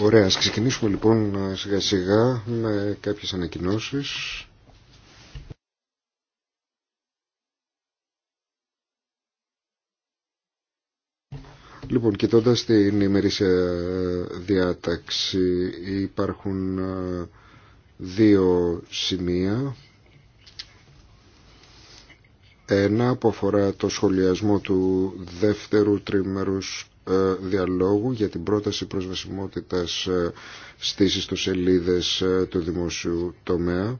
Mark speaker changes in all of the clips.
Speaker 1: Ωραία, ας ξεκινήσουμε λοιπόν ε, σιγά σιγά με κάποιες ανακοινώσεις. Λοιπόν, κοιτώντα την ημερήσια ε, διάταξη υπάρχουν ε, δύο σημεία ένα που αφορά το σχολιασμό του δεύτερου τριμερούς ε, διαλόγου για την πρόταση προσβασιμότητας ε, στις ιστοσελίδες ε, του δημόσιου τομέα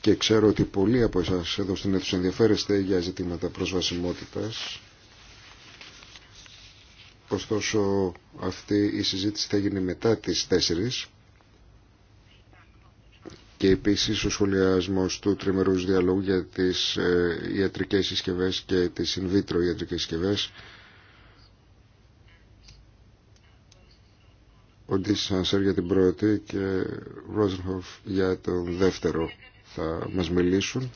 Speaker 1: και ξέρω ότι πολλοί από εσάς εδώ στην αίθουσα ενδιαφέρεστε για ζητήματα προσβασιμότητας ωστόσο αυτή η συζήτηση θα γίνει μετά τις 4 και επίσης ο σχολιασμός του τριμερούς διαλόγου για τις ε, ιατρικές συσκευές και τις in vitro ιατρικές συσκευές. Ο Ντίσης για την πρώτη και Ρόζενχοφ για τον δεύτερο θα μας μιλήσουν.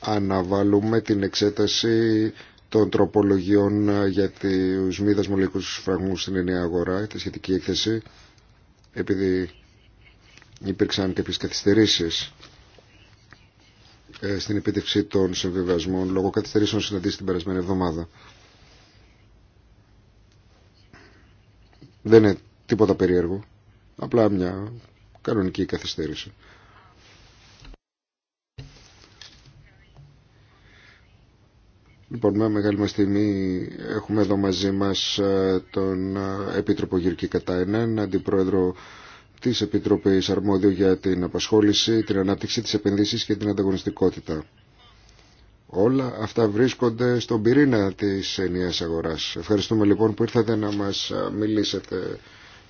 Speaker 1: Αναβάλουμε την εξέταση των τροπολογιών ε, για τους μη δασμολογικούς φραγμούς στην ενιαία αγορά, τη σχετική έκθεση, επειδή υπήρξαν κάποιες καθυστερήσεις ε, στην επίτευξη των συμβιβασμών λόγω καθυστερήσεων συναντήσει την περασμένη εβδομάδα. Δεν είναι τίποτα περίεργο, απλά μια κανονική καθυστέρηση. Λοιπόν, με μεγάλη μας τιμή έχουμε εδώ μαζί μας ε, τον ε, Επίτροπο Γύρκη Κατάινεν, Αντιπρόεδρο της Επιτροπής Αρμόδιο για την απασχόληση, την ανάπτυξη της επενδύσεις και την ανταγωνιστικότητα. Όλα αυτά βρίσκονται στον πυρήνα της ενιαίας αγοράς. Ευχαριστούμε λοιπόν που ήρθατε να μας μιλήσετε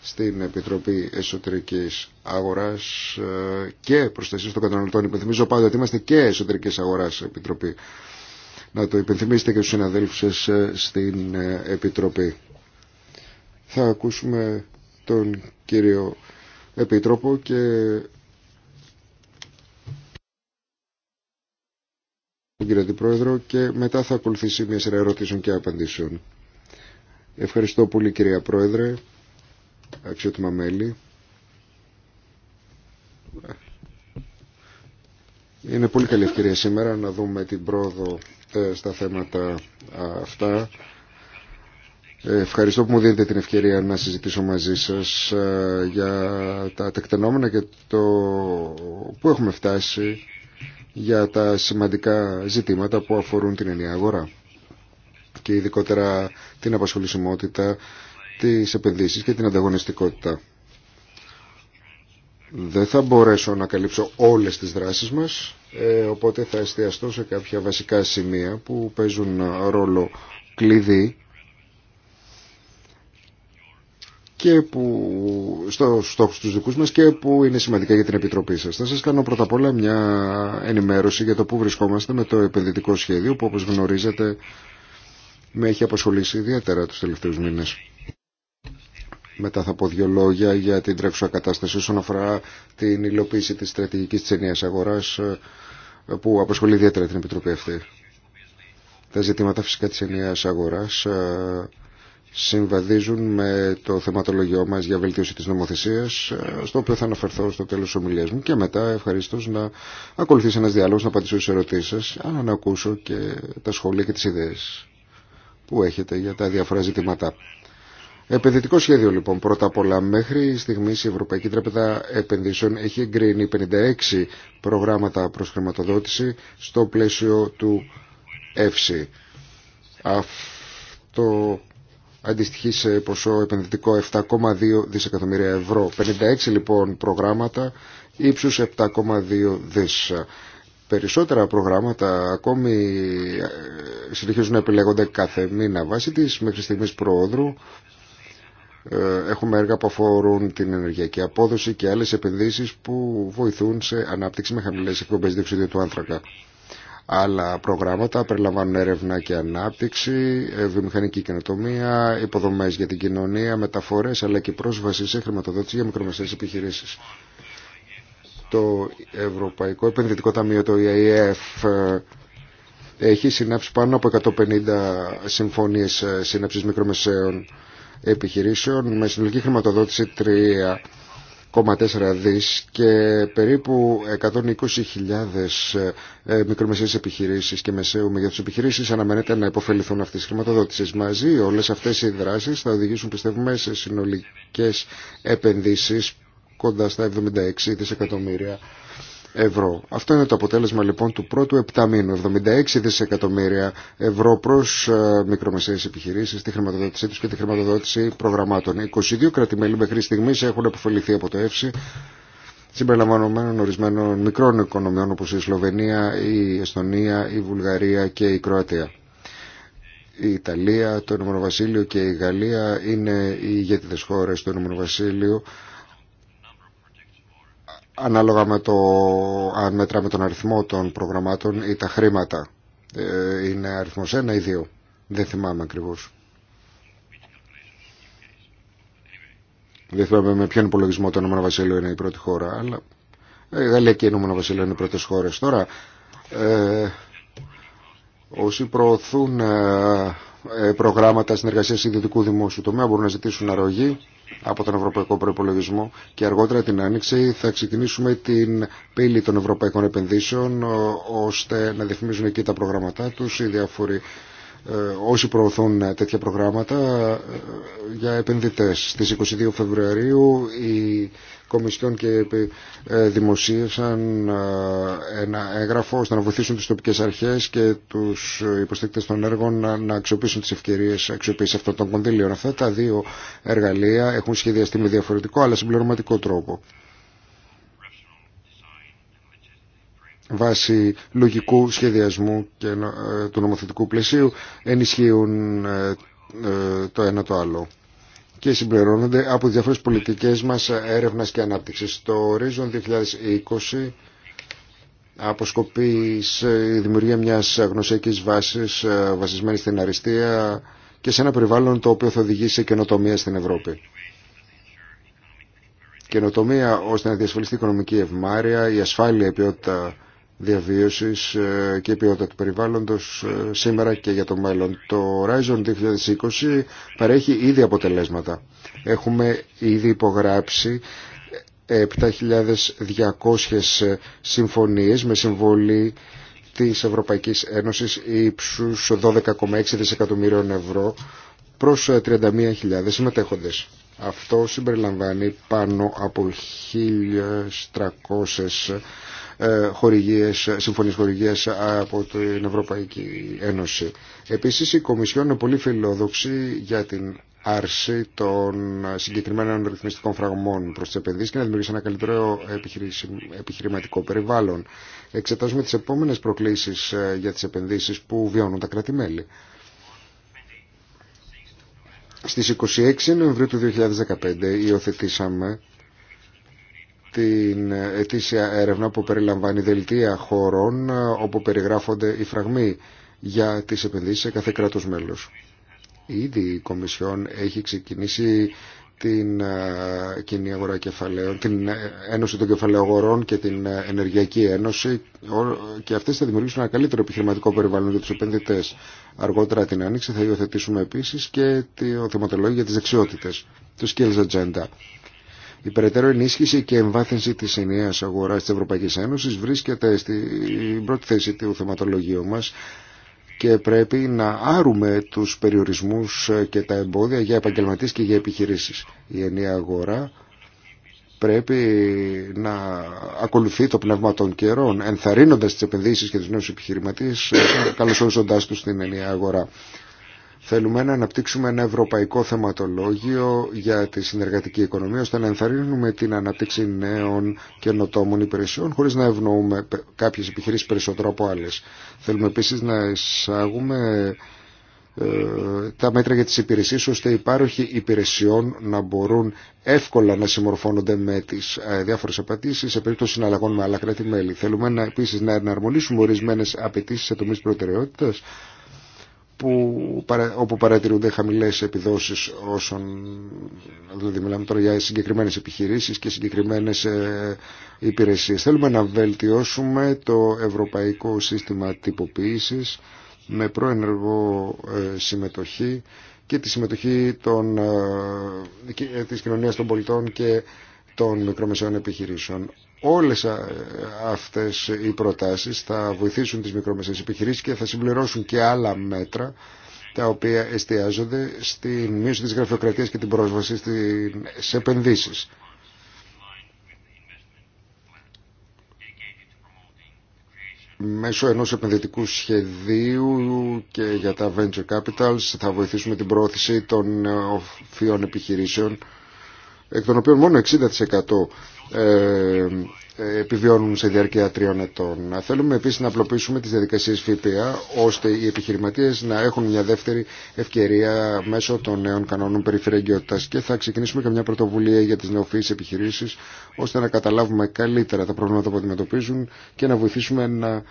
Speaker 1: στην Επιτροπή Εσωτερικής Αγοράς ε, και Προστασίας των Καταναλωτών. Υπενθυμίζω πάντα ότι είμαστε και Εσωτερικής Αγοράς Επιτροπή. Να το υπενθυμίσετε και στους συναδέλφους σας ε, στην ε, Επιτροπή. Θα ακούσουμε τον κύριο Επίτροπο και τον κύριο Αντιπρόεδρο και μετά θα ακολουθήσει μια σειρά ερωτήσεων και απαντήσεων. Ευχαριστώ πολύ κυρία Πρόεδρε, αξιότιμα μέλη. Είναι πολύ καλή ευκαιρία σήμερα να δούμε την πρόοδο ε, στα θέματα αυτά Ευχαριστώ που μου δίνετε την ευκαιρία να συζητήσω μαζί σας ε, για τα τεκτενόμενα και το που έχουμε φτάσει για τα σημαντικά ζητήματα που αφορούν την ενιαία αγορά και ειδικότερα την απασχολησιμότητα, τις επενδύσεις και την ανταγωνιστικότητα. Δεν θα μπορέσω να καλύψω όλες τις δράσεις μας, ε, οπότε θα εστιαστώ σε κάποια βασικά σημεία που παίζουν ρόλο κλειδί και που, στο στόχους τους δικούς μας και που είναι σημαντικά για την Επιτροπή σας. Θα σας κάνω πρώτα απ' όλα μια ενημέρωση για το που βρισκόμαστε με το επενδυτικό σχέδιο που όπως γνωρίζετε με έχει απασχολήσει ιδιαίτερα τους τελευταίους μήνες. Μετά θα πω δύο λόγια για την τρέξουσα κατάσταση όσον αφορά την υλοποίηση της στρατηγικής της ενιαίας αγοράς που απασχολεί ιδιαίτερα την Επιτροπή αυτή. Τα ζητήματα φυσικά της ενιαίας αγοράς συμβαδίζουν με το θεματολογιό μας για βελτίωση της νομοθεσίας στο οποίο θα αναφερθώ στο τέλος της ομιλίας μου και μετά ευχαριστώ να ακολουθήσει ένας διάλογος να απαντήσω στις ερωτήσεις σας αν να ακούσω και τα σχόλια και τις ιδέες που έχετε για τα διάφορα ζητήματα. Επενδυτικό σχέδιο λοιπόν πρώτα απ' όλα. Μέχρι στιγμή η Ευρωπαϊκή Τράπεζα Επενδύσεων έχει εγκρίνει 56 προγράμματα προς χρηματοδότηση στο πλαίσιο του ΕΦΣΥ. Αυτό αντιστοιχεί σε ποσό επενδυτικό 7,2 δισεκατομμύρια ευρώ. 56 λοιπόν προγράμματα ύψους 7,2 δις. Περισσότερα προγράμματα ακόμη ε, συνεχίζουν να επιλέγονται κάθε μήνα βάσει της μέχρι στιγμής προόδρου. Ε, έχουμε έργα που αφορούν την ενεργειακή απόδοση και άλλες επενδύσεις που βοηθούν σε ανάπτυξη με χαμηλές εκπομπές διευθυντήτου του άνθρακα. Άλλα προγράμματα περιλαμβάνουν έρευνα και ανάπτυξη, ε, βιομηχανική καινοτομία, υποδομέ για την κοινωνία, μεταφορέ αλλά και πρόσβαση σε χρηματοδότηση για μικρομεσαίε επιχειρήσει. Το Ευρωπαϊκό Επενδυτικό Ταμείο, το EIF, ε, έχει συνάψει πάνω από 150 συμφωνίε ε, σύναψη μικρομεσαίων επιχειρήσεων με συνολική χρηματοδότηση 3 1,4 δις και περίπου 120.000 ε, μικρομεσαίες επιχειρήσεις και μεσαίου μεγέθους επιχειρήσεις αναμένεται να υποφεληθούν αυτές τις χρηματοδότησες Μαζί όλες αυτές οι δράσεις θα οδηγήσουν πιστεύουμε σε συνολικές επενδύσεις κοντά στα 76 δισεκατομμύρια ευρώ. Αυτό είναι το αποτέλεσμα λοιπόν του πρώτου μήνου. 76 δισεκατομμύρια ευρώ προς ε, μικρομεσαίες επιχειρήσεις, τη χρηματοδότησή τους και τη χρηματοδότηση προγραμμάτων. 22 κρατημέλη μέχρι στιγμή έχουν αποφεληθεί από το ΕΦΣΥ συμπεριλαμβανομένων ορισμένων μικρών οικονομιών όπως η Σλοβενία, η Εστονία, η Βουλγαρία και η Κροατία. Η Ιταλία, το Ηνωμένο Βασίλειο και η Γαλλία είναι οι ηγέτιδες χώρε του Ηνωμένου Βασίλειου ανάλογα με το αν μετράμε τον αριθμό των προγραμμάτων ή τα χρήματα. Ε, είναι αριθμός ένα ή δύο. Δεν θυμάμαι ακριβώς. Δεν θυμάμαι με ποιον υπολογισμό το νούμερο Βασίλειο είναι η πρώτη χώρα, αλλά ε, η Γαλλία και η νούμερο Βασίλειο είναι οι πρώτες χώρες. Τώρα, ε, όσοι προωθούν ε, προγράμματα συνεργασίας ιδιωτικού δημόσιου τομέα μπορούν να ζητήσουν αρρωγή από τον Ευρωπαϊκό Προπολογισμό και αργότερα την Άνοιξη θα ξεκινήσουμε την πύλη των Ευρωπαϊκών Επενδύσεων ε, ώστε να διαφημίζουν εκεί τα προγράμματά τους οι διάφοροι ε, όσοι προωθούν τέτοια προγράμματα ε, για επενδυτές. Στις 22 Φεβρουαρίου οι Κομισιόν και ε, δημοσίευσαν ένα έγγραφο ώστε να βοηθήσουν τις τοπικές αρχές και τους υποστήκτες των έργων να αξιοποιήσουν τις ευκαιρίες αξιοποίηση αυτών των κονδύλιων. Αυτά τα δύο εργαλεία έχουν σχεδιαστεί με διαφορετικό αλλά συμπληρωματικό τρόπο. βάσει λογικού σχεδιασμού και ε, του νομοθετικού πλαισίου ενισχύουν ε, ε, το ένα το άλλο και συμπληρώνονται από διάφορες πολιτικές μας έρευνας και ανάπτυξης. Το Horizon 2020 αποσκοπεί σε δημιουργία μιας γνωσιακής βάσης βασισμένης στην αριστεία και σε ένα περιβάλλον το οποίο θα οδηγήσει σε καινοτομία στην Ευρώπη. Καινοτομία ώστε να διασφαλιστεί η οικονομική ευμάρεια, η ασφάλεια, η ποιότητα διαβίωσης ε, και ποιότητα του περιβάλλοντος ε, σήμερα και για το μέλλον. Το Horizon 2020 παρέχει ήδη αποτελέσματα. Έχουμε ήδη υπογράψει 7.200 ε, συμφωνίες με συμβολή της Ευρωπαϊκής Ένωσης ύψους 12,6 δισεκατομμύριων ευρώ προς 31.000 συμμετέχοντες. Αυτό συμπεριλαμβάνει πάνω από 1.300 ε, χορηγίες, συμφωνίες χορηγίες από την Ευρωπαϊκή Ένωση. Επίσης η Κομισιόν είναι πολύ φιλόδοξη για την άρση των συγκεκριμένων ρυθμιστικών φραγμών προς τις επενδύσεις και να δημιουργήσει ένα καλύτερο επιχειρηματικό περιβάλλον. Εξετάζουμε τις επόμενες προκλήσεις ε, για τις επενδύσεις που βιώνουν τα κράτη-μέλη. Στις 26 Νοεμβρίου του 2015 υιοθετήσαμε την ετήσια έρευνα που περιλαμβάνει δελτία χωρών όπου περιγράφονται οι φραγμοί για τις επενδύσεις σε κάθε κράτος μέλος. Ήδη η Κομισιόν έχει ξεκινήσει την ε, κοινή αγορά κεφαλαίων, την ε, Ένωση των Κεφαλαίων και την ε, Ενεργειακή Ένωση και αυτές θα δημιουργήσουν ένα καλύτερο επιχειρηματικό περιβάλλον για τους επενδυτές. Αργότερα την Άνοιξη θα υιοθετήσουμε επίσης και το θεματολόγιο για τις δεξιότητες, το Skills Agenda η περαιτέρω ενίσχυση και εμβάθυνση της ενιαίας αγοράς της Ευρωπαϊκής Ένωσης βρίσκεται στην πρώτη θέση του θεματολογίου μας και πρέπει να άρουμε τους περιορισμούς και τα εμπόδια για επαγγελματίες και για επιχειρήσεις. Η ενιαία αγορά πρέπει να ακολουθεί το πνεύμα των καιρών, ενθαρρύνοντας τις επενδύσεις και τους νέους επιχειρηματίες, καλωσόζοντάς τους στην ενιαία αγορά. Θέλουμε να αναπτύξουμε ένα ευρωπαϊκό θεματολόγιο για τη συνεργατική οικονομία, ώστε να ενθαρρύνουμε την αναπτύξη νέων καινοτόμων υπηρεσιών, χωρίς να ευνοούμε κάποιες επιχειρήσεις περισσότερο από άλλες. Θέλουμε επίσης να εισάγουμε ε, τα μέτρα για τις υπηρεσίες ώστε οι πάροχοι υπηρεσιών να μπορούν εύκολα να συμμορφώνονται με τις ε, διάφορες απαιτήσεις σε περίπτωση συναλλαγών με άλλα κράτη-μέλη. Θέλουμε να, επίσης να εναρμονίσουμε ορισμένες απαιτήσει σε τομείς προτεραιότητας που, όπου παρατηρούνται χαμηλές επιδόσεις όσων, δηλαδή μιλάμε τώρα για συγκεκριμένες επιχειρήσεις και συγκεκριμένες ε, υπηρεσίες. Θέλουμε να βελτιώσουμε το ευρωπαϊκό σύστημα τυποποίησης με προενεργό ε, συμμετοχή και τη συμμετοχή των, ε, της κοινωνίας των πολιτών και των μικρομεσαίων επιχειρήσεων. Όλες ε, αυτές οι προτάσεις θα βοηθήσουν τις μικρομεσαίες επιχειρήσεις και θα συμπληρώσουν και άλλα μέτρα τα οποία εστιάζονται στη μείωση της γραφειοκρατίας και την πρόσβαση σε επενδύσεις. μέσω ενός επενδυτικού σχεδίου και για τα venture capitals θα βοηθήσουμε την πρόωθηση των οφειών επιχειρήσεων εκ των οποίων μόνο 60% ε, ε, επιβιώνουν σε διάρκεια τριών ετών. Θέλουμε επίσης να απλοποιήσουμε τις διαδικασίες ΦΠΑ ώστε οι επιχειρηματίες να έχουν μια δεύτερη ευκαιρία μέσω των νέων κανόνων περιφερειακότητας και θα ξεκινήσουμε και μια πρωτοβουλία για τις νεοφύης επιχειρήσεις ώστε να καταλάβουμε καλύτερα τα προβλήματα που αντιμετωπίζουν και να βοηθήσουμε να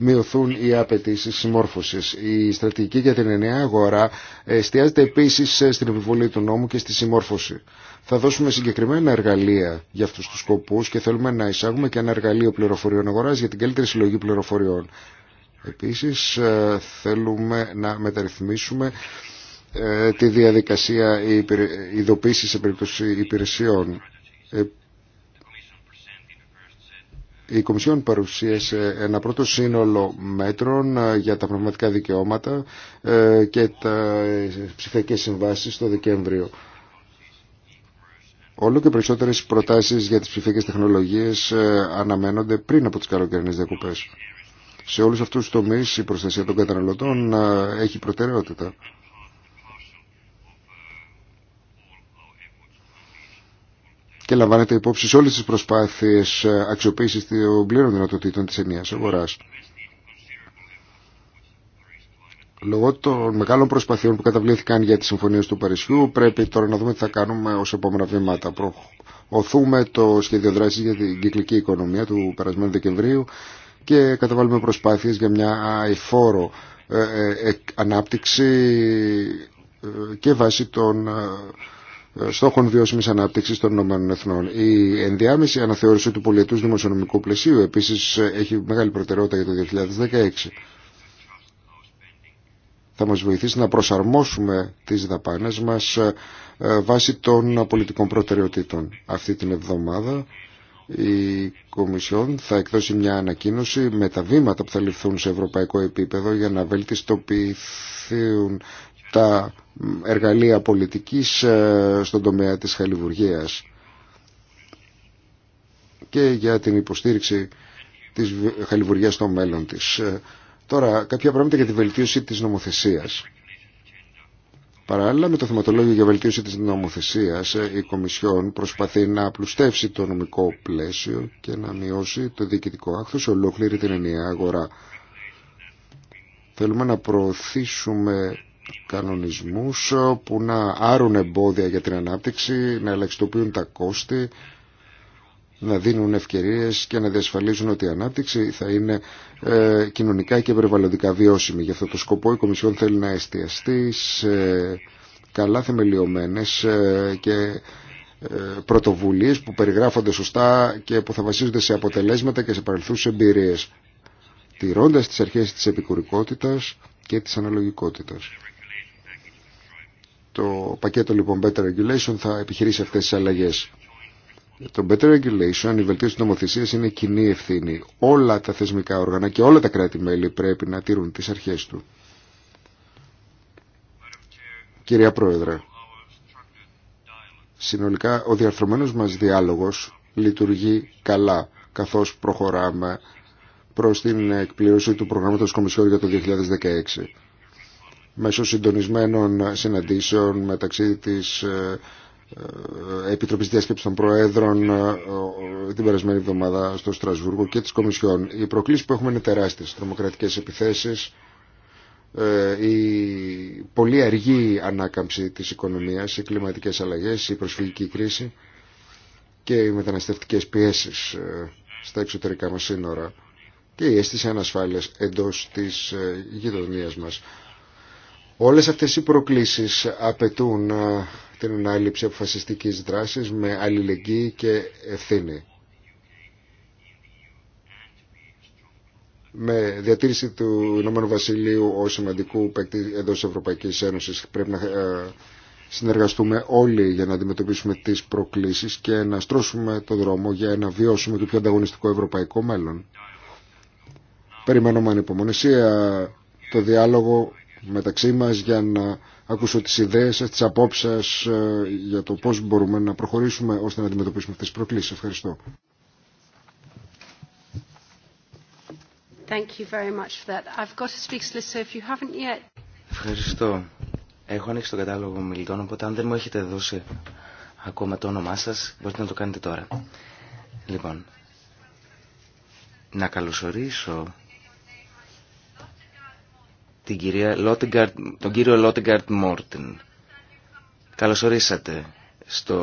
Speaker 1: μειωθούν οι απαιτήσει συμμόρφωση. Η στρατηγική για την ενιαία αγορά εστιάζεται επίση στην επιβολή του νόμου και στη συμμόρφωση θα δώσουμε συγκεκριμένα εργαλεία για αυτού του σκοπού και θέλουμε να εισάγουμε και ένα εργαλείο πληροφοριών αγορά για την καλύτερη συλλογή πληροφοριών. Επίση, ε, θέλουμε να μεταρρυθμίσουμε ε, τη διαδικασία ειδοποίηση σε περίπτωση υπηρεσιών. Ε, η Κομισιόν παρουσίασε ένα πρώτο σύνολο μέτρων για τα πνευματικά δικαιώματα και τα ψηφιακές συμβάσεις το Δεκέμβριο. Όλο και περισσότερε προτάσεις για τις ψηφιακές τεχνολογίες ε, αναμένονται πριν από τις καλοκαιρινές διακοπές. Σε όλου αυτού τους τομείς η προστασία των καταναλωτών ε, έχει προτεραιότητα. και λαμβάνεται υπόψη σε όλες τις προσπάθειες ε, αξιοποίησης των πλήρων δυνατοτήτων της ενιαία αγορά. Λόγω των μεγάλων προσπαθειών που καταβλήθηκαν για τι συμφωνίε του Παρισιού πρέπει τώρα να δούμε τι θα κάνουμε ω επόμενα βήματα. Προωθούμε το σχέδιο δράση για την κυκλική οικονομία του περασμένου Δεκεμβρίου και καταβάλουμε προσπάθειε για μια αηφόρο ε, ε, ε ανάπτυξη ε, και βάση των στόχων βιώσιμη ανάπτυξη των ΗΠΑ. Η ενδιάμεση αναθεώρηση του πολιετού δημοσιονομικού πλαισίου επίση έχει μεγάλη προτεραιότητα για το 2016 θα μας βοηθήσει να προσαρμόσουμε τις δαπάνες μας ε, ε, βάσει των πολιτικών προτεραιοτήτων. Αυτή την εβδομάδα η Κομισιόν θα εκδώσει μια ανακοίνωση με τα βήματα που θα ληφθούν σε ευρωπαϊκό επίπεδο για να βελτιστοποιηθούν τα εργαλεία πολιτικής ε, στον τομέα της χαλιβουργίας και για την υποστήριξη της χαλιβουργίας στο μέλλον της. Τώρα, κάποια πράγματα για τη βελτίωση της νομοθεσίας. Παράλληλα με το θεματολόγιο για βελτίωση της νομοθεσίας, ε, η Κομισιόν προσπαθεί να απλουστεύσει το νομικό πλαίσιο και να μειώσει το διοικητικό άκθος σε ολόκληρη την ενιαία αγορά. Θέλουμε να προωθήσουμε κανονισμούς ε, που να άρουν εμπόδια για την ανάπτυξη, να ελαχιστοποιούν τα κόστη, να δίνουν ευκαιρίες και να διασφαλίζουν ότι η ανάπτυξη θα είναι ε, κοινωνικά και περιβαλλοντικά βιώσιμη. Γι' αυτό το σκοπό η Κομισιόν θέλει να εστιαστεί σε καλά θεμελιωμένες ε, και ε, πρωτοβουλίες που περιγράφονται σωστά και που θα βασίζονται σε αποτελέσματα και σε παρελθούς εμπειρίες τηρώντας τις αρχές της επικουρικότητας και της αναλογικότητας. Το πακέτο λοιπόν Better Regulation θα επιχειρήσει αυτές τις αλλαγές. Το Better Regulation, η βελτίωση της νομοθεσίας είναι κοινή ευθύνη. Όλα τα θεσμικά όργανα και όλα τα κράτη-μέλη πρέπει να τηρούν τις αρχές του. Κυρία Πρόεδρε, συνολικά ο διαρθρωμένος μας διάλογος λειτουργεί καλά καθώς προχωράμε προς την εκπλήρωση του προγράμματος Κομισιόν για το 2016 μέσω συντονισμένων συναντήσεων μεταξύ της ε, ε, Επιτροπή Διασκέψη των Προέδρων ε, ε, την περασμένη εβδομάδα στο Στρασβούργο και τη Κομισιόν. Οι προκλήσεις που έχουμε είναι τεράστιες. Τρομοκρατικές επιθέσεις, η πολύ αργή ανάκαμψη της οικονομίας, οι κλιματικές αλλαγές, η προσφυγική κρίση και οι μεταναστευτικές πιέσεις στα εξωτερικά μας σύνορα και η αίσθηση ανασφάλεια εντό τη γειτονία μα. Όλες αυτές οι προκλήσεις απαιτούν την ανάληψη αποφασιστικής δράσης με αλληλεγγύη και ευθύνη. με διατήρηση του Ηνωμένου Βασιλείου ως σημαντικού παίκτη εδώ της Ευρωπαϊκής Ένωσης πρέπει να ε, συνεργαστούμε όλοι για να αντιμετωπίσουμε τις προκλήσεις και να στρώσουμε το δρόμο για να βιώσουμε το πιο ανταγωνιστικό ευρωπαϊκό μέλλον. Περιμένω με ανυπομονησία το διάλογο μεταξύ μας για να ακούσω τις ιδέες σας, τις απόψεις σας ε, για το πώς μπορούμε να προχωρήσουμε ώστε να αντιμετωπίσουμε αυτές τις προκλήσεις. Ευχαριστώ.
Speaker 2: Ευχαριστώ. Έχω ανοίξει τον κατάλογο μιλητών, οπότε αν δεν μου έχετε δώσει ακόμα το όνομά σας, μπορείτε να το κάνετε τώρα. Λοιπόν, να καλωσορίσω την κυρία τον κύριο Λότεγκαρτ Μόρτιν. Καλωσορίσατε στο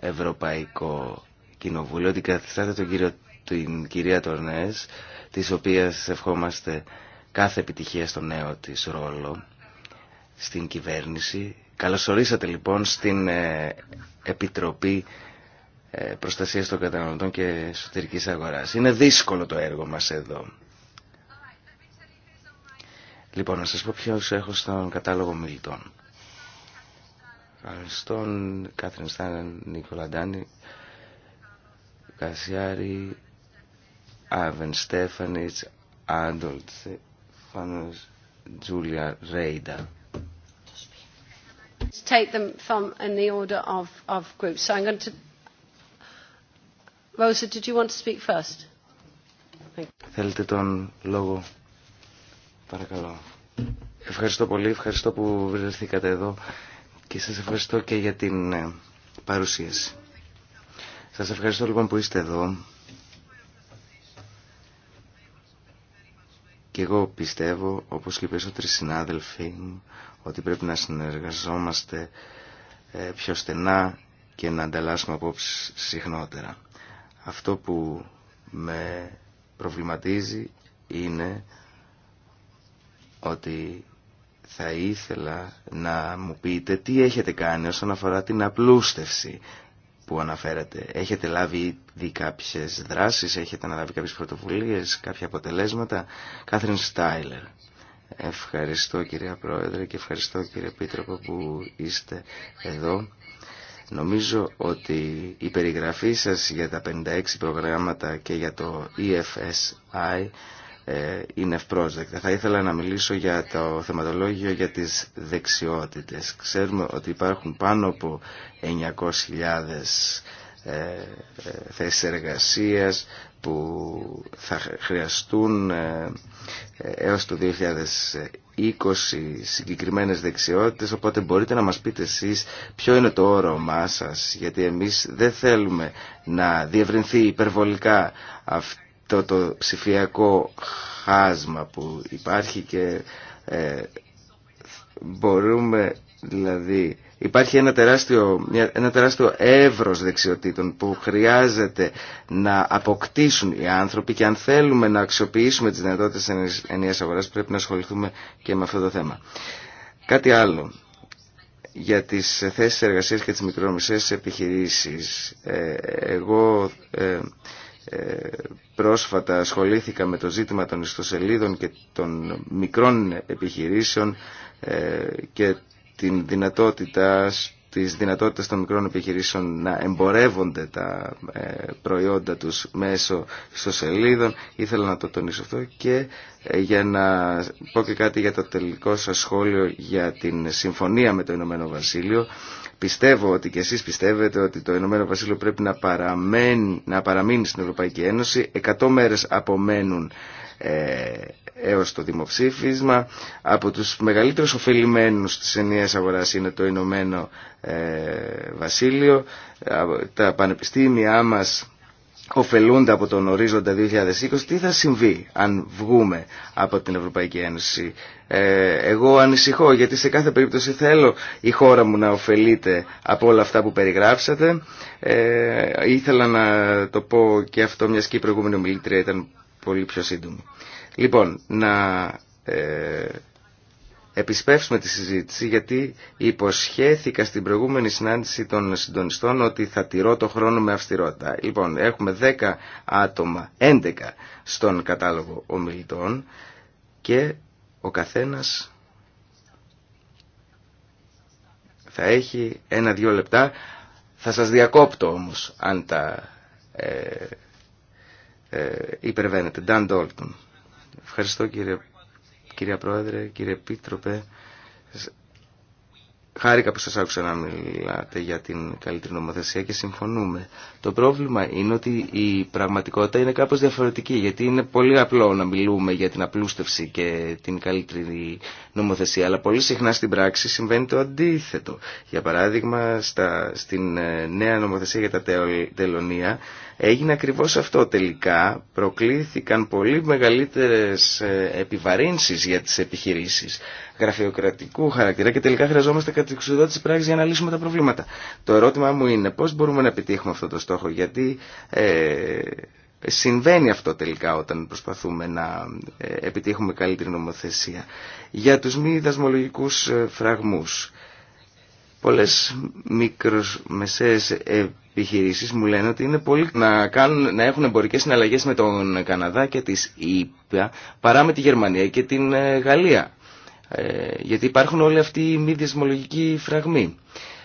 Speaker 2: Ευρωπαϊκό Κοινοβούλιο, καθιστάτε τον κύριο, την κυρία Τορνές, της οποίας ευχόμαστε κάθε επιτυχία στο νέο της ρόλο στην κυβέρνηση. Καλωσορίσατε λοιπόν στην ε, Επιτροπή ε, Προστασίας των Καταναλωτών και Εσωτερικής Αγοράς. Είναι δύσκολο το έργο μας εδώ. Λοιπόν, να σας πω ποιος έχω στον κατάλογο μιλητών. Στον Κάθριν Νίκολα Ντάνη, Κασιάρη, Άβεν Στέφανιτς, Άντολτ, Φάνος, Τζούλια, Ρέιντα.
Speaker 3: Take them from in the order of, of groups. So I'm going to... Rosa, did you want to speak first?
Speaker 2: Θέλετε τον λόγο Παρακαλώ. Ευχαριστώ πολύ, ευχαριστώ που βρεθήκατε εδώ και σας ευχαριστώ και για την ε, παρουσίαση. Σας ευχαριστώ λοιπόν που είστε εδώ. Και εγώ πιστεύω, όπως και οι περισσότεροι συνάδελφοι, ότι πρέπει να συνεργαζόμαστε ε, πιο στενά και να ανταλλάσσουμε απόψεις συχνότερα. Αυτό που με προβληματίζει είναι ότι θα ήθελα να μου πείτε τι έχετε κάνει όσον αφορά την απλούστευση που αναφέρατε. Έχετε λάβει ήδη κάποιες δράσεις, έχετε αναλάβει κάποιες πρωτοβουλίες, κάποια αποτελέσματα. Κάθριν Στάιλερ. Ευχαριστώ κυρία Πρόεδρε και ευχαριστώ κύριε Πίτροπο που είστε εδώ. Νομίζω ότι η περιγραφή σας για τα 56 προγράμματα και για το EFSI ε, είναι ευπρόσδεκτα. Θα ήθελα να μιλήσω για το θεματολόγιο για τις δεξιότητες. Ξέρουμε ότι υπάρχουν πάνω από 900.000 ε, θέσεις εργασίας που θα χρειαστούν ε, έως το 2020 συγκεκριμένες δεξιότητες οπότε μπορείτε να μας πείτε εσείς ποιο είναι το όρομά σας γιατί εμείς δεν θέλουμε να διευρυνθεί υπερβολικά αυτή το, το ψηφιακό χάσμα που υπάρχει και ε, μπορούμε δηλαδή υπάρχει ένα τεράστιο, ένα τεράστιο εύρος δεξιοτήτων που χρειάζεται να αποκτήσουν οι άνθρωποι και αν θέλουμε να αξιοποιήσουμε τις δυνατότητες της ενιαίας αγοράς πρέπει να ασχοληθούμε και με αυτό το θέμα. Κάτι άλλο για τις θέσεις εργασίας και τις μικρομεσαίες επιχειρήσεις. Ε, εγώ ε, ε, πρόσφατα ασχολήθηκα με το ζήτημα των ιστοσελίδων και των μικρών επιχειρήσεων ε, και την δυνατότητα της δυνατότητες των μικρών επιχειρήσεων να εμπορεύονται τα ε, προϊόντα τους μέσω ιστοσελίδων. Ήθελα να το τονίσω αυτό και για να πω και κάτι για το τελικό σας σχόλιο για την συμφωνία με το Ηνωμένο Βασίλειο. Πιστεύω ότι και εσείς πιστεύετε ότι το Ηνωμένο Βασίλειο πρέπει να, παραμένει, να παραμείνει στην Ευρωπαϊκή Ένωση. Εκατό μέρες απομένουν ε, έως το δημοψήφισμα. Από τους μεγαλύτερους ωφελημένους της ενιαίας αγοράς είναι το Ηνωμένο ε, Βασίλειο. Ε, τα πανεπιστήμια μας ωφελούνται από τον ορίζοντα 2020, τι θα συμβεί αν βγούμε από την Ευρωπαϊκή Ένωση. Ε, εγώ ανησυχώ γιατί σε κάθε περίπτωση θέλω η χώρα μου να ωφελείται από όλα αυτά που περιγράψατε. Ε, ήθελα να το πω και αυτό μιας και η προηγούμενη ομιλήτρια ήταν πολύ πιο σύντομη. Λοιπόν, να ε, επισπεύσουμε τη συζήτηση γιατί υποσχέθηκα στην προηγούμενη συνάντηση των συντονιστών ότι θα τηρώ το χρόνο με αυστηρότητα. Λοιπόν, έχουμε 10 άτομα, 11 στον κατάλογο ομιλητών και ο καθένας θα έχει ένα-δυο λεπτά. Θα σας διακόπτω όμως αν τα ε, ε, υπερβαίνετε. Dan Dalton. Ευχαριστώ κύριε Κυρία Πρόεδρε, κύριε Επίτροπε, χάρηκα που σας άκουσα να μιλάτε για την καλύτερη νομοθεσία και συμφωνούμε. Το πρόβλημα είναι ότι η πραγματικότητα είναι κάπως διαφορετική, γιατί είναι πολύ απλό να μιλούμε για την απλούστευση και την καλύτερη νομοθεσία, αλλά πολύ συχνά στην πράξη συμβαίνει το αντίθετο. Για παράδειγμα, στα, στην ε, νέα νομοθεσία για τα τελωνία, Έγινε ακριβώς αυτό τελικά. Προκλήθηκαν πολύ μεγαλύτερες ε, επιβαρύνσεις για τις επιχειρήσεις γραφειοκρατικού χαρακτήρα και τελικά χρειαζόμαστε κατεξουδότηση πράξη για να λύσουμε τα προβλήματα. Το ερώτημά μου είναι πώς μπορούμε να επιτύχουμε αυτό το στόχο γιατί ε, συμβαίνει αυτό τελικά όταν προσπαθούμε να ε, επιτύχουμε καλύτερη νομοθεσία. Για τους μη δασμολογικούς ε, φραγμούς πολλές μεσαίες επιχειρήσεις μου λένε ότι είναι πολύ να, κάνουν, να έχουν εμπορικές συναλλαγές με τον Καναδά και τις ΗΠΑ παρά με τη Γερμανία και την ε, Γαλλία. Ε, γιατί υπάρχουν όλοι αυτοί οι μη διασμολογικοί φραγμοί.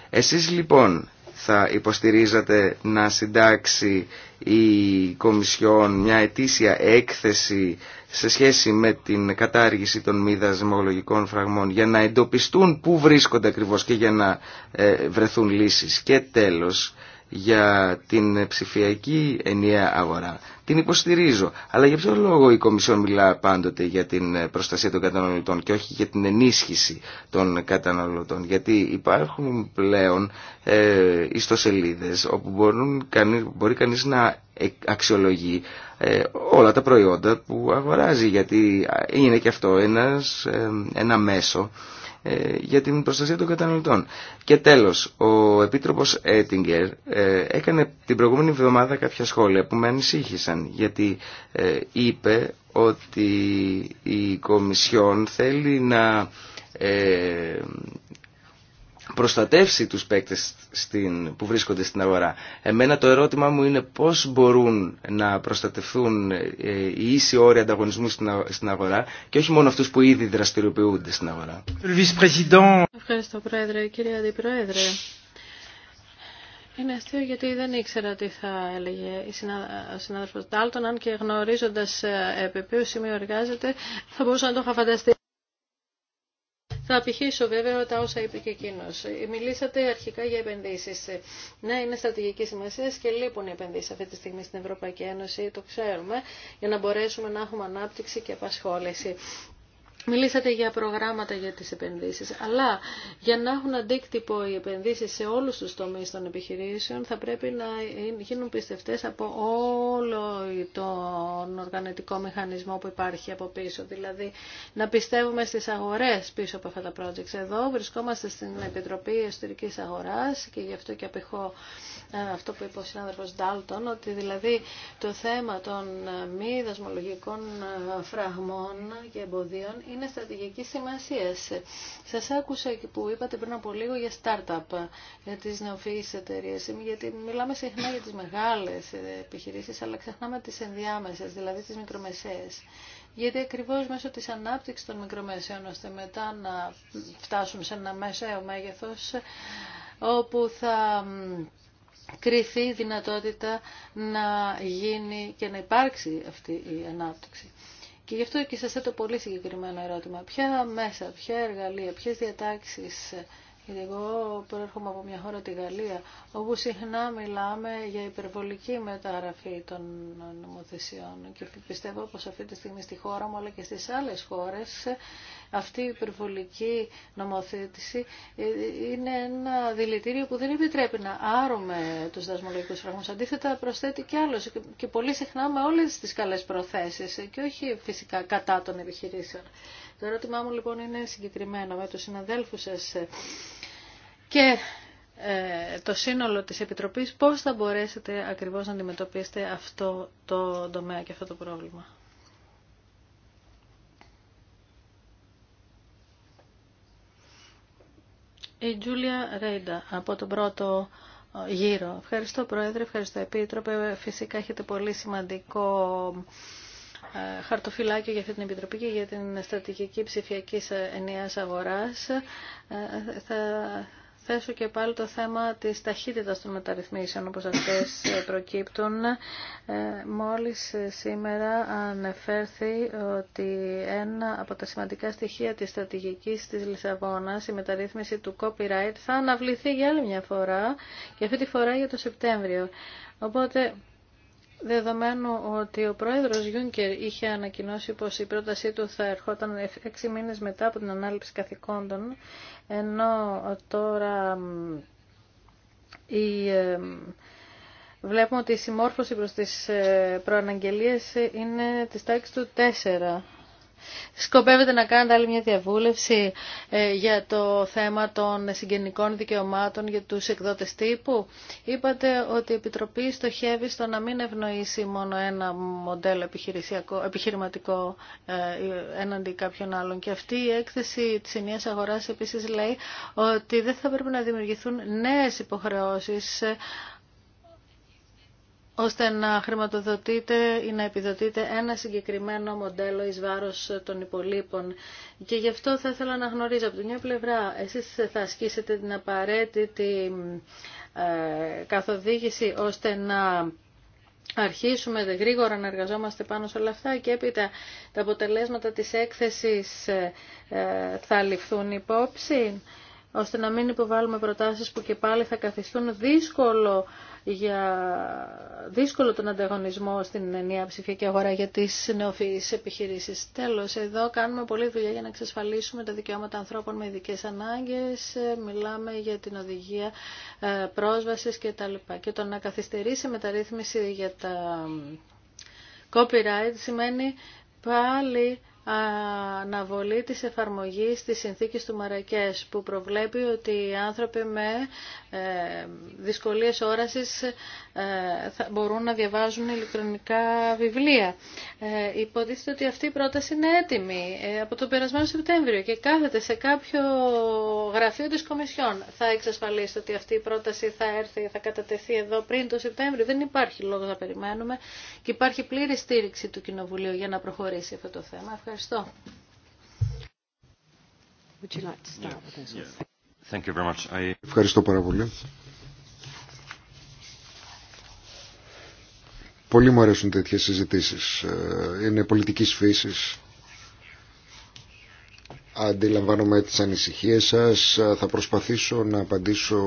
Speaker 2: Εσείς λοιπόν θα υποστηρίζατε να συντάξει η Κομισιόν μια ετήσια έκθεση σε σχέση με την κατάργηση των μη δασμολογικών φραγμών για να εντοπιστούν πού βρίσκονται ακριβώς και για να ε, βρεθούν λύσεις. Και τέλος, για την ψηφιακή ενιαία αγορά. Την υποστηρίζω. Αλλά για ποιο λόγο η Κομισιόν μιλά πάντοτε για την προστασία των καταναλωτών και όχι για την ενίσχυση των καταναλωτών. Γιατί υπάρχουν πλέον ε, ιστοσελίδες όπου μπορούν, μπορεί κανείς να ε, αξιολογεί ε, όλα τα προϊόντα που αγοράζει. Γιατί είναι και αυτό ένας, ε, ένα μέσο ε, για την προστασία των καταναλωτών. Και τέλος, ο Επίτροπος Έτιγκερ ε, έκανε την προηγούμενη εβδομάδα κάποια σχόλια που με ανησύχησαν γιατί ε, είπε ότι η Κομισιόν θέλει να προστατεύσει τους παίκτες στην, που βρίσκονται στην αγορά. Εμένα το ερώτημά μου είναι πώς μπορούν να προστατευθούν ε, οι ίσοι όροι ανταγωνισμού στην αγορά και όχι μόνο αυτούς που ήδη δραστηριοποιούνται στην αγορά.
Speaker 3: Ευχαριστώ Πρόεδρε. Κύριε Αντιπρόεδρε, είναι αστείο γιατί δεν ήξερα τι θα έλεγε ο συνάδελφος Τάλτον, αν και γνωρίζοντας ε, επί ποιο σημείο εργάζεται θα μπορούσα να το είχα φανταστεί. Θα απηχήσω βέβαια τα όσα είπε και εκείνο. Μιλήσατε αρχικά για επενδύσει. Ναι, είναι στρατηγική σημασία και λείπουν οι επενδύσει αυτή τη στιγμή στην Ευρωπαϊκή Ένωση, το ξέρουμε, για να μπορέσουμε να έχουμε ανάπτυξη και απασχόληση. Μιλήσατε για προγράμματα για τις επενδύσεις, αλλά για να έχουν αντίκτυπο οι επενδύσεις σε όλους τους τομείς των επιχειρήσεων θα πρέπει να γίνουν πιστευτές από όλο τον οργανωτικό μηχανισμό που υπάρχει από πίσω. Δηλαδή να πιστεύουμε στις αγορές πίσω από αυτά τα projects. Εδώ βρισκόμαστε στην Επιτροπή Εσωτερικής Αγοράς και γι' αυτό και απηχώ ε, αυτό που είπε ο συνάδελφος Ντάλτον, ότι δηλαδή το θέμα των ε, μη δασμολογικών ε, φραγμών και εμποδίων είναι στρατηγική σημασία. Σα άκουσα που είπατε πριν από λίγο για startup, για τι νεοφυεί εταιρείε. γιατί μιλάμε συχνά για τι μεγάλε επιχειρήσει, αλλά ξεχνάμε τι ενδιάμεσε, δηλαδή τι μικρομεσαίε. Γιατί ακριβώ μέσω τη ανάπτυξη των μικρομεσαίων, ώστε μετά να φτάσουν σε ένα μεσαίο μέγεθο, όπου θα κρυθεί η δυνατότητα να γίνει και να υπάρξει αυτή η ανάπτυξη. Και γι' αυτό και σας θέτω πολύ συγκεκριμένο ερώτημα. Ποια μέσα, ποια εργαλεία, ποιες διατάξεις γιατί εγώ προέρχομαι από μια χώρα, τη Γαλλία, όπου συχνά μιλάμε για υπερβολική μεταγραφή των νομοθεσιών και πιστεύω πως αυτή τη στιγμή στη χώρα μου αλλά και στις άλλες χώρες αυτή η υπερβολική νομοθέτηση ε, είναι ένα δηλητήριο που δεν επιτρέπει να άρουμε τους δασμολογικούς φραγμούς. Αντίθετα προσθέτει και άλλος και πολύ συχνά με όλες τις καλές προθέσεις ε, και όχι φυσικά κατά των επιχειρήσεων. Το ερώτημά μου λοιπόν είναι συγκεκριμένο με τους συναδέλφους σας. Ε, και ε, το σύνολο της Επιτροπής πώς θα μπορέσετε ακριβώς να αντιμετωπίσετε αυτό το τομέα και αυτό το πρόβλημα. Η Τζούλια Ρέιντα από τον πρώτο ε, γύρο. Ευχαριστώ Πρόεδρε, ευχαριστώ Επίτροπε. Φυσικά έχετε πολύ σημαντικό ε, χαρτοφυλάκιο για αυτή την Επιτροπή και για την στρατηγική ψηφιακή ενιαίας αγοράς. Θα θέσω και πάλι το θέμα της ταχύτητας των μεταρρυθμίσεων όπως αυτές ε, προκύπτουν. Ε, μόλις ε, σήμερα ανεφέρθη ότι ένα από τα σημαντικά στοιχεία της στρατηγικής της Λισαβόνας, η μεταρρύθμιση του copyright, θα αναβληθεί για άλλη μια φορά και αυτή τη φορά για το Σεπτέμβριο. Οπότε Δεδομένου ότι ο πρόεδρος Γιούνκερ είχε ανακοινώσει πως η πρότασή του θα ερχόταν έξι μήνες μετά από την ανάληψη καθηκόντων, ενώ τώρα η, ε, βλέπουμε ότι η συμμόρφωση προς τις ε, προαναγγελίες είναι της τάξης του 4 Σκοπεύετε να κάνετε άλλη μια διαβούλευση ε, για το θέμα των συγγενικών δικαιωμάτων για τους εκδότες τύπου. Είπατε ότι η Επιτροπή στοχεύει στο να μην ευνοήσει μόνο ένα μοντέλο επιχειρηματικό, ε, έναντι κάποιων άλλων. Και αυτή η έκθεση της ενιαίας αγοράς επίσης λέει ότι δεν θα πρέπει να δημιουργηθούν νέες υποχρεώσεις ε, ώστε να χρηματοδοτείτε ή να επιδοτείτε ένα συγκεκριμένο μοντέλο εις βάρος των υπολείπων. Και γι' αυτό θα ήθελα να γνωρίζω από την μια πλευρά, εσείς θα ασκήσετε την απαραίτητη ε, καθοδήγηση ώστε να αρχίσουμε γρήγορα να εργαζόμαστε πάνω σε όλα αυτά και έπειτα τα αποτελέσματα της έκθεσης ε, ε, θα ληφθούν υπόψη ώστε να μην υποβάλουμε προτάσεις που και πάλι θα καθιστούν δύσκολο για δύσκολο τον ανταγωνισμό στην ενιαία ψηφιακή αγορά για τις νεοφυείς επιχειρήσεις. Τέλος, εδώ κάνουμε πολλή δουλειά για να εξασφαλίσουμε τα δικαιώματα ανθρώπων με ειδικέ ανάγκες, μιλάμε για την οδηγία ε, πρόσβασης κτλ. Και το να καθυστερήσει μεταρρύθμιση για τα copyright σημαίνει πάλι αναβολή της εφαρμογής της συνθήκης του Μαρακές που προβλέπει ότι οι άνθρωποι με ε, δυσκολίες όρασης ε, θα μπορούν να διαβάζουν ηλεκτρονικά βιβλία. Ε, υποτίθεται ότι αυτή η πρόταση είναι έτοιμη από το περασμένο Σεπτέμβριο και κάθεται σε κάποιο γραφείο της Κομισιόν. Θα εξασφαλίσετε ότι αυτή η πρόταση θα έρθει, θα κατατεθεί εδώ πριν το Σεπτέμβριο. Δεν υπάρχει λόγος να περιμένουμε και υπάρχει πλήρη στήριξη του Κοινοβουλίου για να προχωρήσει αυτό το θέμα.
Speaker 4: Ευχαριστώ.
Speaker 1: Ευχαριστώ πάρα πολύ. Πολύ μου αρέσουν τέτοιες συζητήσεις. Ε, είναι πολιτικής φύσης. Αντιλαμβάνομαι τις ανησυχίες σας. Θα προσπαθήσω να απαντήσω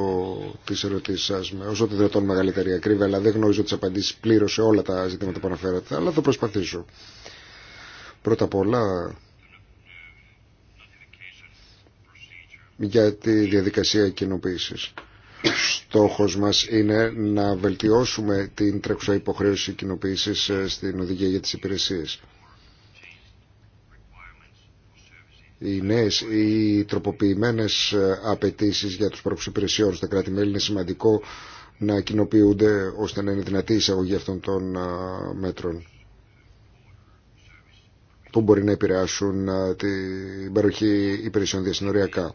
Speaker 1: τις ερωτήσεις σας με όσο το δυνατόν μεγαλύτερη ακρίβεια, αλλά δεν γνωρίζω τις απαντήσεις πλήρως σε όλα τα ζητήματα που αναφέρατε, αλλά θα προσπαθήσω. Πρώτα απ' όλα για τη διαδικασία κοινοποίηση. Στόχος μας είναι να βελτιώσουμε την τρέχουσα υποχρέωση κοινοποίηση ε, στην οδηγία για τις υπηρεσίες. Οι νέες ή τροποποιημένες ε, απαιτήσει για τους πρώτους υπηρεσιών στα κράτη-μέλη είναι σημαντικό να κοινοποιούνται ώστε να είναι δυνατή η εισαγωγή αυτών των ε, μέτρων που μπορεί να επηρεάσουν την παροχή υπηρεσιών διασυνοριακά.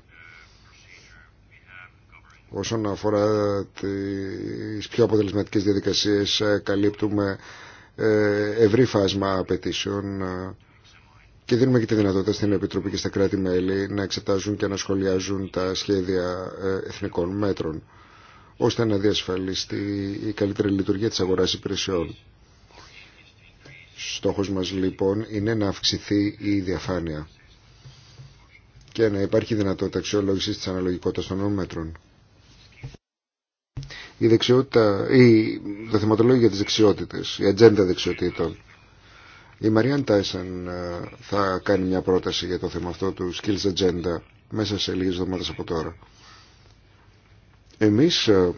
Speaker 1: Όσον αφορά τις πιο αποτελεσματικές διαδικασίες, ε, καλύπτουμε ε, ευρύ φάσμα απαιτήσεων ε, και δίνουμε και τη δυνατότητα στην Επιτροπή και στα κράτη-μέλη να εξετάζουν και να σχολιάζουν τα σχέδια εθνικών μέτρων, ώστε να διασφαλιστεί η καλύτερη λειτουργία της αγοράς υπηρεσιών. Στόχος μας λοιπόν είναι να αυξηθεί η διαφάνεια και να υπάρχει δυνατότητα αξιολόγηση της αναλογικότητας των νομιμέτρων. Η δεξιότητα, η, το θεματολόγιο για τις δεξιότητες, η ατζέντα δεξιοτήτων. Η Μαριάν Τάισαν ε, θα κάνει μια πρόταση για το θέμα αυτό του Skills Agenda μέσα σε λίγες εβδομάδες από τώρα. Εμείς ε,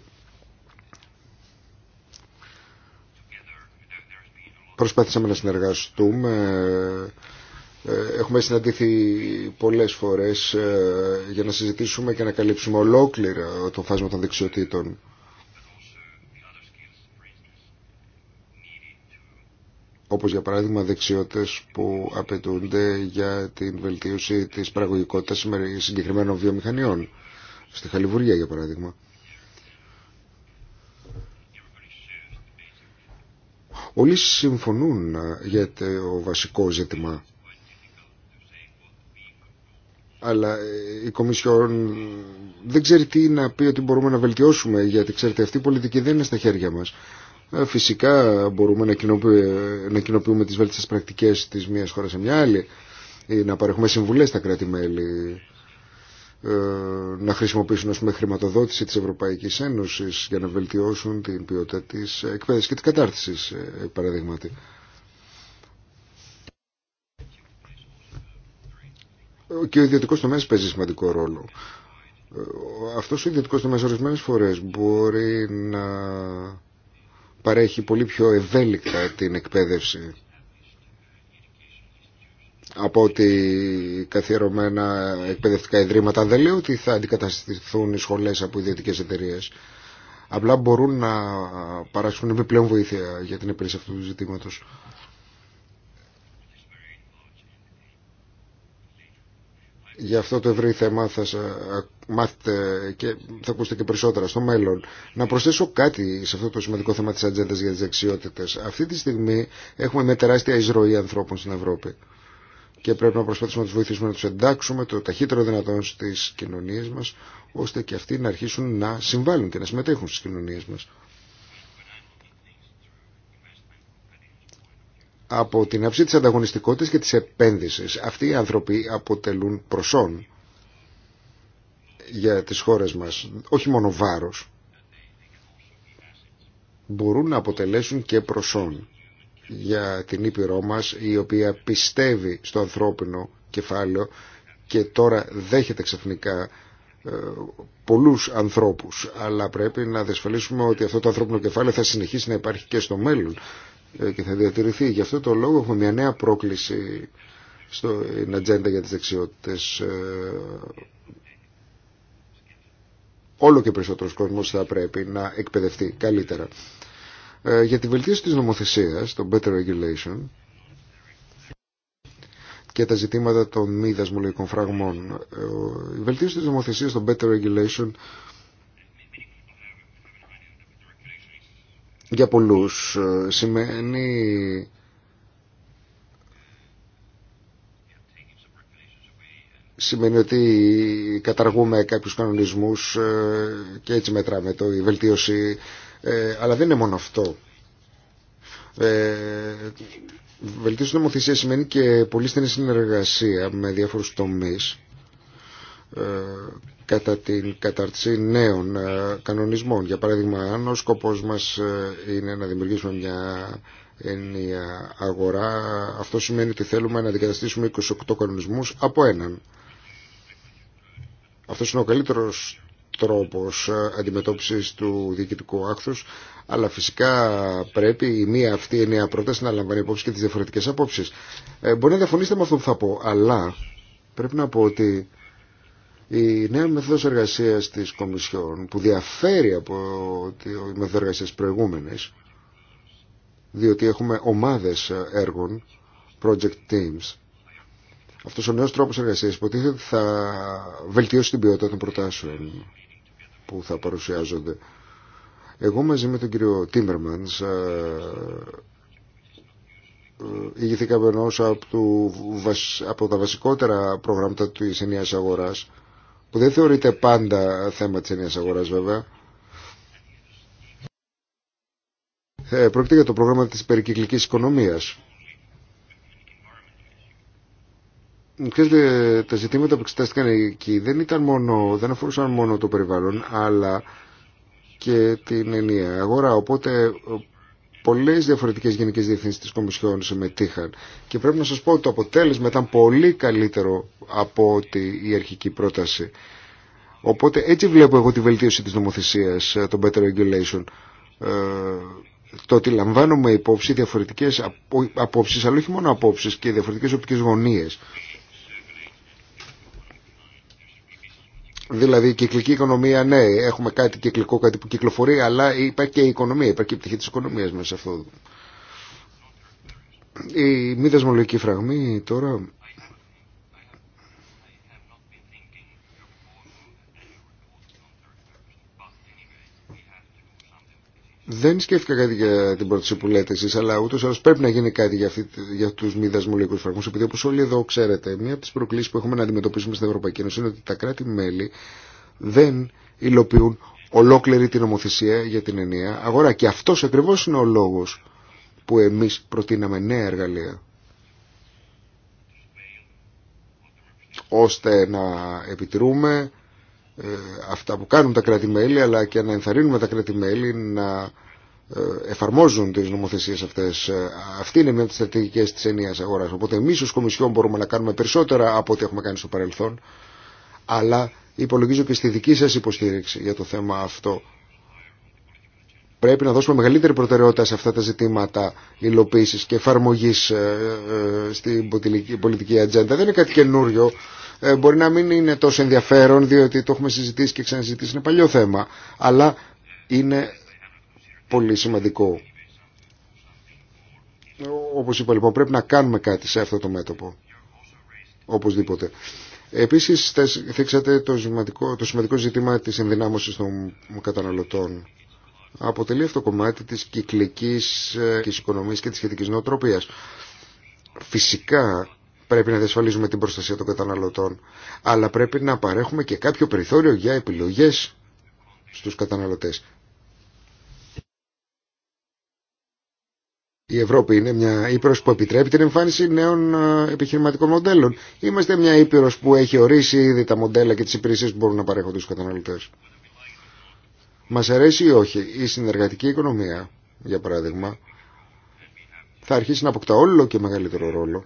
Speaker 1: Προσπαθήσαμε να συνεργαστούμε. Ε, έχουμε συναντήθει πολλές φορές ε, για να συζητήσουμε και να καλύψουμε ολόκληρα το φάσμα των δεξιοτήτων. όπως για παράδειγμα δεξιότητες που απαιτούνται για την βελτίωση της παραγωγικότητας συγκεκριμένων βιομηχανιών, στη Χαλιβουργία για παράδειγμα. Όλοι συμφωνούν ε, για το βασικό ζήτημα. Αλλά ε, η Κομισιόν ε, δεν ξέρει τι να πει ότι μπορούμε να βελτιώσουμε, γιατί ξέρετε αυτή η πολιτική δεν είναι στα χέρια μας. Φυσικά μπορούμε να κοινοποιούμε, να κοινοποιούμε τις βέλτιστες πρακτικές της μίας χώρας σε μια άλλη ή να παρέχουμε συμβουλές στα κράτη-μέλη ε, να χρησιμοποιήσουν ως χρηματοδότηση της Ευρωπαϊκής Ένωσης για να βελτιώσουν την ποιότητα της εκπαίδευσης και της κατάρτισης ε, παραδείγματι. Και ο ιδιωτικό τομέα παίζει σημαντικό ρόλο. Ε, Αυτό ο ιδιωτικό τομέα ορισμένε φορέ μπορεί να παρέχει πολύ πιο ευέλικτα την εκπαίδευση από ότι καθιερωμένα εκπαιδευτικά ιδρύματα. Δεν λέω ότι θα αντικαταστηθούν οι σχολές από ιδιωτικές εταιρείε. Απλά μπορούν να παράσχουν επιπλέον βοήθεια για την επίλυση αυτού του ζητήματος. για αυτό το ευρύ θέμα θα μάθετε και θα ακούσετε και περισσότερα στο μέλλον. Να προσθέσω κάτι σε αυτό το σημαντικό θέμα της ατζέντα για τις δεξιότητε. Αυτή τη στιγμή έχουμε μια τεράστια εισρωή ανθρώπων στην Ευρώπη και πρέπει να προσπαθήσουμε να του βοηθήσουμε να του εντάξουμε το ταχύτερο δυνατόν στις κοινωνίες μας ώστε και αυτοί να αρχίσουν να συμβάλλουν και να συμμετέχουν στι κοινωνίε μας. Από την αυσή τη ανταγωνιστικότητα και τη επένδυση, αυτοί οι άνθρωποι αποτελούν προσόν για τις χώρες μας, όχι μόνο βάρο, μπορούν να αποτελέσουν και προσόν για την Ήπειρό μας η οποία πιστεύει στο ανθρώπινο κεφάλαιο και τώρα δέχεται ξαφνικά ε, πολλούς ανθρώπους αλλά πρέπει να διασφαλίσουμε ότι αυτό το ανθρώπινο κεφάλαιο θα συνεχίσει να υπάρχει και στο μέλλον ε, και θα διατηρηθεί. Γι' αυτό το λόγο έχουμε μια νέα πρόκληση στην ατζέντα για τις δεξιότητες ε, όλο και περισσότερος κόσμος θα πρέπει να εκπαιδευτεί καλύτερα. Ε, για τη βελτίωση της νομοθεσίας, το Better Regulation, και τα ζητήματα των μη δασμολογικών φραγμών. Ε, η βελτίωση της νομοθεσίας το Better Regulation για πολλούς ε, σημαίνει σημαίνει ότι καταργούμε κάποιους κανονισμούς και έτσι μετράμε το, η βελτίωση ε, αλλά δεν είναι μόνο αυτό. Ε, βελτίωση νομοθεσία σημαίνει και πολύ στενή συνεργασία με διάφορους τομεί ε, κατά την κατάρτιση νέων ε, κανονισμών. Για παράδειγμα, αν ο σκοπός μας ε, είναι να δημιουργήσουμε μια ενιαία αγορά, αυτό σημαίνει ότι θέλουμε να αντικαταστήσουμε 28 κανονισμούς από έναν. Αυτό είναι ο καλύτερο τρόπος ε, αντιμετώπισης του διοικητικού άκθους αλλά φυσικά πρέπει η μία αυτή η νέα πρόταση να λαμβάνει υπόψη και τις διαφορετικές απόψεις. Ε, μπορεί να διαφωνήσετε με αυτό που θα πω, αλλά πρέπει να πω ότι η νέα μεθόδος εργασίας της Κομισιόν που διαφέρει από τη μεθόδο εργασίας προηγούμενης διότι έχουμε ομάδες έργων, project teams, αυτός ο νέος τρόπος εργασίας υποτίθεται θα βελτιώσει την ποιότητα των προτάσεων που θα παρουσιάζονται. Εγώ μαζί με τον κύριο Τίμερμανς ε, ε, ηγηθήκαμε ενός από, από τα βασικότερα προγράμματα της ενιαίας αγοράς που δεν θεωρείται πάντα θέμα της ενιαίας αγοράς βέβαια ε, πρόκειται για το πρόγραμμα της περικυκλικής οικονομίας ξέρετε, τα ζητήματα που εξετάστηκαν εκεί δεν, ήταν μόνο, δεν αφορούσαν μόνο το περιβάλλον, αλλά και την ενιαία αγορά. Οπότε πολλέ διαφορετικέ γενικέ διευθύνσει τη Κομισιόν συμμετείχαν. Και πρέπει να σα πω ότι το αποτέλεσμα ήταν πολύ καλύτερο από ότι η αρχική πρόταση. Οπότε έτσι βλέπω εγώ τη βελτίωση τη νομοθεσία, το Better Regulation. Ε, το ότι λαμβάνουμε υπόψη διαφορετικέ απόψει, αλλά όχι μόνο απόψει και διαφορετικέ οπτικές γωνίες. Δηλαδή η κυκλική οικονομία, ναι, έχουμε κάτι κυκλικό, κάτι που κυκλοφορεί, αλλά υπάρχει και η οικονομία, υπάρχει και η πτυχή της οικονομίας μέσα σε αυτό. Η μη δεσμολογική φραγμή τώρα Δεν σκέφτηκα κάτι για την πρόταση που λέτε εσεί, αλλά ούτω ή πρέπει να γίνει κάτι για, για του μη δασμολογικού φραγμού. Επειδή όπω όλοι εδώ ξέρετε, μία από τι προκλήσει που έχουμε να αντιμετωπίσουμε στην Ευρωπαϊκή Ένωση είναι ότι τα κράτη-μέλη δεν υλοποιούν ολόκληρη την νομοθεσία για την ενιαία αγορά. Και αυτό ακριβώ είναι ο λόγο που εμεί προτείναμε νέα εργαλεία. ώστε να επιτηρούμε ε, αυτά που κάνουν τα κράτη-μέλη αλλά και να ενθαρρύνουμε τα κράτη-μέλη να ε, εφαρμόζουν τις νομοθεσίες αυτές. Ε, αυτή είναι μια από τις στρατηγικές της ενίας αγοράς. Οπότε εμείς ως Κομισιόν μπορούμε να κάνουμε περισσότερα από ό,τι έχουμε κάνει στο παρελθόν αλλά υπολογίζω και στη δική σας υποστήριξη για το θέμα αυτό. Πρέπει να δώσουμε μεγαλύτερη προτεραιότητα σε αυτά τα ζητήματα υλοποίηση και εφαρμογή στην πολιτική ατζέντα. Δεν είναι κάτι καινούριο. Ε, μπορεί να μην είναι τόσο ενδιαφέρον διότι το έχουμε συζητήσει και ξαναζητήσει είναι παλιό θέμα αλλά είναι πολύ σημαντικό όπως είπα λοιπόν πρέπει να κάνουμε κάτι σε αυτό το μέτωπο οπωσδήποτε επίσης θέξατε το σημαντικό, το σημαντικό ζήτημα της ενδυνάμωσης των καταναλωτών αποτελεί αυτό το κομμάτι της κυκλικής ε, της οικονομίας και της σχετικής νοοτροπίας φυσικά Πρέπει να διασφαλίζουμε την προστασία των καταναλωτών. Αλλά πρέπει να παρέχουμε και κάποιο περιθώριο για επιλογές στους καταναλωτές. Η Ευρώπη είναι μια ήπειρος που επιτρέπει την εμφάνιση νέων ε, επιχειρηματικών μοντέλων. Είμαστε μια ήπειρος που έχει ορίσει ήδη τα μοντέλα και τις υπηρεσίες που μπορούν να παρέχονται στους καταναλωτές. Μας αρέσει ή όχι η συνεργατική οικονομία, για παράδειγμα, θα αρχίσει να αποκτά όλο και μεγαλύτερο ρόλο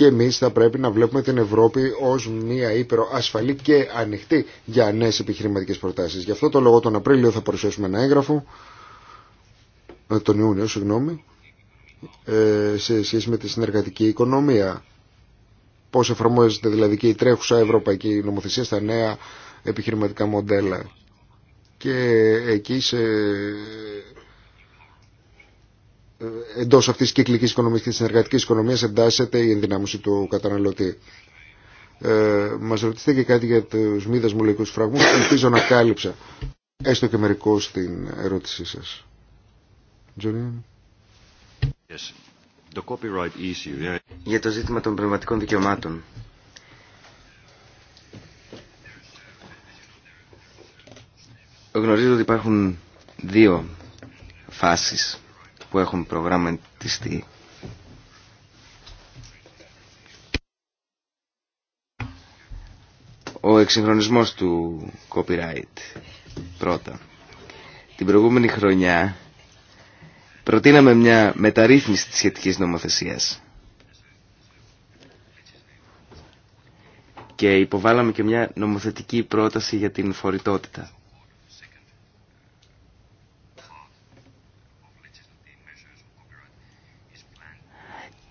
Speaker 1: και εμείς θα πρέπει να βλέπουμε την Ευρώπη ως μια ήπειρο ασφαλή και ανοιχτή για νέες επιχειρηματικές προτάσεις. Γι' αυτό το λόγο τον Απρίλιο θα παρουσιάσουμε ένα έγγραφο, ε, τον Ιούνιο, συγγνώμη, ε, σε σχέση με τη συνεργατική οικονομία. Πώς εφαρμόζεται δηλαδή και η τρέχουσα ευρωπαϊκή νομοθεσία στα νέα επιχειρηματικά μοντέλα. Και εκεί σε Εντό αυτής τη κυκλική οικονομική και της συνεργατική οικονομίας εντάσσεται η ενδυνάμωση του καταναλωτή. Ε, ρωτήσετε και κάτι για τους μη δασμολογικούς φραγμού. Ελπίζω να κάλυψα έστω και μερικώ την ερώτησή σας. Yes.
Speaker 2: The copyright issue. Για το ζήτημα των πνευματικών δικαιωμάτων. Γνωρίζω ότι υπάρχουν δύο φάσεις που έχουν προγραμματιστεί. Ο εξυγχρονισμός του copyright πρώτα. Την προηγούμενη χρονιά προτείναμε μια μεταρρύθμιση της σχετικής νομοθεσίας. Και υποβάλαμε και μια νομοθετική πρόταση για την φορητότητα.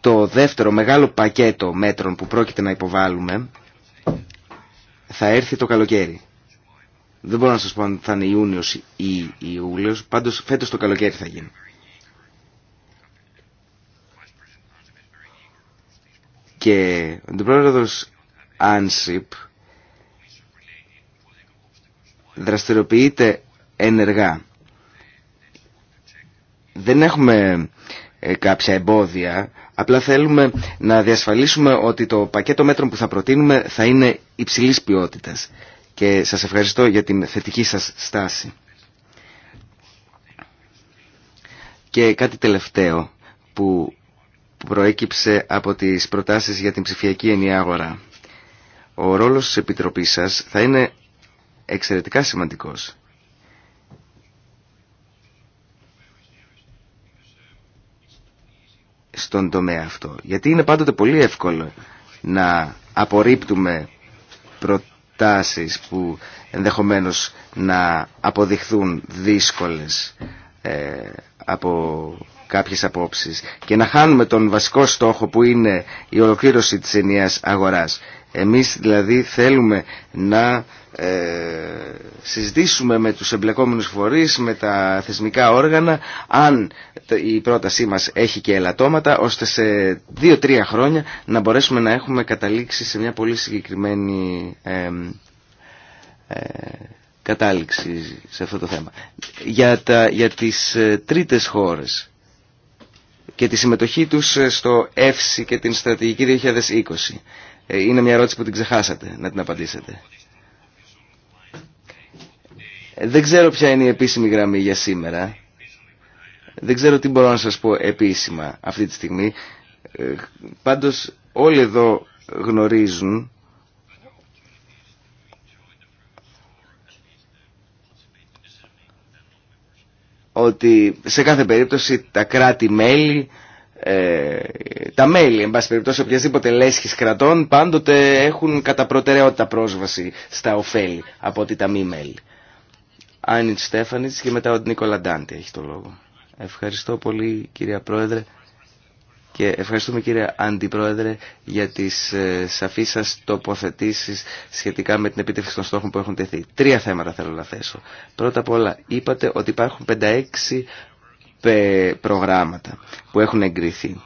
Speaker 2: το δεύτερο μεγάλο πακέτο μέτρων που πρόκειται να υποβάλουμε θα έρθει το καλοκαίρι. Δεν μπορώ να σας πω αν θα είναι Ιούνιος ή Ιούλιος, πάντως φέτος το καλοκαίρι θα γίνει. Και ο αντιπρόεδρος Άνσιπ δραστηριοποιείται ενεργά. Δεν έχουμε ε, κάποια εμπόδια Απλά θέλουμε να διασφαλίσουμε ότι το πακέτο μέτρων που θα προτείνουμε θα είναι υψηλή ποιότητας. Και σας ευχαριστώ για την θετική σας στάση. Και κάτι τελευταίο που προέκυψε από τις προτάσεις για την ψηφιακή ενιαία αγορά. Ο ρόλος της Επιτροπής σας θα είναι εξαιρετικά σημαντικός. στον τομέα αυτό. Γιατί είναι πάντοτε πολύ εύκολο να απορρίπτουμε προτάσεις που ενδεχομένως να αποδειχθούν δύσκολες ε, από κάποιες απόψεις και να χάνουμε τον βασικό στόχο που είναι η ολοκλήρωση της ενιαίας αγοράς. Εμείς δηλαδή θέλουμε να ε, συζητήσουμε με τους εμπλεκόμενους φορείς, με τα θεσμικά όργανα, αν η πρότασή μας έχει και ελαττώματα, ώστε σε δύο-τρία χρόνια να μπορέσουμε να έχουμε καταλήξει σε μια πολύ συγκεκριμένη ε, κατάληξη σε αυτό το θέμα. Για, τα, για τις ε, τρίτες χώρες και τη συμμετοχή τους ε, στο ΕΦΣΙ και την στρατηγική 2020 ε, είναι μια ερώτηση που την ξεχάσατε να την απαντήσετε. Ε, δεν ξέρω ποια είναι η επίσημη γραμμή για σήμερα. Δεν ξέρω τι μπορώ να σας πω επίσημα αυτή τη στιγμή. Ε, πάντως όλοι εδώ γνωρίζουν ότι σε κάθε περίπτωση τα κράτη-μέλη ε, τα μέλη, εν πάση περιπτώσει, οποιασδήποτε λέσχη κρατών, πάντοτε έχουν κατά προτεραιότητα πρόσβαση στα ωφέλη από ότι τα μη μέλη. Άνιτ Στέφανιτς και μετά ο Νίκολα Ντάντη έχει το λόγο. Ευχαριστώ πολύ κυρία Πρόεδρε και ευχαριστούμε κύριε Αντιπρόεδρε για τις ε, σαφείς σας τοποθετήσεις σχετικά με την επίτευξη των στόχων που έχουν τεθεί. Τρία θέματα θέλω να θέσω. Πρώτα απ' όλα είπατε ότι υπάρχουν 56 προγράμματα που έχουν εγκριθεί.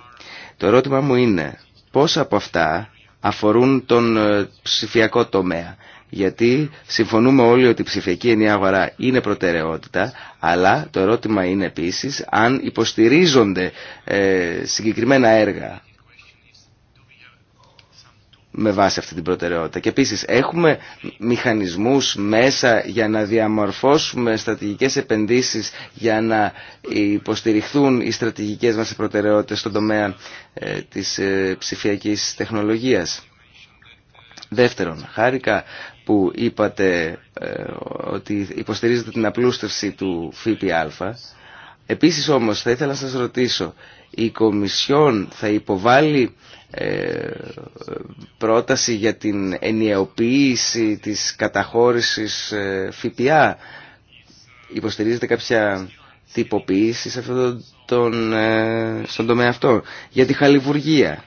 Speaker 2: Το ερώτημα μου είναι πόσα από αυτά αφορούν τον ε, ψηφιακό τομέα. Γιατί συμφωνούμε όλοι ότι η ψηφιακή ενιαία αγορά είναι προτεραιότητα, αλλά το ερώτημα είναι επίσης αν υποστηρίζονται ε, συγκεκριμένα έργα με βάση αυτή την προτεραιότητα. Και επίσης έχουμε μηχανισμούς μέσα για να διαμορφώσουμε στρατηγικές επενδύσεις για να υποστηριχθούν οι στρατηγικές μας προτεραιότητες στον τομέα ε, της ε, ψηφιακής τεχνολογίας. Δεύτερον, χάρηκα που είπατε ε, ότι υποστηρίζετε την απλούστευση του ΦΠΑ. Επίσης όμως θα ήθελα να σας ρωτήσω η Κομισιόν θα υποβάλει ε, πρόταση για την ενιαοποίηση της καταχώρησης ε, ΦΠΑ. Υποστηρίζεται κάποια τυποποίηση σε αυτό τον, ε, στον τομέα αυτό. Για τη χαλιβουργία.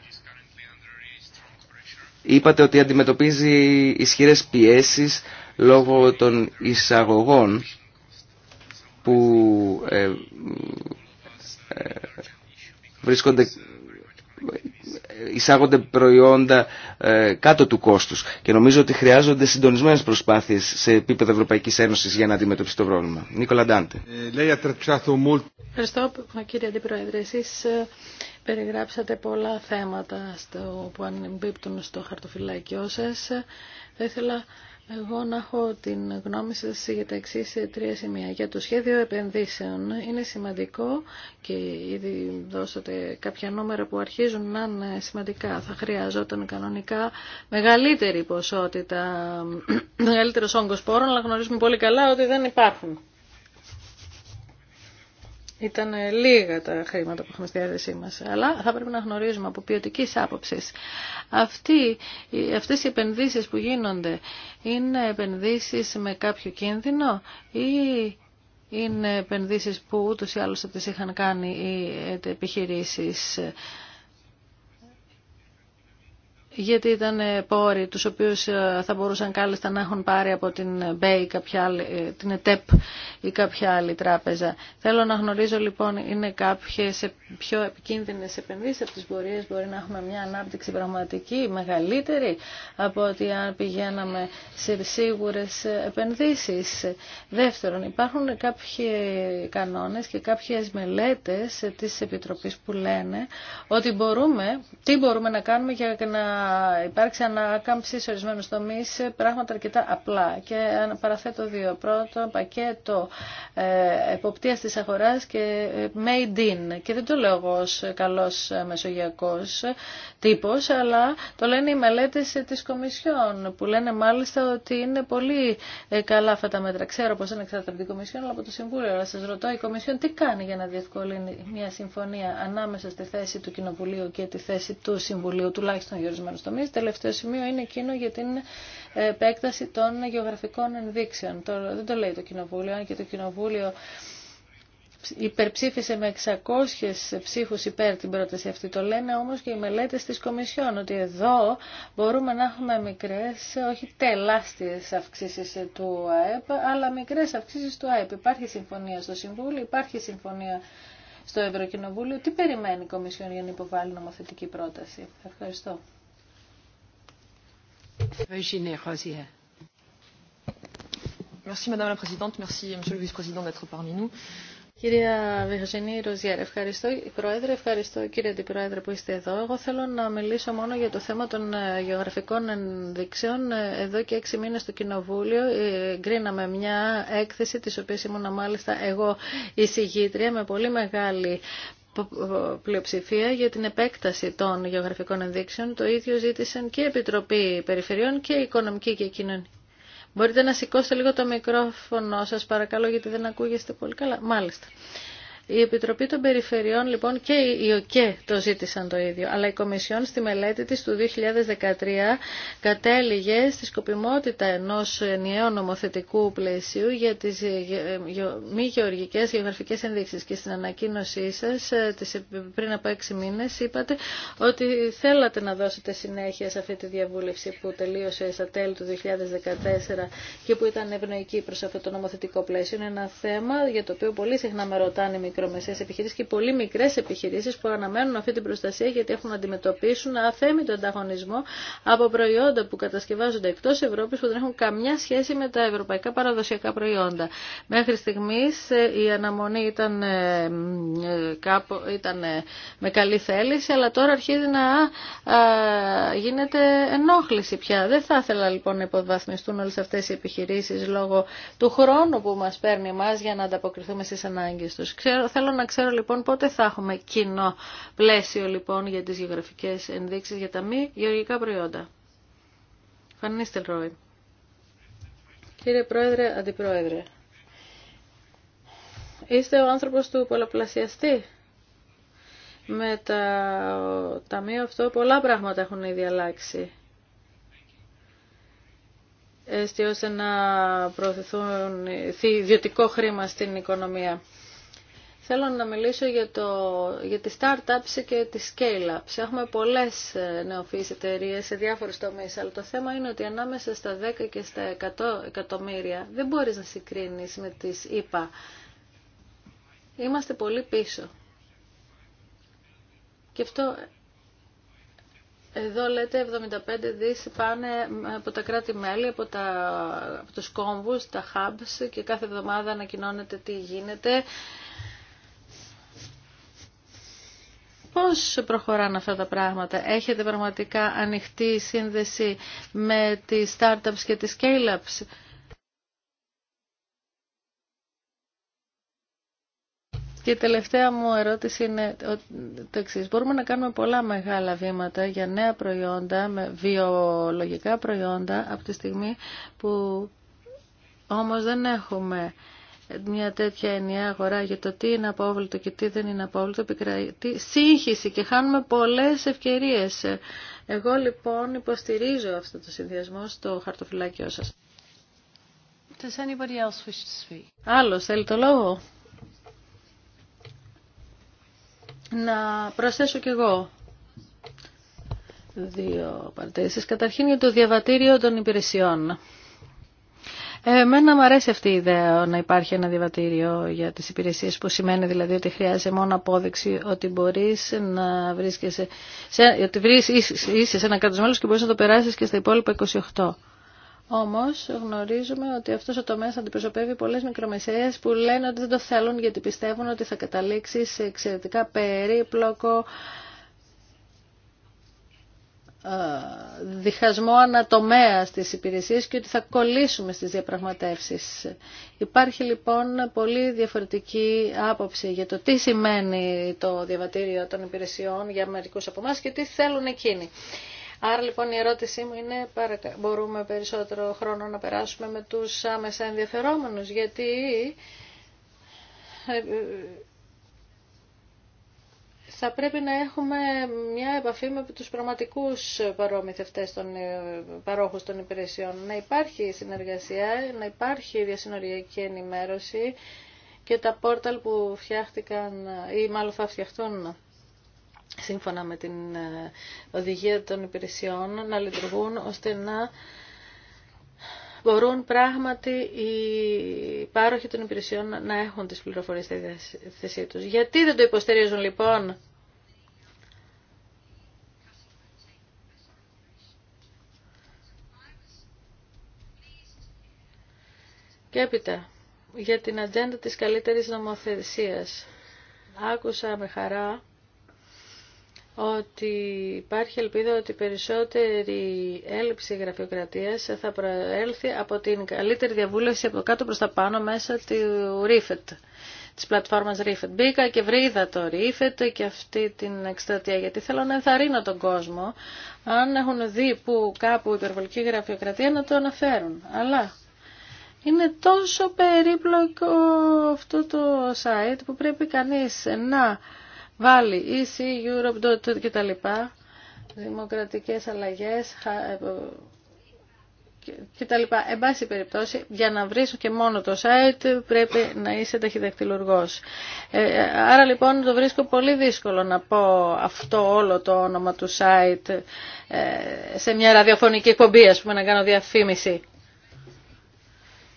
Speaker 2: Είπατε ότι αντιμετωπίζει ισχυρές πιέσεις λόγω των εισαγωγών που βρίσκονται εισάγονται προϊόντα ε, κάτω του κόστους και νομίζω ότι χρειάζονται συντονισμένες προσπάθειες σε επίπεδο Ευρωπαϊκής Ένωσης για να αντιμετωπίσει το πρόβλημα. Νίκολα Ντάντε.
Speaker 3: Ευχαριστώ κύριε Αντιπρόεδρε. Εσείς ε, περιγράψατε πολλά θέματα στο, που ανεμπίπτουν στο χαρτοφυλάκιό σας. Θα ήθελα εγώ να έχω την γνώμη σας για τα εξή τρία σημεία. Για το σχέδιο επενδύσεων είναι σημαντικό και ήδη δώσατε κάποια νούμερα που αρχίζουν να είναι σημαντικά. Θα χρειαζόταν κανονικά μεγαλύτερη ποσότητα, μεγαλύτερος όγκος πόρων, αλλά γνωρίζουμε πολύ καλά ότι δεν υπάρχουν. Ήταν ε, λίγα τα χρήματα που έχουμε στη διάθεσή μα. αλλά θα πρέπει να γνωρίζουμε από ποιοτική άποψη. Αυτέ αυτές οι επενδύσεις που γίνονται είναι επενδύσεις με κάποιο κίνδυνο ή είναι επενδύσεις που ούτως ή άλλως θα τις είχαν κάνει οι ε, επιχειρήσεις γιατί ήταν ε, πόροι τους οποίους ε, θα μπορούσαν κάλλιστα να έχουν πάρει από την BAY, ε, την ΕΤΕΠ ή κάποια άλλη τράπεζα. Θέλω να γνωρίζω λοιπόν είναι κάποιες πιο επικίνδυνες επενδύσεις από τις πορείες μπορεί να έχουμε μια ανάπτυξη πραγματική μεγαλύτερη από ότι αν πηγαίναμε σε σίγουρες επενδύσεις. Δεύτερον, υπάρχουν κάποιοι κανόνες και κάποιες μελέτες της Επιτροπής που λένε ότι μπορούμε, τι μπορούμε να κάνουμε για να υπάρξει ανάκαμψη σε ορισμένου τομεί πράγματα αρκετά απλά. Και παραθέτω δύο. Πρώτο, πακέτο ε, εποπτείας της αγοράς και ε, made in. Και δεν το λέω εγώ ως καλός ε, μεσογειακός τύπος, αλλά το λένε οι μελέτες της Κομισιόν, που λένε μάλιστα ότι είναι πολύ καλά αυτά τα μέτρα. Ξέρω πως είναι εξάρτητα από την Κομισιόν, αλλά από το Συμβούλιο. Αλλά σας ρωτώ, η Κομισιόν τι κάνει για να διευκολύνει μια συμφωνία ανάμεσα στη θέση του Κοινοβουλίου και τη θέση του Συμβουλίου, τουλάχιστον για ορισμένου το Τελευταίο σημείο είναι εκείνο για την επέκταση των γεωγραφικών ενδείξεων. Το, δεν το λέει το Κοινοβούλιο, αν και το Κοινοβούλιο υπερψήφισε με 600 ψήφους υπέρ την πρόταση αυτή. Το λένε όμως και οι μελέτες της Κομισιόν ότι εδώ μπορούμε να έχουμε μικρές, όχι τελάστιες αυξήσεις του ΑΕΠ, αλλά μικρές αυξήσεις του ΑΕΠ. Υπάρχει συμφωνία στο Συμβούλιο, υπάρχει συμφωνία στο Ευρωκοινοβούλιο. Τι περιμένει η Κομισιόν για να υποβάλει
Speaker 4: νομοθετική πρόταση. Ευχαριστώ.
Speaker 3: Κυρία Βεργενή Ροζιέρ, ευχαριστώ Πρόεδρε, ευχαριστώ κύριε Αντιπρόεδρε που είστε εδώ. Εγώ θέλω να μιλήσω μόνο για το θέμα των ε, γεωγραφικών ενδείξεων. Ε, εδώ και έξι μήνες στο Κοινοβούλιο ε, γκρίναμε μια έκθεση της οποίας ήμουν μάλιστα εγώ εισηγήτρια με πολύ μεγάλη πλειοψηφία για την επέκταση των γεωγραφικών ενδείξεων. Το ίδιο ζήτησαν και η Επιτροπή Περιφερειών και η Οικονομική και η Κοινωνική. Μπορείτε να σηκώσετε λίγο το μικρόφωνο σας παρακαλώ γιατί δεν ακούγεστε πολύ καλά. Μάλιστα. Η Επιτροπή των Περιφερειών λοιπόν και η ΟΚΕ το ζήτησαν το ίδιο, αλλά η Κομισιόν στη μελέτη της του 2013 κατέληγε στη σκοπιμότητα ενός ενιαίου νομοθετικού πλαισίου για τις μη γεωργικές γεωγραφικές ενδείξεις και στην ανακοίνωσή σας ε, πριν από έξι μήνες είπατε ότι θέλατε να δώσετε συνέχεια σε αυτή τη διαβούλευση που τελείωσε στα τέλη του 2014 και που ήταν ευνοϊκή προς αυτό το νομοθετικό πλαίσιο. Είναι ένα θέμα για το οποίο πολύ συχνά με ρωτάνε μικρομεσαίες επιχειρήσεις και πολύ μικρές επιχειρήσεις που αναμένουν αυτή την προστασία γιατί έχουν να αντιμετωπίσουν αθέμητο ανταγωνισμό από προϊόντα που κατασκευάζονται εκτός Ευρώπης που δεν έχουν καμιά σχέση με τα ευρωπαϊκά παραδοσιακά προϊόντα. Μέχρι στιγμής ε, η αναμονή ήταν, ε, ε, κάπου, ήταν με καλή θέληση αλλά τώρα αρχίζει να γίνεται ενόχληση πια. Δεν θα ήθελα λοιπόν να υποβαθμιστούν όλες αυτές οι επιχειρήσεις λόγω του χρόνου που μας παίρνει εμά για να ανταποκριθούμε στις ανάγκες τους. Θέλω να ξέρω λοιπόν πότε θα έχουμε κοινό πλαίσιο λοιπόν για τις γεωγραφικές ενδείξεις για τα μη γεωργικά προϊόντα. Φανίστε Ρόι. Κύριε Πρόεδρε, Αντιπρόεδρε. Είστε ο άνθρωπος του πολλαπλασιαστή. Με τα ταμείο αυτό πολλά πράγματα έχουν ήδη αλλάξει έστει ώστε να προωθηθούν ε, ιδιωτικό χρήμα στην οικονομία. Θέλω να μιλήσω για, το, για τις startups και τις scale-ups. Έχουμε πολλές ε, νεοφύης εταιρείε σε διάφορους τομείς, αλλά το θέμα είναι ότι ανάμεσα στα 10 και στα 100 εκατομμύρια δεν μπορείς να συγκρίνεις με τις ΙΠΑ. Είμαστε πολύ πίσω. Και αυτό εδώ λέτε 75 δις πάνε από τα κράτη-μέλη, από, τα, από τους κόμβους, τα hubs και κάθε εβδομάδα ανακοινώνεται τι γίνεται. Πώς προχωράνε αυτά τα πράγματα. Έχετε πραγματικά ανοιχτή σύνδεση με τις startups και τις scale-ups. Και η τελευταία μου ερώτηση είναι το εξή. Μπορούμε να κάνουμε πολλά μεγάλα βήματα για νέα προϊόντα, με βιολογικά προϊόντα, από τη στιγμή που όμως δεν έχουμε μια τέτοια ενιαία αγορά για το τι είναι απόβλητο και τι δεν είναι απόβλητο επικρατεί σύγχυση και χάνουμε πολλές ευκαιρίες. Εγώ λοιπόν υποστηρίζω αυτό το συνδυασμό στο χαρτοφυλάκιό σας. Does Άλλος θέλει το λόγο. Να προσθέσω κι εγώ δύο παρατηρήσεις. Καταρχήν για το διαβατήριο των υπηρεσιών. Εμένα μου αρέσει αυτή η ιδέα να υπάρχει ένα διαβατήριο για τις υπηρεσίες που σημαίνει δηλαδή ότι χρειάζεται μόνο απόδειξη ότι μπορείς να βρίσκεσαι, σε, ότι είσαι σε ένα κράτος μέλος και μπορείς να το περάσεις και στα υπόλοιπα 28. Όμως γνωρίζουμε ότι αυτός ο τομέας αντιπροσωπεύει πολλές μικρομεσαίες που λένε ότι δεν το θέλουν γιατί πιστεύουν ότι θα καταλήξει σε εξαιρετικά περίπλοκο ε, διχασμό ανατομέα στις υπηρεσίες και ότι θα κολλήσουμε στις διαπραγματεύσεις. Υπάρχει λοιπόν πολύ διαφορετική άποψη για το τι σημαίνει το διαβατήριο των υπηρεσιών για μερικού από εμά και τι θέλουν εκείνοι. Άρα λοιπόν η ερώτησή μου είναι μπορούμε περισσότερο χρόνο να περάσουμε με τους άμεσα ενδιαφερόμενους γιατί ε, ε, θα πρέπει να έχουμε μια επαφή με τους πραγματικούς παρόμοιθευτές των ε, παρόχους των υπηρεσιών. Να υπάρχει συνεργασία, να υπάρχει διασυνοριακή ενημέρωση και τα πόρταλ που φτιάχτηκαν ή μάλλον θα φτιαχτούν σύμφωνα με την ε, οδηγία των υπηρεσιών να λειτουργούν ώστε να μπορούν πράγματι οι πάροχοι των υπηρεσιών να έχουν τις πληροφορίες στη θέση τους. Γιατί δεν το υποστηρίζουν λοιπόν Και έπειτα, για την ατζέντα της καλύτερης νομοθεσίας. Άκουσα με χαρά ότι υπάρχει ελπίδα ότι περισσότερη έλλειψη γραφειοκρατίας θα προέλθει από την καλύτερη διαβούλευση από κάτω προς τα πάνω μέσα του της πλατφόρμας Refit. Μπήκα και βρίδα το Refit και αυτή την εκστρατεία γιατί θέλω να ενθαρρύνω τον κόσμο αν έχουν δει που κάπου υπερβολική γραφειοκρατία να το αναφέρουν. Αλλά είναι τόσο περίπλοκο αυτό το site που πρέπει κανείς να βάλει EC, Europe κτλ. Δημοκρατικές αλλαγές ε, ε, κτλ. Εν πάση περιπτώσει, για να βρεις και μόνο το site πρέπει να είσαι ταχυδακτυλουργός. Ε, άρα λοιπόν το βρίσκω πολύ δύσκολο να πω αυτό όλο το όνομα του site σε μια ραδιοφωνική εκπομπή, ας πούμε, να κάνω διαφήμιση.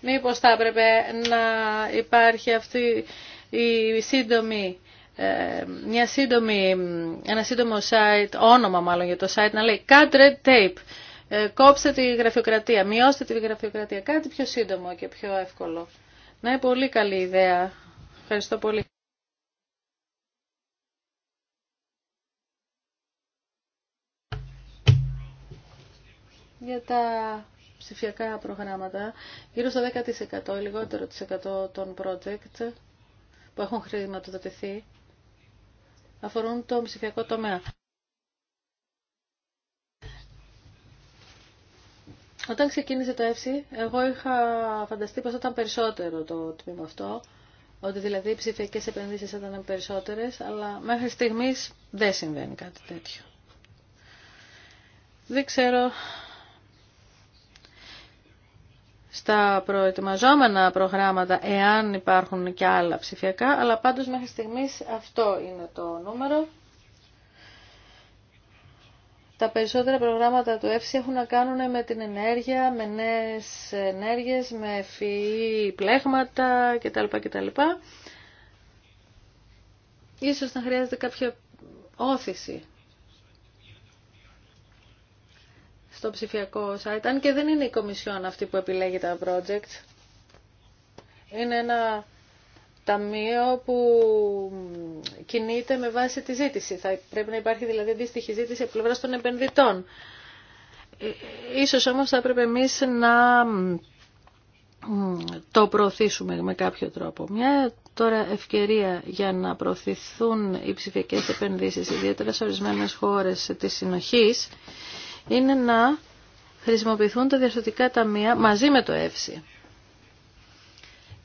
Speaker 3: Μήπως θα έπρεπε να υπάρχει αυτή η σύντομη ε, μια σύντομη, ένα σύντομο site, όνομα μάλλον για το site, να λέει «Cut red tape». Ε, κόψτε τη γραφειοκρατία, μειώστε τη γραφειοκρατία. Κάτι πιο σύντομο και πιο εύκολο. Ναι, πολύ καλή ιδέα. Ευχαριστώ πολύ. Για τα ψηφιακά προγράμματα, γύρω στο 10% ή λιγότερο το των project που έχουν χρηματοδοτηθεί αφορούν το ψηφιακό τομέα. Όταν ξεκίνησε το ΕΦΣΥ, εγώ είχα φανταστεί πως ήταν περισσότερο το τμήμα αυτό, ότι δηλαδή οι ψηφιακές επενδύσεις ήταν περισσότερες, αλλά μέχρι στιγμής δεν συμβαίνει κάτι τέτοιο. Δεν ξέρω στα προετοιμαζόμενα προγράμματα, εάν υπάρχουν και άλλα ψηφιακά, αλλά πάντως μέχρι στιγμής αυτό είναι το νούμερο. Τα περισσότερα προγράμματα του ΕΦΣΙ έχουν να κάνουν με την ενέργεια, με νέες ενέργειες, με φυή πλέγματα κτλ. κτλ. Ίσως να χρειάζεται κάποια όθηση στο ψηφιακό site, αν και δεν είναι η Κομισιόν αυτή που επιλέγει τα project. Είναι ένα ταμείο που κινείται με βάση τη ζήτηση. Θα πρέπει να υπάρχει δηλαδή αντίστοιχη ζήτηση από πλευρά των επενδυτών. Ε, ίσως όμως θα έπρεπε εμείς να το προωθήσουμε με κάποιο τρόπο. Μια τώρα ευκαιρία για να προωθηθούν οι ψηφιακές επενδύσεις, ιδιαίτερα σε ορισμένες χώρες της συνοχής, είναι να χρησιμοποιηθούν τα διαστατικά ταμεία μαζί με το ΕΦΣΥ.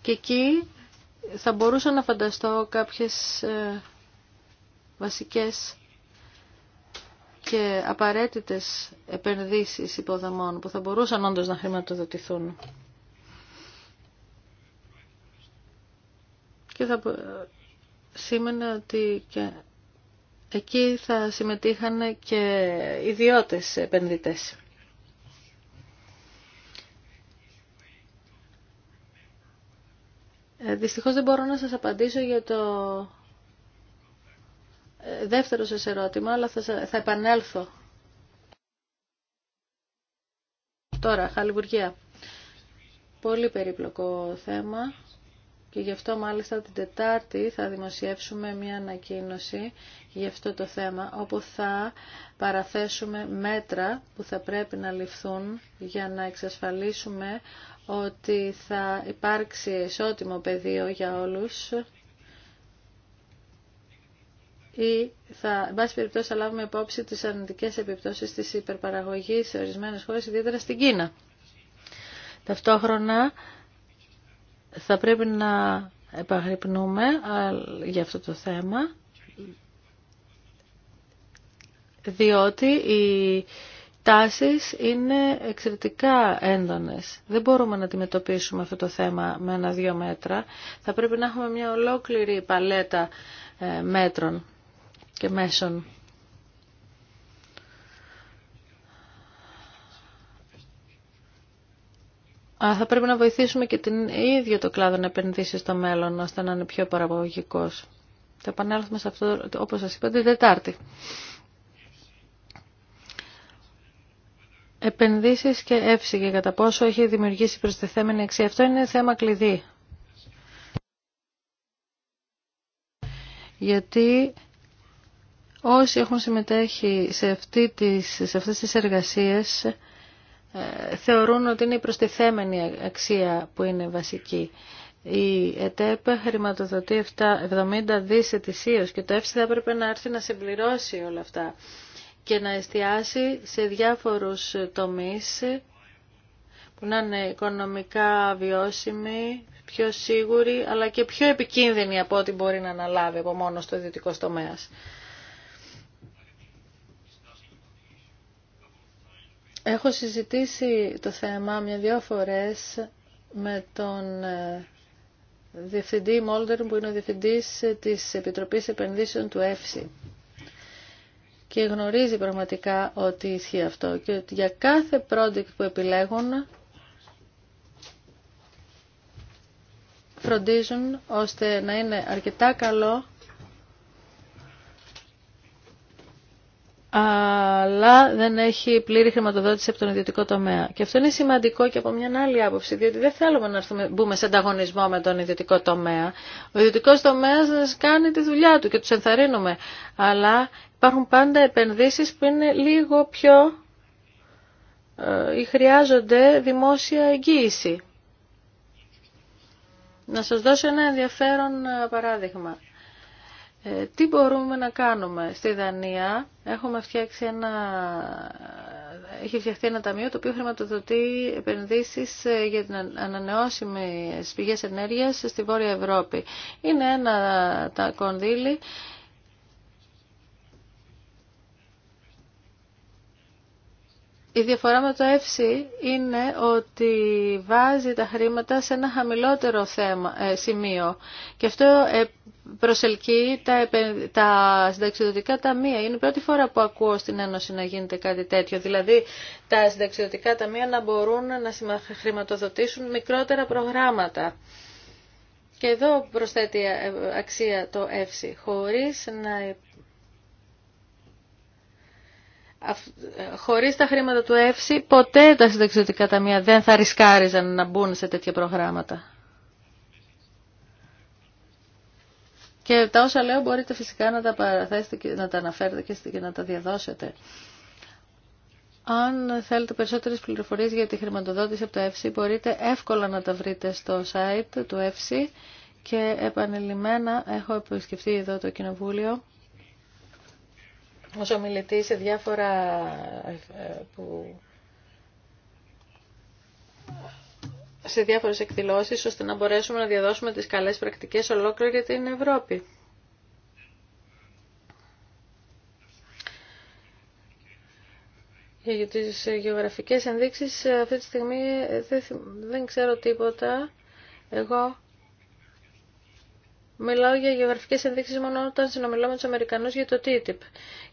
Speaker 3: Και εκεί θα μπορούσα να φανταστώ κάποιες ε, βασικές και απαραίτητες επενδύσεις υποδομών που θα μπορούσαν όντως να χρηματοδοτηθούν. Και θα ε, σήμαινε ότι και Εκεί θα συμμετείχαν και ιδιώτες επενδυτές. Ε, δυστυχώς δεν μπορώ να σας απαντήσω για το ε, δεύτερο σας ερώτημα, αλλά θα επανέλθω. Τώρα, χαλιβουργία. Πολύ περίπλοκο θέμα και γι' αυτό μάλιστα την Τετάρτη θα δημοσιεύσουμε μια ανακοίνωση γι' αυτό το θέμα, όπου θα παραθέσουμε μέτρα που θα πρέπει να ληφθούν για να εξασφαλίσουμε ότι θα υπάρξει ισότιμο πεδίο για όλους ή θα, εν περιπτώσει, θα λάβουμε υπόψη τις αρνητικές επιπτώσεις της υπερπαραγωγής σε ορισμένες χώρες, ιδιαίτερα στην Κίνα. Ταυτόχρονα θα πρέπει να επαγρυπνούμε για αυτό το θέμα, διότι οι τάσεις είναι εξαιρετικά έντονες. Δεν μπορούμε να αντιμετωπίσουμε αυτό το θέμα με ένα-δύο μέτρα. Θα πρέπει να έχουμε μια ολόκληρη παλέτα ε, μέτρων και μέσων. θα πρέπει να βοηθήσουμε και την ίδιο το κλάδο να επενδύσει στο μέλλον, ώστε να είναι πιο παραγωγικό. Θα επανέλθουμε σε αυτό, όπως σας είπα, την Τετάρτη. Επενδύσεις και εύση και κατά πόσο έχει δημιουργήσει προσθεθέμενη αξία. Αυτό είναι θέμα κλειδί. Γιατί όσοι έχουν συμμετέχει σε, αυτή τις, σε αυτές τις εργασίες ε, θεωρούν ότι είναι η προστιθέμενη αξία που είναι βασική. Η ΕΤΕΠ χρηματοδοτεί 70 δις ετησίως και το ΕΦΣΙ θα έπρεπε να έρθει να συμπληρώσει όλα αυτά και να εστιάσει σε διάφορους τομείς που να είναι οικονομικά βιώσιμοι, πιο σίγουροι αλλά και πιο επικίνδυνοι από ό,τι μπορεί να αναλάβει από μόνο στο ιδιωτικό τομέα. Έχω συζητήσει το θέμα μια-δυο φορές με τον ε, Διευθυντή Μόλτερν που είναι ο Διευθυντής της Επιτροπής Επενδύσεων του ΕΦΣΗ. και γνωρίζει πραγματικά ότι ισχύει αυτό και ότι για κάθε project που επιλέγουν φροντίζουν ώστε να είναι αρκετά καλό αλλά δεν έχει πλήρη χρηματοδότηση από τον ιδιωτικό τομέα. Και αυτό είναι σημαντικό και από μια άλλη άποψη, διότι δεν θέλουμε να έρθουμε, μπούμε σε ανταγωνισμό με τον ιδιωτικό τομέα. Ο ιδιωτικό τομέα κάνει τη δουλειά του και του ενθαρρύνουμε. Αλλά υπάρχουν πάντα επενδύσει που είναι λίγο πιο ε, ή χρειάζονται δημόσια εγγύηση. Να σας δώσω ένα ενδιαφέρον ε, παράδειγμα. Ε, τι μπορούμε να κάνουμε. Στη Δανία έχουμε φτιάξει ένα, έχει φτιαχτεί ένα ταμείο το οποίο χρηματοδοτεί επενδύσεις ε, για την ανανεώσιμη πηγές ενέργειας στη Βόρεια Ευρώπη. Είναι ένα τα κονδύλι Η διαφορά με το ΕΦΣΥ είναι ότι βάζει τα χρήματα σε ένα χαμηλότερο θέμα, ε, σημείο και αυτό προσελκύει τα, τα συνταξιδοτικά ταμεία. Είναι η πρώτη φορά που ακούω στην Ένωση να γίνεται κάτι τέτοιο. Δηλαδή τα συνταξιδοτικά ταμεία να μπορούν να χρηματοδοτήσουν μικρότερα προγράμματα. Και εδώ προσθέτει ε, αξία το ΕΦΣΥ, χωρίς να ε, ε, χωρίς τα χρήματα του ΕΦΣΥ ποτέ τα συνταξιδοτικά ταμεία δεν θα ρισκάριζαν να μπουν σε τέτοια προγράμματα. Και τα όσα λέω μπορείτε φυσικά να τα παραθέσετε και να τα αναφέρετε και να τα διαδώσετε. Αν θέλετε περισσότερες πληροφορίες για τη χρηματοδότηση από το ΕΦΣΥ, μπορείτε εύκολα να τα βρείτε στο site του ΕΦΣΥ και επανελειμμένα έχω επισκεφτεί εδώ το Κοινοβούλιο ως ομιλητή σε διάφορα ε, ε, που σε διάφορες εκδηλώσεις ώστε να μπορέσουμε να διαδώσουμε τις καλές πρακτικές ολόκληρη την Ευρώπη. για τις γεωγραφικές ενδείξεις αυτή τη στιγμή δεν ξέρω τίποτα. Εγώ Μιλάω για γεωγραφικές ενδείξεις μόνο όταν συνομιλώ με τους Αμερικανούς για το TTIP.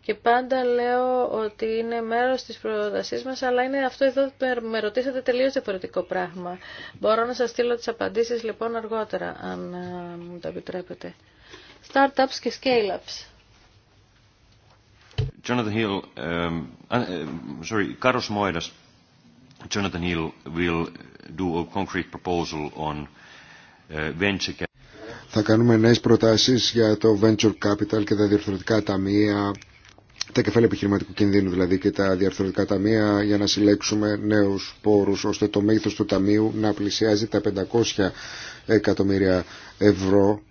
Speaker 3: Και πάντα λέω ότι είναι μέρος της πρότασής μας, αλλά είναι αυτό εδώ που με ρωτήσατε τελείως διαφορετικό πράγμα. Μπορώ να σας στείλω τις απαντήσεις λοιπόν αργότερα, αν ε, μου το επιτρέπετε. Startups και scale-ups.
Speaker 1: Jonathan Hill, um, uh, uh, sorry, Carlos Moedas, Jonathan Hill will do a concrete proposal on uh, venture capital. Θα κάνουμε νέε προτάσει για το venture capital και τα διορθωτικά ταμεία, τα κεφάλαια επιχειρηματικού κινδύνου δηλαδή και τα διορθωτικά ταμεία για να συλλέξουμε νέου πόρου, ώστε το μέγεθο του ταμείου να πλησιάζει τα 500 εκατομμύρια ευρώ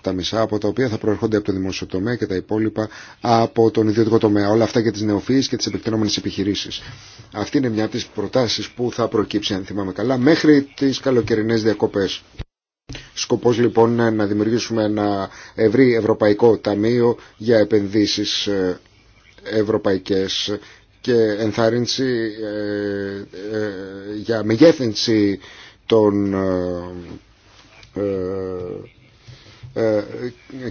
Speaker 1: τα μισά από τα οποία θα προερχόνται από το δημόσιο τομέα και τα υπόλοιπα από τον ιδιωτικό τομέα. Όλα αυτά για τι νεοφύης και τι επεκτενόμενες επιχειρήσει. Αυτή είναι μια από τι προτάσει που θα προκύψει, αν θυμάμαι καλά, μέχρι τι καλοκαιρινέ διακοπέ. Σκοπός λοιπόν ε, να δημιουργήσουμε ένα ευρύ ευρωπαϊκό ταμείο για επενδύσεις ε, ευρωπαϊκές και ενθάρρυνση ε, για μεγέθυνση των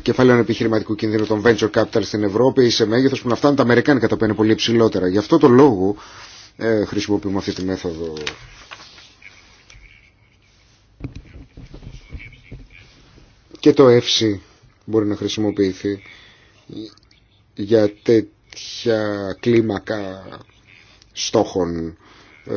Speaker 1: κεφαλαίων επιχειρηματικού κινδύνου των venture capital στην Ευρώπη σε μέγεθος που να φτάνουν τα αμερικάνικα τα οποία είναι πολύ υψηλότερα. Γι' αυτό το λόγο χρησιμοποιούμε αυτή τη μέθοδο και το εύση μπορεί να χρησιμοποιηθεί για τέτοια κλίμακα στόχων ε,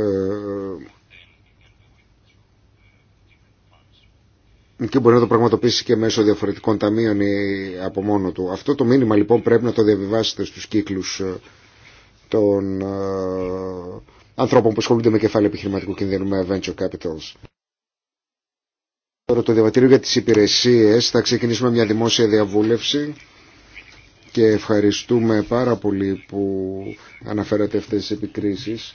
Speaker 1: και μπορεί να το πραγματοποιήσει και μέσω διαφορετικών ταμείων ή από μόνο του. Αυτό το μήνυμα λοιπόν πρέπει να το διαβιβάσετε στους κύκλους ε, των ε, ανθρώπων που ασχολούνται με κεφάλαιο επιχειρηματικού κινδύνου, με venture capitals. Τώρα το διαβατήριο για τις υπηρεσίες θα ξεκινήσουμε μια δημόσια διαβούλευση και ευχαριστούμε πάρα πολύ που αναφέρατε αυτές τις επικρίσεις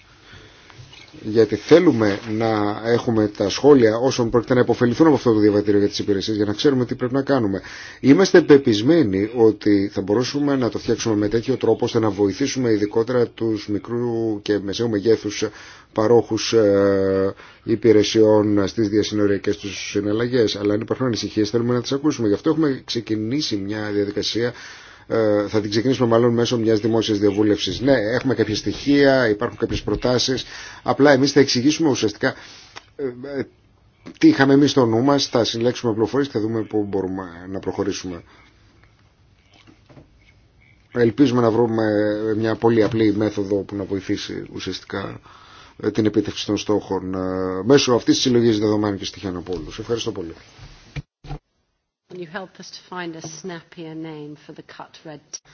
Speaker 1: γιατί θέλουμε να έχουμε τα σχόλια όσων πρόκειται να υποφεληθούν από αυτό το διαβατήριο για τις υπηρεσίες για να ξέρουμε τι πρέπει να κάνουμε. Είμαστε πεπισμένοι ότι θα μπορούσαμε να το φτιάξουμε με τέτοιο τρόπο ώστε να βοηθήσουμε ειδικότερα τους μικρού και μεσαίου μεγέθους παρόχους ε, υπηρεσιών στις διασυνοριακές τους συναλλαγές. Αλλά αν υπάρχουν ανησυχίες θέλουμε να τις ακούσουμε. Γι' αυτό έχουμε ξεκινήσει μια διαδικασία ε, θα την ξεκινήσουμε μάλλον μέσω μιας δημόσιας διαβούλευσης. Ναι, έχουμε κάποια στοιχεία, υπάρχουν κάποιες προτάσεις, απλά εμείς θα εξηγήσουμε ουσιαστικά ε, ε, τι είχαμε εμείς στο νου μας, θα συλλέξουμε πληροφορίες και θα δούμε πού μπορούμε να προχωρήσουμε. Ελπίζουμε να βρούμε μια πολύ απλή μέθοδο που να βοηθήσει ουσιαστικά την επίτευξη των στόχων μέσω αυτής της συλλογής δεδομένων και στοιχείων από όλους. Ευχαριστώ πολύ.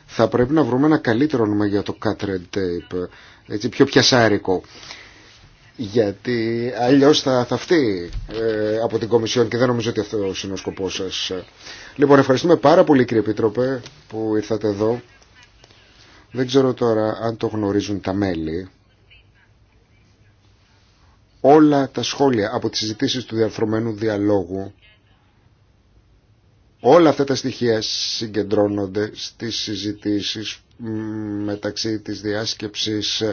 Speaker 1: Θα πρέπει να βρούμε ένα καλύτερο όνομα για το cut red tape, έτσι πιο πιασάρικο. Γιατί αλλιώς θα φτύει ε, από την Κομισιόν και δεν νομίζω ότι αυτό είναι ο σκοπό σα. Λοιπόν, ευχαριστούμε πάρα πολύ κύριε Επίτροπε που ήρθατε εδώ. Δεν ξέρω τώρα αν το γνωρίζουν τα μέλη. Όλα τα σχόλια από τις συζητήσεις του διαρθρωμένου διαλόγου Όλα αυτά τα στοιχεία συγκεντρώνονται στις συζητήσεις μεταξύ της διάσκεψης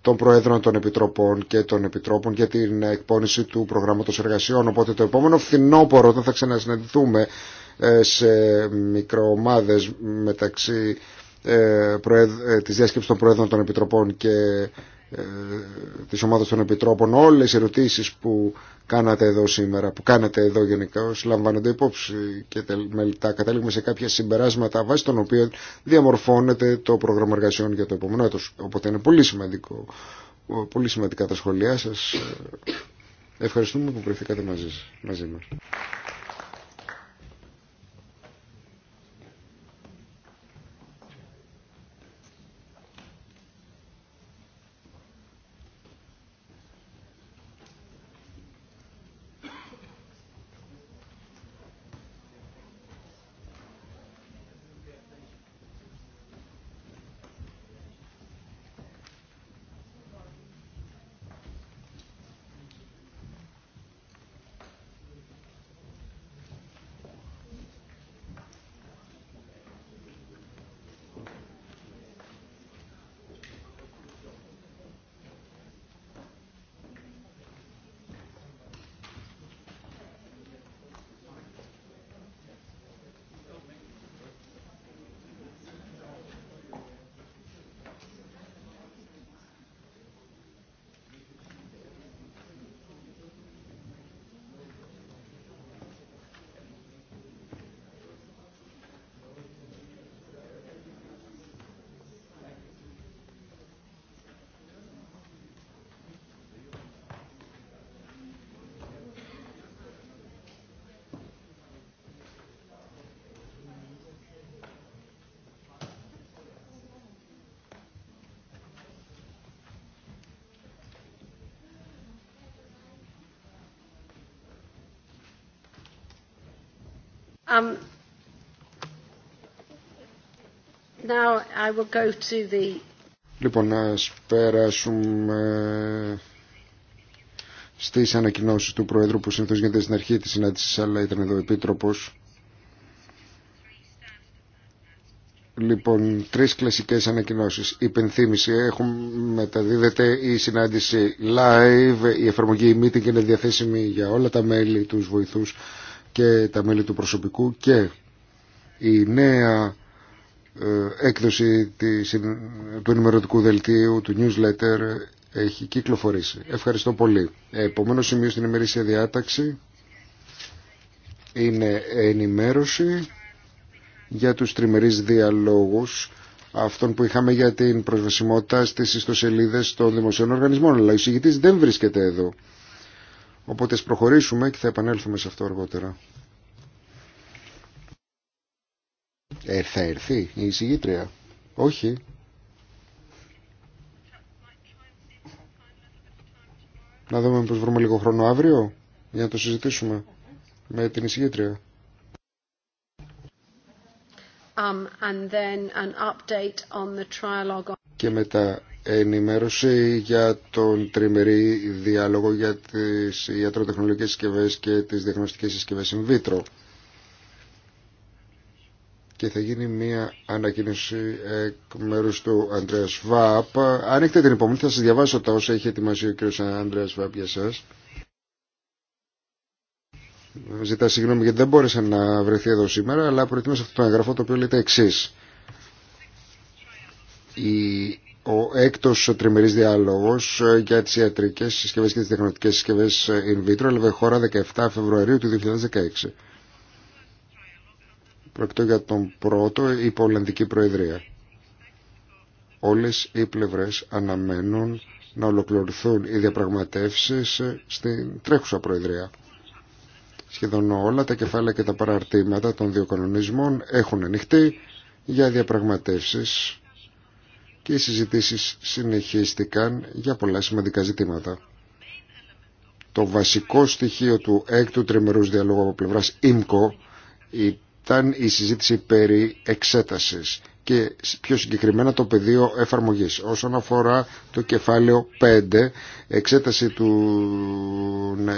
Speaker 1: των Προέδρων των Επιτροπών και των Επιτρόπων για την εκπόνηση του προγράμματος εργασιών. Οπότε το επόμενο φθινόπωρο όταν θα ξανασυναντηθούμε ε, σε μικροομάδες μεταξύ ε, ε, της διάσκεψης των Προέδρων των Επιτροπών και ε, της ομάδας των επιτρόπων όλες οι ερωτήσεις που κάνατε εδώ σήμερα, που κάνετε εδώ γενικά λαμβάνονται υπόψη και μελτά καταλήγουμε σε κάποια συμπεράσματα βάσει των οποίων διαμορφώνεται το πρόγραμμα εργασιών για το επόμενο έτος. Οπότε είναι πολύ σημαντικό, πολύ σημαντικά τα σχόλιά σας. Ε, ευχαριστούμε που βρεθήκατε μαζί, μαζί μας.
Speaker 3: Um, now I will go to the...
Speaker 1: Λοιπόν, να περάσουμε στι ανακοινώσει του Προέδρου που συνήθω γίνεται στην αρχή τη συνάντηση, αλλά ήταν εδώ Επίτροπο. Λοιπόν, τρεις κλασικές ανακοινώσει. Υπενθύμηση, έχουμε, μεταδίδεται η συνάντηση live, η εφαρμογή meeting είναι διαθέσιμη για όλα τα μέλη, τους βοηθούς και τα μέλη του προσωπικού και η νέα ε, έκδοση του ενημερωτικού δελτίου, του newsletter έχει κυκλοφορήσει. Ευχαριστώ πολύ. Επόμενο σημείο στην ημερήσια διάταξη είναι ενημέρωση για τους τριμερείς διαλόγους αυτών που είχαμε για την προσβασιμότητα στις ιστοσελίδες των δημοσίων οργανισμών. Αλλά ο εισηγητής δεν βρίσκεται εδώ. Οπότε ας προχωρήσουμε και θα επανέλθουμε σε αυτό αργότερα. Ε, θα έρθει η εισηγήτρια. Όχι. Να δούμε πως βρούμε λίγο χρόνο αύριο για να το συζητήσουμε με την εισηγήτρια.
Speaker 3: Um, and then an on the
Speaker 1: Και μετά ενημέρωση για τον τριμερή διάλογο για τις ιατροτεχνολογικές συσκευέ και τις διαγνωστικές συσκευέ in vitro. Και θα γίνει μια ανακοίνωση εκ μέρους του Αντρέα Βάπ. Ανοίξτε την υπομονή, θα σας διαβάσω τα όσα έχει ετοιμάσει ο κ. Αντρέα Βάπ για σας. Ζητά συγγνώμη γιατί δεν μπόρεσα να βρεθεί εδώ σήμερα, αλλά προετοίμασα αυτό το εγγραφό το οποίο λέει τα εξή. Η ο έκτος τριμερής διάλογος ε, για τις ιατρικές συσκευές και τις τεχνολογικές συσκευές ε, in vitro έλαβε χώρα 17 Φεβρουαρίου του 2016. Πρόκειται για τον πρώτο υπό Ολλανδική Προεδρία. Όλες οι πλευρές αναμένουν να ολοκληρωθούν οι διαπραγματεύσεις ε, στην τρέχουσα Προεδρία. Σχεδόν όλα τα κεφάλαια και τα παραρτήματα των δύο έχουν ανοιχτεί για διαπραγματεύσεις και οι συζητήσεις συνεχίστηκαν για πολλά σημαντικά ζητήματα. Το βασικό στοιχείο του έκτου τριμερούς διαλόγου από πλευράς ΙΜΚΟ ήταν η συζήτηση περί εξέτασης και πιο συγκεκριμένα το πεδίο εφαρμογής. Όσον αφορά το κεφάλαιο 5, εξέταση του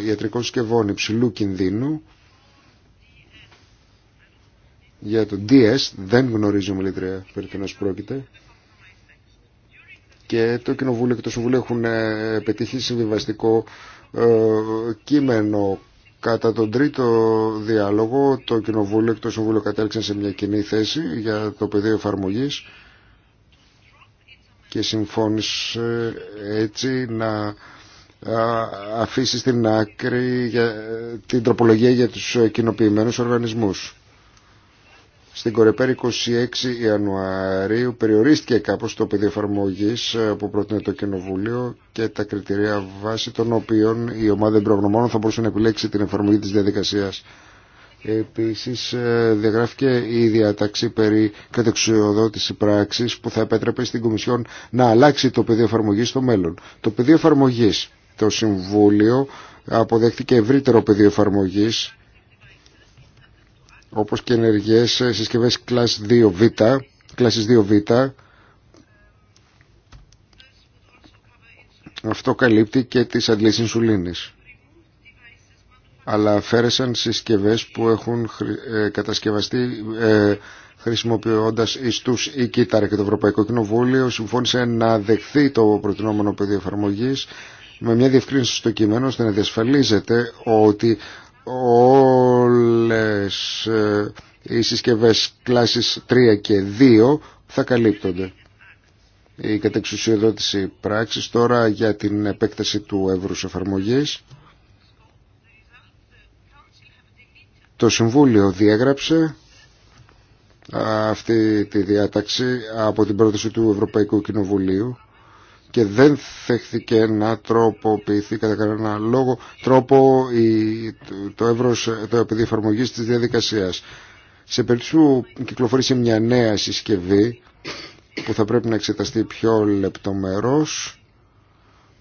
Speaker 1: ιατρικών συσκευών υψηλού κινδύνου, για το DS, δεν γνωρίζουμε λίτρια περί πρόκειται και το Κοινοβούλιο και το Συμβούλιο έχουν ε, πετύχει συμβιβαστικό ε, κείμενο. Κατά τον τρίτο διάλογο, το Κοινοβούλιο και το Συμβούλιο κατέληξαν σε μια κοινή θέση για το πεδίο εφαρμογή και συμφώνησε έτσι να ε, αφήσει στην άκρη την τροπολογία για τους κοινοποιημένους οργανισμούς. Στην Κορεπέρ 26 Ιανουαρίου περιορίστηκε κάπως το πεδίο εφαρμογή ε, που πρότεινε το Κοινοβούλιο και τα κριτηρία βάση των οποίων η ομάδα εμπρογνωμόνων θα μπορούσε να επιλέξει την εφαρμογή της διαδικασίας. Επίσης ε, διαγράφηκε η διαταξή περί κατεξοδότηση πράξης που θα επέτρεπε στην Κομισιόν να αλλάξει το πεδίο εφαρμογή στο μέλλον. Το πεδίο εφαρμογή το Συμβούλιο αποδέχτηκε ευρύτερο πεδίο εφαρμογή όπως και ενεργές ε, συσκευές κλάσης 2Β, κλάσης 2Β. Αυτό καλύπτει και τις αντλήσεις ινσουλίνης. Αλλά φέρεσαν συσκευές που έχουν ε, κατασκευαστεί ε, χρησιμοποιώντας ιστούς ή κύτταρα και το Ευρωπαϊκό Κοινοβούλιο συμφώνησε να δεχθεί το προτινόμενο πεδίο εφαρμογή με μια διευκρίνηση στο κείμενο ώστε να διασφαλίζεται ότι όλες ε, οι συσκευές κλάσεις 3 και 2 θα καλύπτονται. Η κατεξουσιοδότηση πράξης τώρα για την επέκταση του εύρους εφαρμογής. Το Συμβούλιο διέγραψε αυτή τη διάταξη από την πρόταση του Ευρωπαϊκού Κοινοβουλίου και δεν θέχθηκε να τροποποιηθεί κατά κανένα λόγο τρόπο το, εύρος, το επειδή εφαρμογής της διαδικασίας. Σε περίπτωση που κυκλοφορήσει μια νέα συσκευή που θα πρέπει να εξεταστεί πιο λεπτομερώς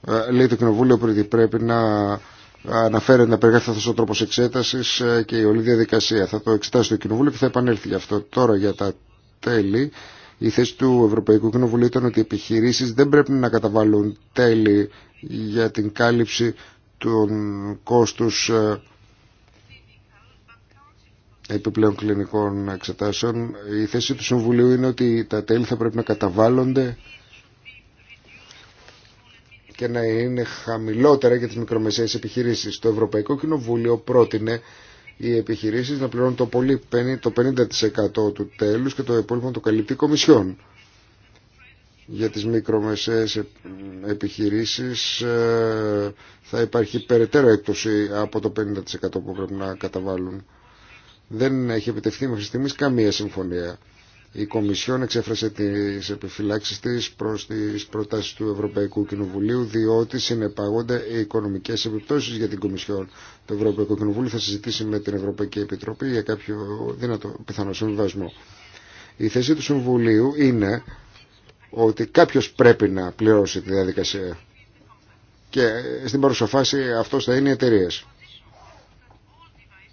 Speaker 1: ε, λέει το Κοινοβούλιο ότι πρέπει να αναφέρει να περιγράφει αυτός ο τρόπος εξέτασης ε, και η όλη διαδικασία. Θα το εξετάσει το Κοινοβούλιο και θα επανέλθει γι' αυτό τώρα για τα τέλη η θέση του Ευρωπαϊκού Κοινοβουλίου ήταν ότι οι επιχειρήσεις δεν πρέπει να καταβάλουν τέλη για την κάλυψη των κόστους ε, επιπλέον κλινικών εξετάσεων. Η θέση του Συμβουλίου είναι ότι τα τέλη θα πρέπει να καταβάλλονται και να είναι χαμηλότερα για τις μικρομεσαίες επιχειρήσεις. Το Ευρωπαϊκό Κοινοβούλιο πρότεινε οι επιχειρήσεις να πληρώνουν το πολύ 50, το 50% του τέλους και το υπόλοιπο το καλύπτει κομισιόν. Για τις μικρομεσαίες επιχειρήσεις ε, θα υπάρχει περαιτέρω έκπτωση από το 50% που πρέπει να καταβάλουν. Δεν έχει επιτευχθεί μέχρι στιγμής καμία συμφωνία η Κομισιόν εξέφρασε τις επιφυλάξεις της προς τις προτάσεις του Ευρωπαϊκού Κοινοβουλίου διότι συνεπαγόνται οι οικονομικές επιπτώσεις για την Κομισιόν. Το Ευρωπαϊκό Κοινοβούλιο θα συζητήσει με την Ευρωπαϊκή Επιτροπή για κάποιο δυνατό πιθανό συμβιβασμό. Η θέση του Συμβουλίου είναι ότι κάποιος πρέπει να πληρώσει τη διαδικασία και στην φάση αυτός θα είναι οι εταιρείε.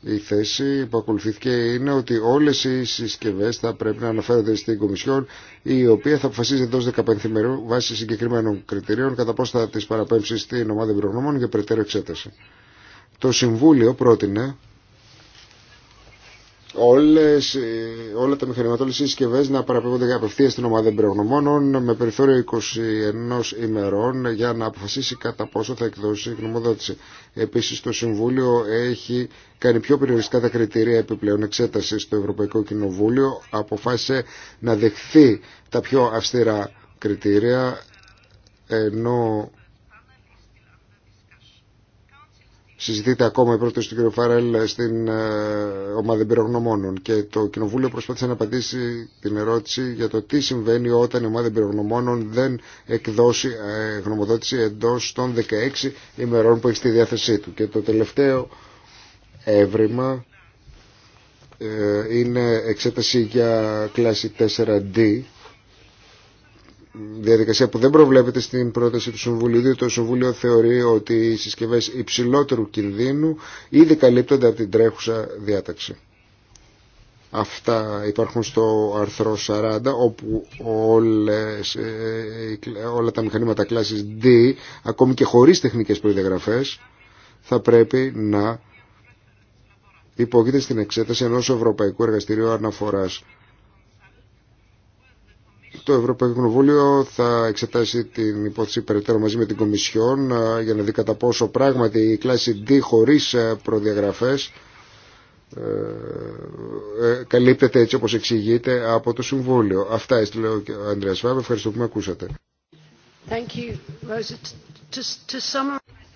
Speaker 1: Η θέση που ακολουθήθηκε είναι ότι όλες οι συσκευές θα πρέπει να αναφέρονται στην Κομισιόν η οποία θα αποφασίζει εντός 15 μερού βάσει συγκεκριμένων κριτηρίων κατά πώ θα τις παραπέμψει στην ομάδα εμπειρογνώμων για περαιτέρω εξέταση. Το Συμβούλιο πρότεινε όλες, ε, όλα τα μηχανήματα, όλες οι συσκευές να παραπέμπονται απευθείας στην ομάδα εμπειρογνωμόνων με περιθώριο 21 ημερών για να αποφασίσει κατά πόσο θα εκδώσει η γνωμοδότηση. Επίσης το Συμβούλιο έχει κάνει πιο περιοριστικά τα κριτήρια επιπλέον εξέταση στο Ευρωπαϊκό Κοινοβούλιο αποφάσισε να δεχθεί τα πιο αυστηρά κριτήρια ενώ Συζητείται ακόμα η πρόταση του κ. Φάρελ στην ε, ομάδα εμπειρογνωμόνων και το Κοινοβούλιο προσπάθησε να απαντήσει την ερώτηση για το τι συμβαίνει όταν η ομάδα εμπειρογνωμόνων δεν εκδώσει ε, γνωμοδότηση εντός των 16 ημερών που έχει στη διάθεσή του. Και το τελευταίο έβριμα ε, είναι εξέταση για κλάση 4D διαδικασία που δεν προβλέπεται στην πρόταση του Συμβουλίου, διότι το Συμβούλιο θεωρεί ότι οι συσκευές υψηλότερου κινδύνου ήδη καλύπτονται από την τρέχουσα διάταξη. Αυτά υπάρχουν στο αρθρό 40, όπου όλες, ε, όλα τα μηχανήματα κλάσης D, ακόμη και χωρίς τεχνικές προδιαγραφές, θα πρέπει να υπόκειται στην εξέταση ενός Ευρωπαϊκού Εργαστηρίου Αναφοράς το Ευρωπαϊκό Κοινοβούλιο θα εξετάσει την υπόθεση περαιτέρω μαζί με την Κομισιόν ε, για να δει κατά πόσο πράγματι η κλάση D χωρίς ε, προδιαγραφές ε, καλύπτεται έτσι όπως εξηγείται από το Συμβούλιο. Αυτά έστειλε ο Ανδρέας Φάβε. Ευχαριστώ που με ακούσατε.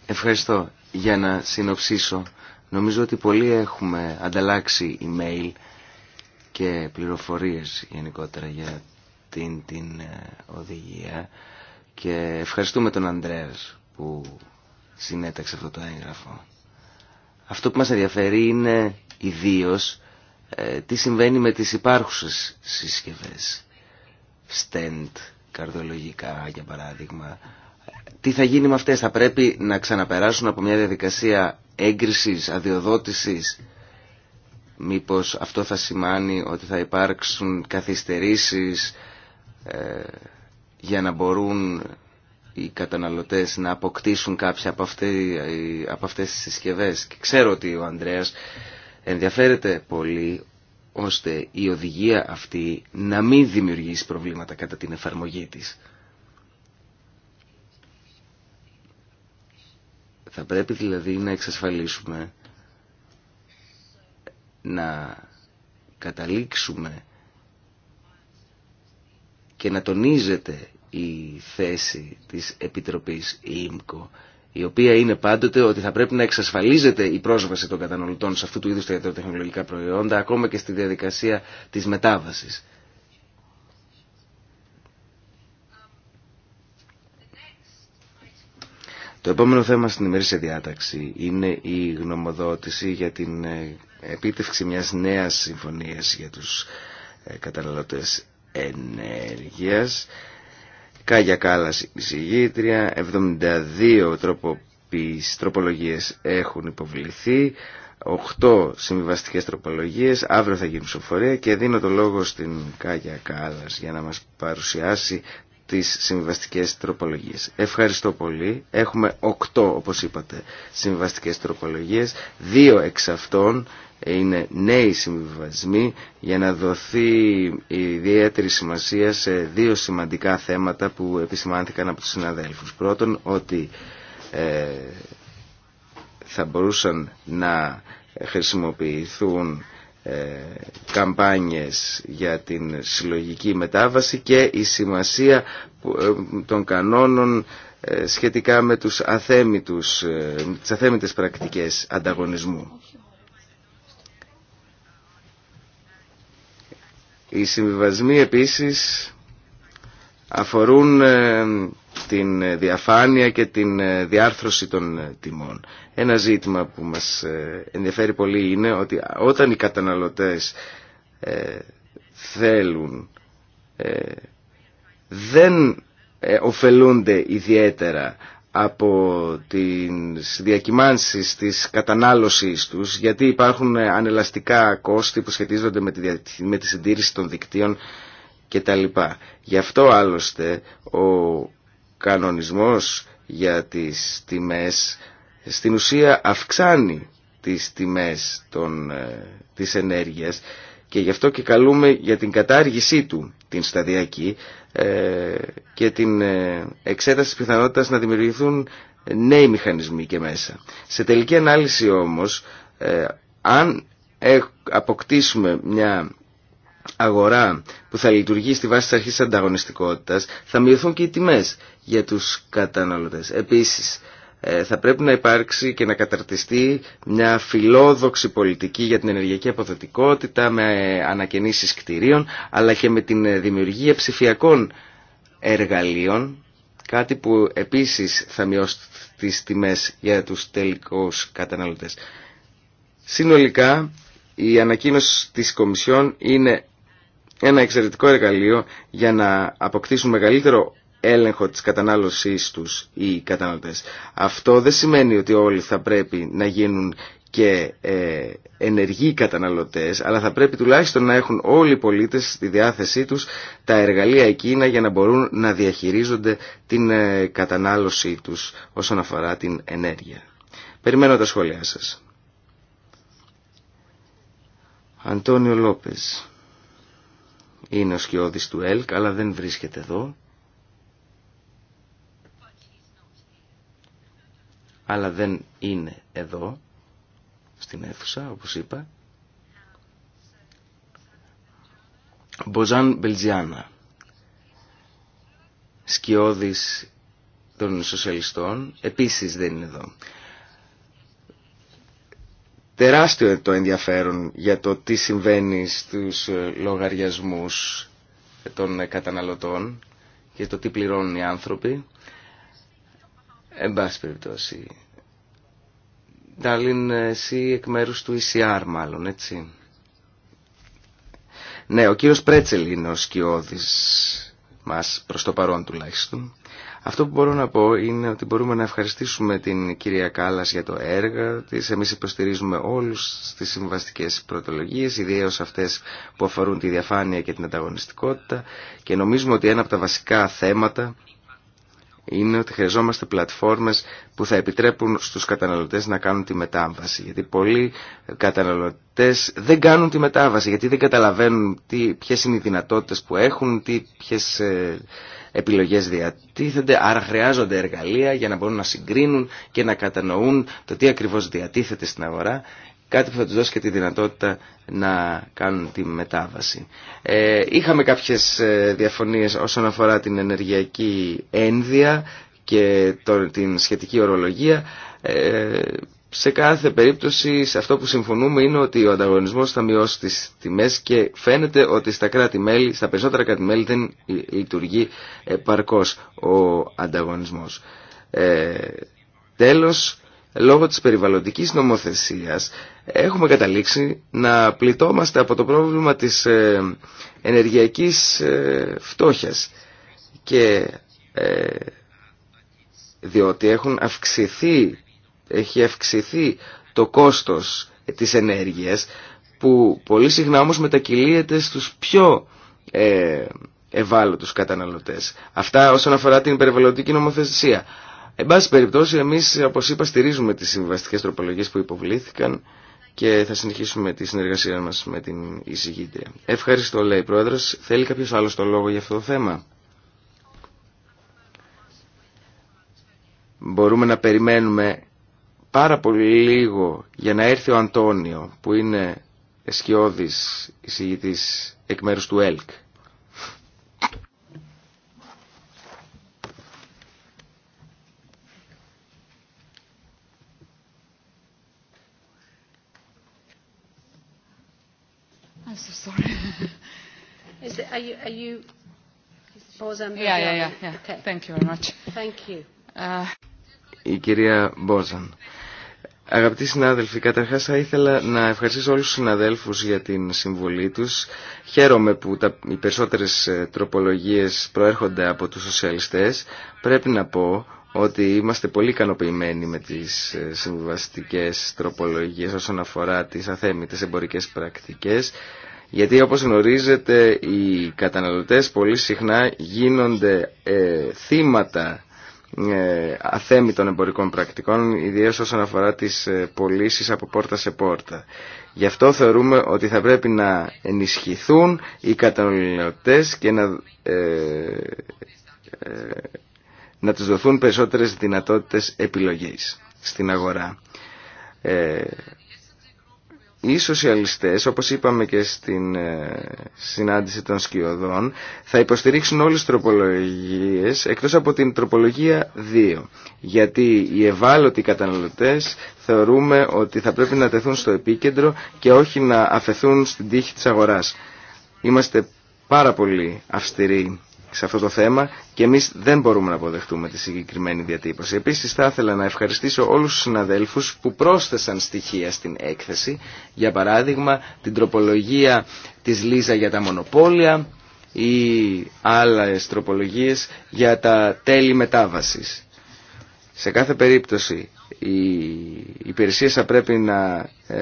Speaker 1: Ευχαριστώ. Για να συνοψίσω,
Speaker 2: νομίζω ότι πολλοί έχουμε ανταλλάξει email και πληροφορίες γενικότερα για αυτήν την ε, οδηγία και ευχαριστούμε τον Ανδρέας που συνέταξε αυτό το έγγραφο. Αυτό που μας ενδιαφέρει είναι ιδίω ε, τι συμβαίνει με τις υπάρχουσες συσκευές. Στέντ, καρδιολογικά για παράδειγμα. Τι θα γίνει με αυτές, θα πρέπει να ξαναπεράσουν από μια διαδικασία έγκρισης, αδειοδότησης. Μήπως αυτό θα σημάνει ότι θα υπάρξουν καθυστερήσεις, ε, για να μπορούν οι καταναλωτές να αποκτήσουν κάποια από, αυτή, από αυτές τις συσκευές. Και ξέρω ότι ο Ανδρέας ενδιαφέρεται πολύ ώστε η οδηγία αυτή να μην δημιουργήσει προβλήματα κατά την εφαρμογή της. Θα πρέπει δηλαδή να εξασφαλίσουμε να καταλήξουμε και να τονίζεται η θέση της Επιτροπής ΙΜΚΟ η οποία είναι πάντοτε ότι θα πρέπει να εξασφαλίζεται η πρόσβαση των καταναλωτών σε αυτού του είδους τα ιατροτεχνολογικά προϊόντα ακόμα και στη διαδικασία της μετάβασης. Το επόμενο θέμα στην ημερήσια διάταξη είναι η γνωμοδότηση για την ε, επίτευξη μιας νέας συμφωνίας για τους ε, καταναλωτές ενέργειας. Κάγια Κάλλας εισηγήτρια, 72 τροποποιήσεις, τροπολογίες έχουν υποβληθεί, 8 συμβιβαστικές τροπολογίες, αύριο θα γίνει ψηφοφορία και δίνω το λόγο στην Κάγια Κάλλας για να μας παρουσιάσει τις συμβιβαστικές τροπολογίες. Ευχαριστώ πολύ. Έχουμε 8 όπως είπατε συμβιβαστικές τροπολογίες, 2 εξ αυτών είναι νέοι συμβιβασμοί για να δοθεί ιδιαίτερη σημασία σε δύο σημαντικά θέματα που επισημάνθηκαν από τους συναδέλφους. Πρώτον, ότι ε, θα μπορούσαν να χρησιμοποιηθούν ε, καμπάνιες για την συλλογική μετάβαση και η σημασία ε, των κανόνων ε, σχετικά με τους αθέμητους, τις αθέμητες πρακτικές ανταγωνισμού. Οι συμβιβασμοί επίσης αφορούν ε, την διαφάνεια και την ε, διάρθρωση των ε, τιμών. Ένα ζήτημα που μας ενδιαφέρει πολύ είναι ότι όταν οι καταναλωτές θέλουν δεν ωφελούνται ιδιαίτερα από τις διακυμάνσεις της κατανάλωσης τους γιατί υπάρχουν ανελαστικά κόστη που σχετίζονται με τη συντήρηση των δικτύων κτλ. Γι' αυτό άλλωστε ο κανονισμός για τις τιμές στην ουσία αυξάνει τις τιμές των, ε, της ενέργειας και γι' αυτό και καλούμε για την κατάργησή του την σταδιακή ε, και την ε, εξέταση της πιθανότητας να δημιουργηθούν νέοι μηχανισμοί και μέσα. Σε τελική ανάλυση όμως, ε, αν αποκτήσουμε μια αγορά που θα λειτουργεί στη βάση της αρχής ανταγωνιστικότητας, θα μειωθούν και οι τιμές για τους καταναλωτές. Επίσης, ε, θα πρέπει να υπάρξει και να καταρτιστεί μια φιλόδοξη πολιτική για την ενεργειακή αποδοτικότητα με ανακαινήσεις κτηρίων αλλά και με την δημιουργία ψηφιακών εργαλείων κάτι που επίσης θα μειώσει τις τιμές για τους τελικούς καταναλωτές. Συνολικά η ανακοίνωση της Κομισιόν είναι ένα εξαιρετικό εργαλείο για να αποκτήσουν μεγαλύτερο έλεγχο της κατανάλωσής τους οι καταναλωτές. Αυτό δεν σημαίνει ότι όλοι θα πρέπει να γίνουν και ε, ενεργοί καταναλωτές, αλλά θα πρέπει τουλάχιστον να έχουν όλοι οι πολίτες στη διάθεσή τους τα εργαλεία εκείνα για να μπορούν να διαχειρίζονται την ε, κατανάλωσή τους όσον αφορά την ενέργεια. Περιμένω τα σχόλιά σας. Αντώνιο Λόπες είναι ο σκιώδης του ΕΛΚ, αλλά δεν βρίσκεται εδώ. αλλά δεν είναι εδώ, στην αίθουσα, όπως είπα. Μποζάν Μπελτζιάνα, σκιώδης των σοσιαλιστών, επίσης δεν είναι εδώ. Τεράστιο το ενδιαφέρον για το τι συμβαίνει στους λογαριασμούς των καταναλωτών και το τι πληρώνουν οι άνθρωποι. Εν πάση περιπτώσει. Ντάλιν, εσύ εκ μέρους του ECR μάλλον, έτσι. Ναι, ο κύριος Πρέτσελ είναι ο σκιώδης μας, προς το παρόν τουλάχιστον. Αυτό που μπορώ να πω είναι ότι μπορούμε να ευχαριστήσουμε την κυρία Κάλλας για το έργο της. Εμείς υποστηρίζουμε όλους τις συμβαστικές πρωτολογίες, ιδίως αυτές που αφορούν τη διαφάνεια και την ανταγωνιστικότητα και νομίζουμε ότι ένα από τα βασικά θέματα είναι ότι χρειαζόμαστε πλατφόρμες που θα επιτρέπουν στους καταναλωτές να κάνουν τη μετάβαση. Γιατί πολλοί καταναλωτές δεν κάνουν τη μετάβαση, γιατί δεν καταλαβαίνουν τι, ποιες είναι οι δυνατότητες που έχουν, τι, ποιες ε, επιλογές διατίθενται, άρα χρειάζονται εργαλεία για να μπορούν να συγκρίνουν και να κατανοούν το τι ακριβώς διατίθεται στην αγορά κάτι που θα τους δώσει και τη δυνατότητα να κάνουν τη μετάβαση. Ε, είχαμε κάποιες ε, διαφωνίες όσον αφορά την ενεργειακή ένδυα και την σχετική ορολογία. Ε, σε κάθε περίπτωση σε αυτό που συμφωνούμε είναι ότι ο ανταγωνισμός θα μειώσει τις τιμές και φαίνεται ότι στα, -μέλη, στα περισσότερα κράτη-μέλη δεν λειτουργεί παρκώς ο ανταγωνισμός. Ε, τέλος, λόγω της περιβαλλοντικής νομοθεσίας έχουμε καταλήξει να πληττόμαστε από το πρόβλημα της ε, ενεργειακής ε, φτώχειας και ε, διότι έχουν αυξηθεί, έχει αυξηθεί το κόστος της ενέργειας που πολύ συχνά όμως μετακυλίεται στους πιο ε, ευάλωτους καταναλωτές. Αυτά όσον αφορά την περιβαλλοντική νομοθεσία. Εν πάση περιπτώσει εμείς όπως είπα στηρίζουμε τις συμβαστικές τροπολογίες που υποβλήθηκαν και θα συνεχίσουμε τη συνεργασία μας με την εισηγήτρια. Ευχαριστώ, λέει η Πρόεδρος. Θέλει κάποιος άλλος το λόγο για αυτό το θέμα. Μπορούμε να περιμένουμε πάρα πολύ λίγο για να έρθει ο Αντώνιο, που είναι εσκιώδης εισηγητής εκ μέρους του ΕΛΚ.
Speaker 4: I'm so sorry. Is
Speaker 3: it, are you, are you yeah,
Speaker 4: yeah, yeah, yeah. Okay. Thank you very much.
Speaker 3: Thank you. Uh...
Speaker 2: Η κυρία Μπόζαν. Αγαπητοί συνάδελφοι, καταρχάς θα ήθελα να ευχαριστήσω όλους τους συναδέλφους για την συμβολή τους. Χαίρομαι που τα, οι περισσότερες ε, τροπολογίες προέρχονται από τους σοσιαλιστές. Πρέπει να πω ότι είμαστε πολύ ικανοποιημένοι με τις ε, συμβαστικές τροπολογίες όσον αφορά τις αθέμητες εμπορικές πρακτικές, γιατί όπως γνωρίζετε οι καταναλωτές πολύ συχνά γίνονται ε, θύματα ε, αθέμητων εμπορικών πρακτικών, ιδίως όσον αφορά τις ε, πωλήσει από πόρτα σε πόρτα. Γι' αυτό θεωρούμε ότι θα πρέπει να ενισχυθούν οι καταναλωτές και να να τους δοθούν περισσότερες δυνατότητες επιλογής στην αγορά. Ε, οι σοσιαλιστές, όπως είπαμε και στην ε, συνάντηση των σκιωδών, θα υποστηρίξουν όλες τις τροπολογίες, εκτός από την τροπολογία 2. Γιατί οι ευάλωτοι καταναλωτές θεωρούμε ότι θα πρέπει να τεθούν στο επίκεντρο και όχι να αφαιθούν στην τύχη της αγοράς. Είμαστε πάρα πολύ αυστηροί σε αυτό το θέμα και εμείς δεν μπορούμε να αποδεχτούμε τη συγκεκριμένη διατύπωση. Επίσης θα ήθελα να ευχαριστήσω όλους τους συναδέλφους που πρόσθεσαν στοιχεία στην έκθεση, για παράδειγμα την τροπολογία της Λίζα για τα μονοπόλια ή άλλες τροπολογίες για τα τέλη μετάβασης. Σε κάθε περίπτωση οι θα πρέπει να, ε,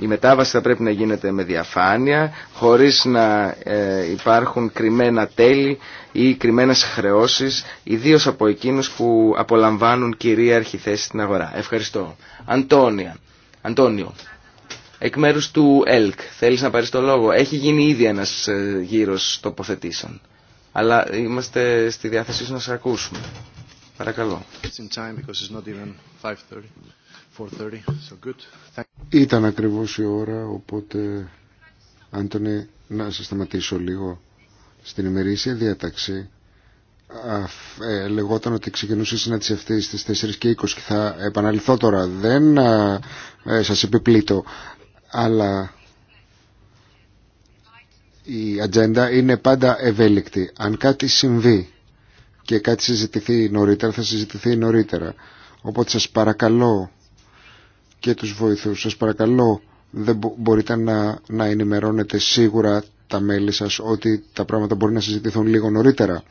Speaker 2: η μετάβαση θα πρέπει να γίνεται με διαφάνεια, χωρίς να ε, υπάρχουν κρυμμένα τέλη ή κρυμμένες χρεώσεις, ιδίως από εκείνους που απολαμβάνουν κυρίαρχη θέση στην αγορά. Ευχαριστώ. Αντώνια. Αντώνιο. Εκ μέρους του ΕΛΚ, θέλεις να πάρεις το λόγο. Έχει γίνει ήδη ένας ε, γύρος τοποθετήσεων. Αλλά είμαστε στη διάθεσή σου να σε ακούσουμε. Παρακαλώ.
Speaker 1: Ήταν ακριβώς η ώρα, οπότε Άντωνη, να σας σταματήσω λίγο. Στην ημερήσια διάταξη ε, λεγόταν ότι ξεκινούσε η συνάντηση αυτή στις 4 και 20 και θα επαναληφθώ τώρα. Δεν ε, σας επιπλήττω, αλλά η ατζέντα είναι πάντα ευέλικτη. Αν κάτι συμβεί και κάτι συζητηθεί νωρίτερα, θα συζητηθεί νωρίτερα. Οπότε σας παρακαλώ και τους βοηθούς, σας παρακαλώ δεν μπορείτε να, να ενημερώνετε σίγουρα τα μέλη σας ότι τα πράγματα μπορεί να συζητηθούν λίγο νωρίτερα.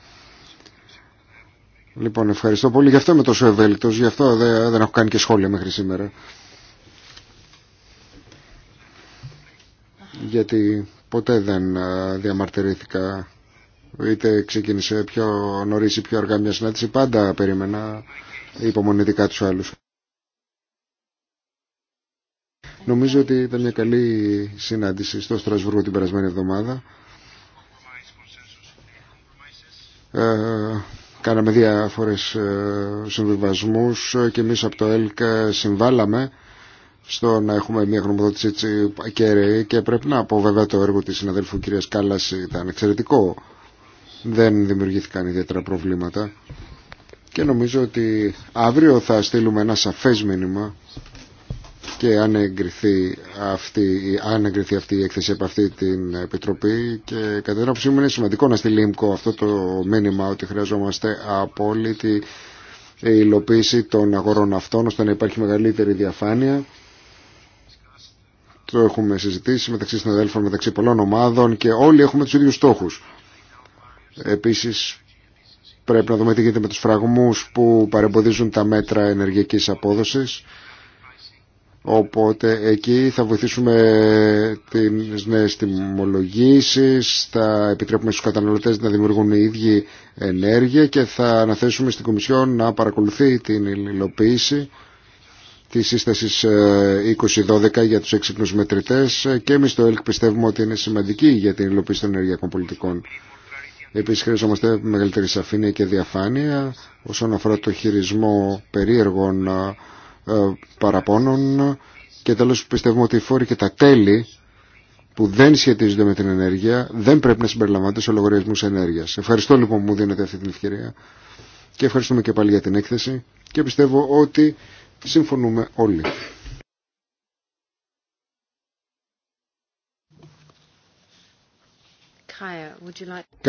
Speaker 1: Λοιπόν, ευχαριστώ πολύ. Γι' αυτό είμαι τόσο ευέλικτος, γι' αυτό δεν, δεν έχω κάνει και σχόλια μέχρι σήμερα. Γιατί ποτέ δεν διαμαρτυρήθηκα είτε ξεκίνησε πιο νωρίς ή πιο αργά μια συνάντηση, πάντα περίμενα υπομονετικά τους άλλους. Νομίζω ότι ήταν μια καλή συνάντηση στο Στρασβούργο την περασμένη εβδομάδα. Ε, κάναμε διάφορες ε, συμβιβασμούς και εμείς από το ΕΛΚ ε, συμβάλαμε στο να έχουμε μια γνωμοδότηση έτσι και πρέπει να πω βέβαια το έργο της συναδέλφου κυρίας Κάλλας ήταν εξαιρετικό δεν δημιουργήθηκαν ιδιαίτερα προβλήματα και νομίζω ότι αύριο θα στείλουμε ένα σαφές μήνυμα και αν εγκριθεί αυτή, αν εγκριθεί αυτή η έκθεση από αυτή την Επιτροπή και κατά την άποψή μου είναι σημαντικό να στείλει ΙΜΚΟ αυτό το μήνυμα ότι χρειαζόμαστε απόλυτη υλοποίηση των αγορών αυτών ώστε να υπάρχει μεγαλύτερη διαφάνεια. Το έχουμε συζητήσει μεταξύ συναδέλφων, μεταξύ πολλών ομάδων και όλοι έχουμε τους ίδιους στόχους. Επίσης πρέπει να δούμε τι γίνεται με τους φραγμούς που παρεμποδίζουν τα μέτρα ενεργειακής απόδοσης. Οπότε εκεί θα βοηθήσουμε τις νέες τιμολογήσεις, θα επιτρέπουμε στους καταναλωτές να δημιουργούν οι ίδιοι ενέργεια και θα αναθέσουμε στην Κομισιόν να παρακολουθεί την υλοποίηση τη σύσταση 2012 για τους έξυπνους μετρητές και εμείς στο ΕΛΚ πιστεύουμε ότι είναι σημαντική για την υλοποίηση των ενεργειακών πολιτικών. Επίσης χρειαζόμαστε μεγαλύτερη σαφήνεια και διαφάνεια όσον αφορά το χειρισμό περίεργων ε, παραπώνων και τέλος πιστεύουμε ότι οι φόροι και τα τέλη που δεν σχετίζονται με την ενέργεια δεν πρέπει να συμπεριλαμβάνονται σε λογαριασμούς ενέργειας. Ευχαριστώ λοιπόν που μου δίνετε αυτή την ευκαιρία και ευχαριστούμε και πάλι για την έκθεση και πιστεύω ότι συμφωνούμε όλοι.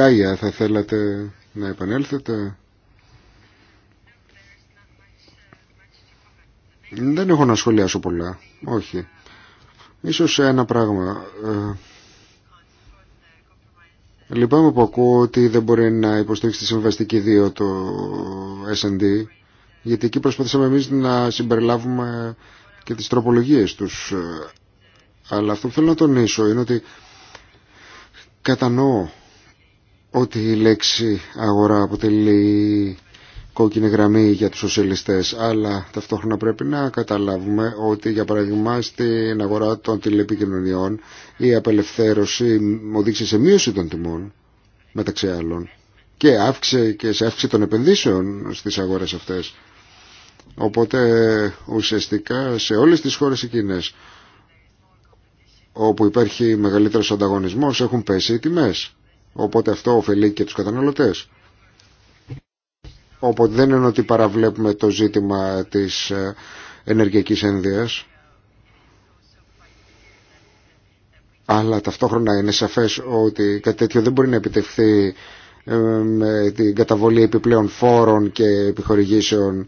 Speaker 1: Κάια, θα θέλατε να επανέλθετε. Δεν έχω να σχολιάσω πολλά. Όχι. Ίσως ένα πράγμα. Ε, λυπάμαι που ακούω ότι δεν μπορεί να υποστήριξει τη συμβαστική 2 το S&D γιατί εκεί προσπαθήσαμε εμείς να συμπεριλάβουμε και τις τροπολογίες τους. Ε, αλλά αυτό που θέλω να τονίσω είναι ότι Κατανοώ ότι η λέξη αγορά αποτελεί κόκκινη γραμμή για τους σοσιαλιστές, αλλά ταυτόχρονα πρέπει να καταλάβουμε ότι για παράδειγμα στην αγορά των τηλεπικοινωνιών η απελευθέρωση οδήγησε σε μείωση των τιμών μεταξύ άλλων και, αύξησε και σε αύξηση των επενδύσεων στις αγορές αυτές. Οπότε ουσιαστικά σε όλες τις χώρες εκείνες όπου υπάρχει μεγαλύτερος ανταγωνισμός έχουν πέσει οι τιμές. Οπότε αυτό ωφελεί και τους καταναλωτές. Οπότε δεν είναι ότι παραβλέπουμε το ζήτημα της ε, ενεργειακής ένδυας. Αλλά ταυτόχρονα είναι σαφές ότι κάτι τέτοιο δεν μπορεί να επιτευχθεί ε, με την καταβολή επιπλέον φόρων και επιχορηγήσεων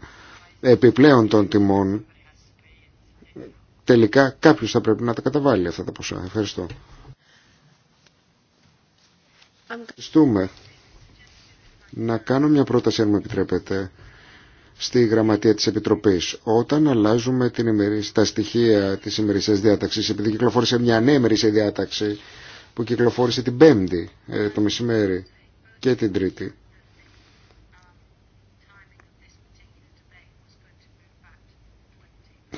Speaker 1: επιπλέον των τιμών τελικά κάποιος θα πρέπει να τα καταβάλει αυτά τα ποσά. Ευχαριστώ. Ευχαριστούμε. Να κάνω μια πρόταση αν μου επιτρέπετε στη γραμματεία της Επιτροπής. Όταν αλλάζουμε την τα στοιχεία της ημερησίας διάταξης, επειδή κυκλοφόρησε μια νέα ημερησία διάταξη που κυκλοφόρησε την Πέμπτη ε, το μεσημέρι και την Τρίτη,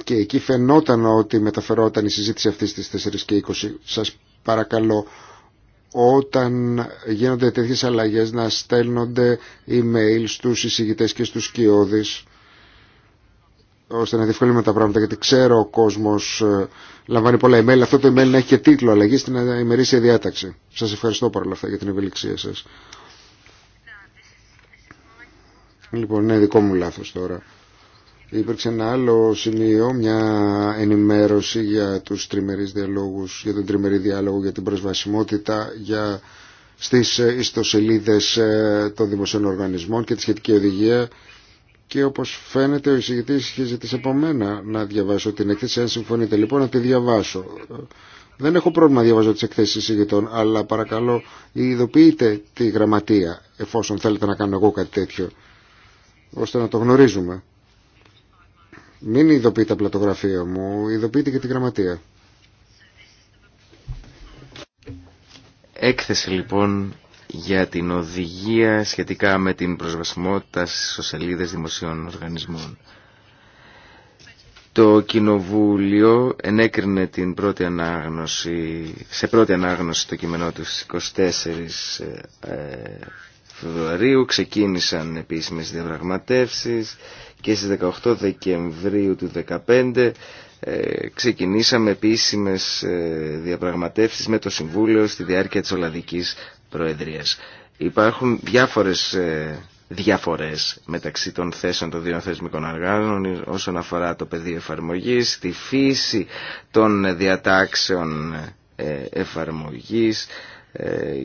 Speaker 1: και εκεί φαινόταν ότι μεταφερόταν η συζήτηση αυτή στις 4 και 20. Σας παρακαλώ όταν γίνονται τέτοιες αλλαγές να στέλνονται email στους εισηγητές και στους κοιόδης ώστε να διευκολύνουμε τα πράγματα γιατί ξέρω ο κόσμος ε, λαμβάνει πολλά email αυτό το email να έχει και τίτλο αλλαγή στην ημερήσια διάταξη σας ευχαριστώ παρόλα αυτά για την ευελιξία σας λοιπόν είναι δικό μου λάθος τώρα Υπήρξε ένα άλλο σημείο, μια ενημέρωση για τους τριμερείς διαλόγους, για τον τριμερή διάλογο, για την προσβασιμότητα, για στις ε, ιστοσελίδες ε, των δημοσίων οργανισμών και τη σχετική οδηγία και όπως φαίνεται ο εισηγητής είχε ζητήσει από μένα να διαβάσω την εκθέση αν συμφωνείτε λοιπόν να τη διαβάσω δεν έχω πρόβλημα να διαβάζω τις εκθέσεις εισηγητών αλλά παρακαλώ ειδοποιείτε τη γραμματεία εφόσον θέλετε να κάνω εγώ κάτι τέτοιο ώστε να το γνωρίζουμε μην ειδοποιείτε απλά το γραφείο μου, ειδοποιείτε και τη γραμματεία.
Speaker 2: Έκθεση λοιπόν για την οδηγία σχετικά με την προσβασιμότητα στις δημοσίων οργανισμών. Το Κοινοβούλιο ενέκρινε την πρώτη ανάγνωση, σε πρώτη ανάγνωση το κείμενό του 24 ε, Φεβρουαρίου. Ξεκίνησαν επίσημες διαπραγματεύσεις και στις 18 Δεκεμβρίου του 2015 ε, ξεκινήσαμε επίσημες ε, διαπραγματεύσεις με το Συμβούλιο στη διάρκεια της Ολλανδικής Προεδρίας. Υπάρχουν διάφορες ε, διαφορές μεταξύ των θέσεων των δύο θεσμικών οργάνων όσον αφορά το πεδίο εφαρμογής, τη φύση των διατάξεων ε, εφαρμογής ε,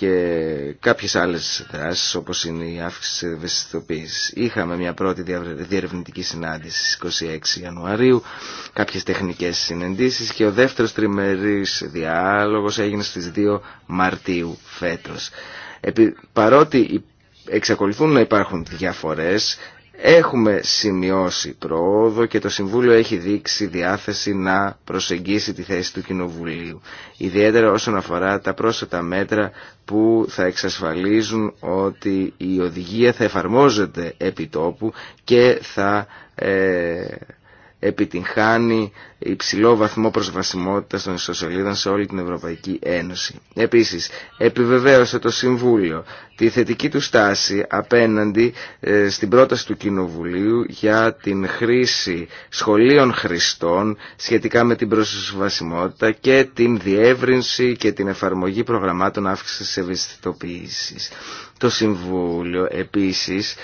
Speaker 2: και κάποιες άλλες δράσεις όπως είναι η αύξηση της ευαισθητοποίησης. Είχαμε μια πρώτη διερευνητική συνάντηση στις 26 Ιανουαρίου, κάποιες τεχνικές συνεντήσεις και ο δεύτερος τριμερής διάλογος έγινε στις 2 Μαρτίου φέτος. Επί, παρότι εξακολουθούν να υπάρχουν διαφορές, Έχουμε σημειώσει προόδο και το Συμβούλιο έχει δείξει διάθεση να προσεγγίσει τη θέση του Κοινοβουλίου, ιδιαίτερα όσον αφορά τα πρόσθετα μέτρα που θα εξασφαλίζουν ότι η οδηγία θα εφαρμόζεται επί τόπου και θα ε, επιτυγχάνει υψηλό βαθμό προσβασιμότητας των ιστοσελίδων σε όλη την Ευρωπαϊκή Ένωση. Επίσης, επιβεβαίωσε το Συμβούλιο τη θετική του στάση απέναντι ε, στην πρόταση του Κοινοβουλίου για την χρήση σχολείων χρηστών σχετικά με την προσβασιμότητα και την διεύρυνση και την εφαρμογή προγραμμάτων αύξησης ευαισθητοποίησης. Το Συμβούλιο επίσης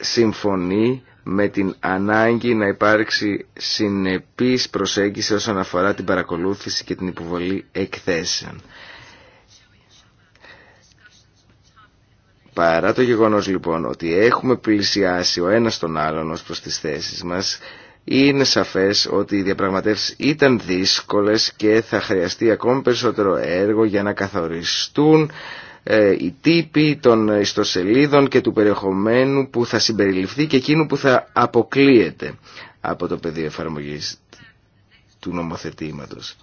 Speaker 2: συμφωνεί με την ανάγκη να υπάρξει συνεπής προσέγγιση όσον αφορά την παρακολούθηση και την υποβολή εκθέσεων. Παρά το γεγονός λοιπόν ότι έχουμε πλησιάσει ο ένας τον άλλον ως προς τις θέσεις μας, είναι σαφές ότι οι διαπραγματεύσεις ήταν δύσκολες και θα χρειαστεί ακόμη περισσότερο έργο για να καθοριστούν ε, οι τύποι των ιστοσελίδων και του περιεχομένου που θα συμπεριληφθεί και εκείνου που θα αποκλείεται από το πεδίο εφαρμογής του νομοθετήματος.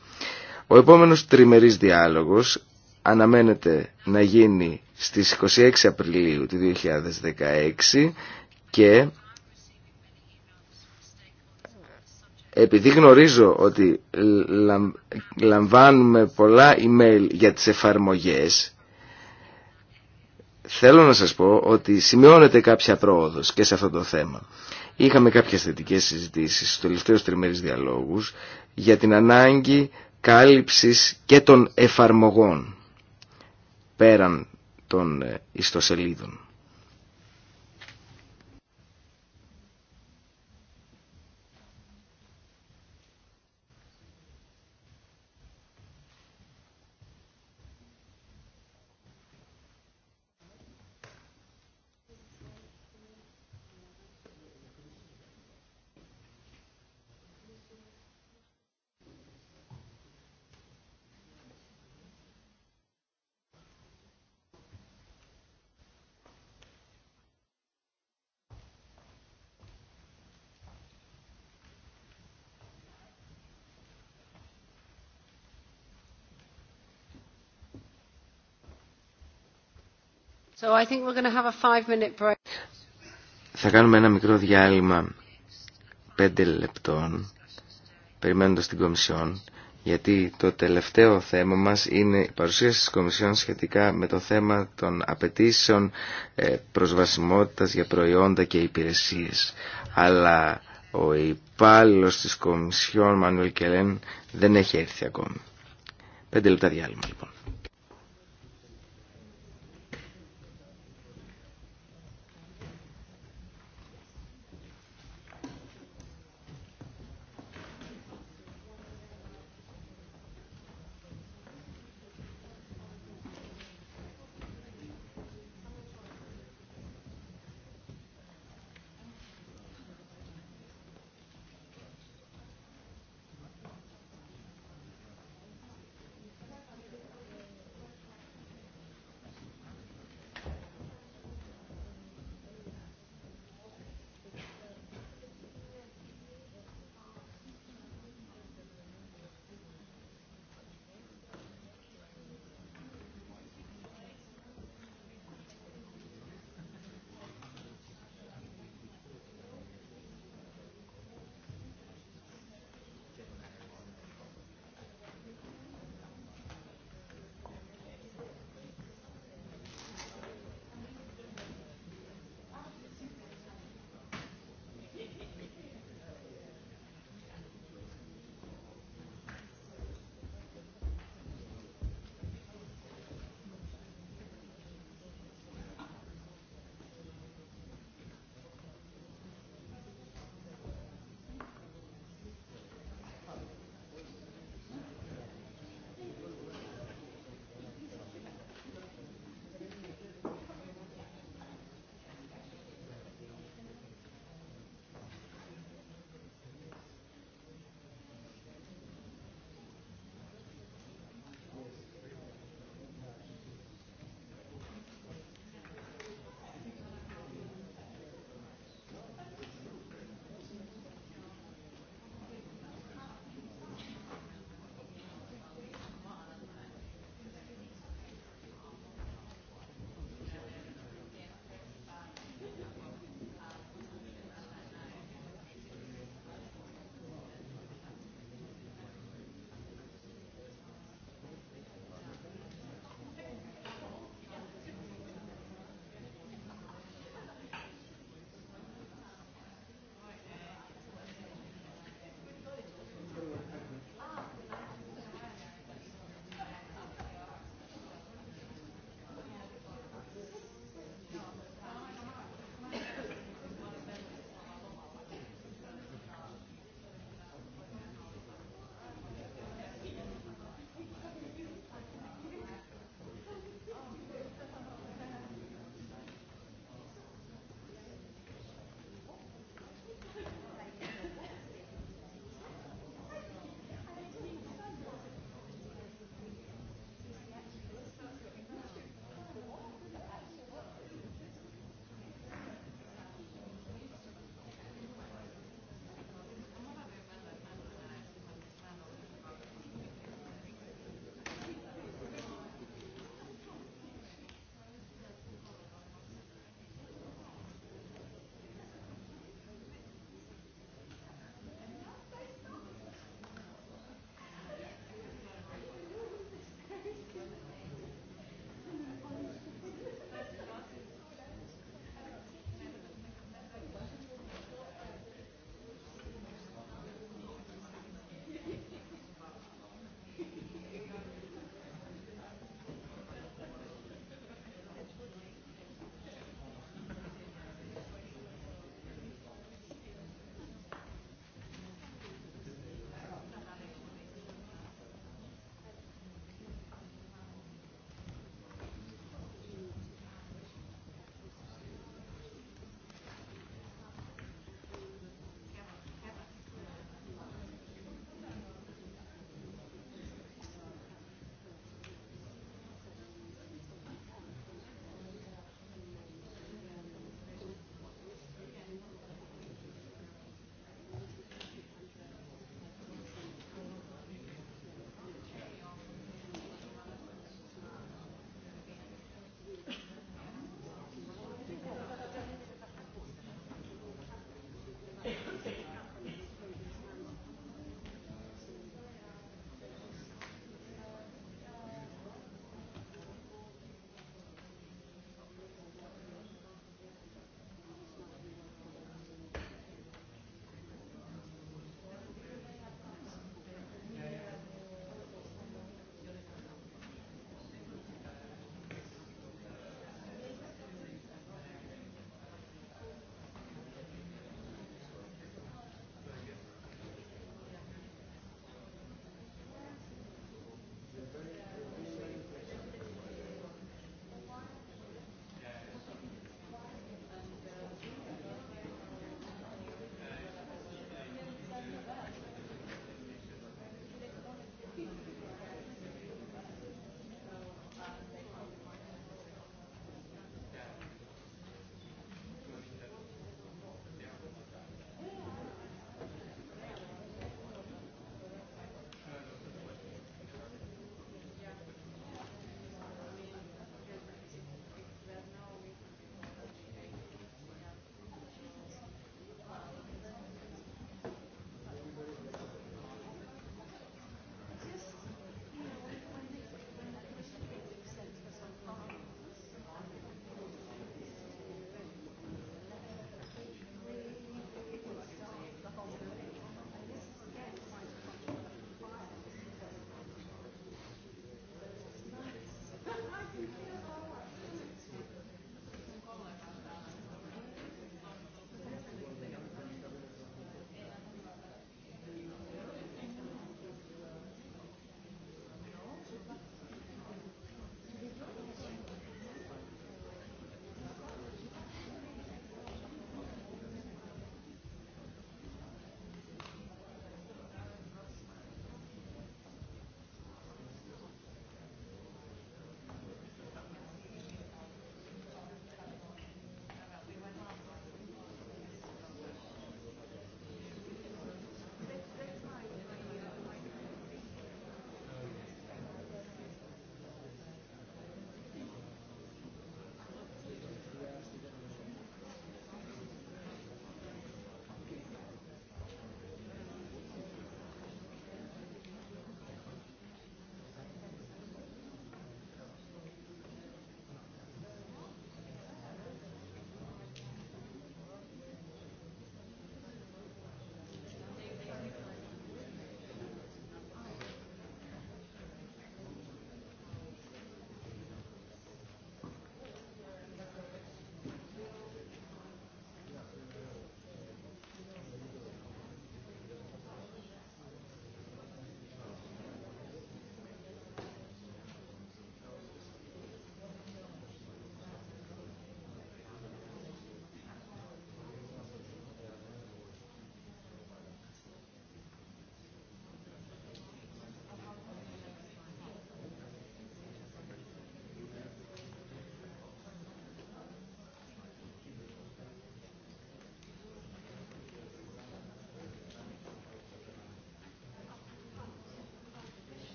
Speaker 2: Ο επόμενος τριμερής διάλογος αναμένεται να γίνει στις 26 Απριλίου του 2016 και επειδή γνωρίζω ότι λαμβάνουμε πολλά email για τις εφαρμογές θέλω να σας πω ότι σημειώνεται κάποια πρόοδος και σε αυτό το θέμα. Είχαμε κάποιες θετικές συζητήσεις στους τελευταίους τριμερείς διαλόγους για την ανάγκη κάλυψης και των εφαρμογών πέραν των ε, ιστοσελίδων. Θα κάνουμε ένα μικρό διάλειμμα πέντε λεπτών, περιμένοντας την Κομισιόν, γιατί το τελευταίο θέμα μας είναι η παρουσίαση της Κομισιόν σχετικά με το θέμα των απαιτήσεων ε, προσβασιμότητας για προϊόντα και υπηρεσίες. Αλλά ο υπάλληλος της Κομισιόν, Μανουέλ Κελέν, δεν έχει έρθει ακόμη. Πέντε λεπτά διάλειμμα λοιπόν.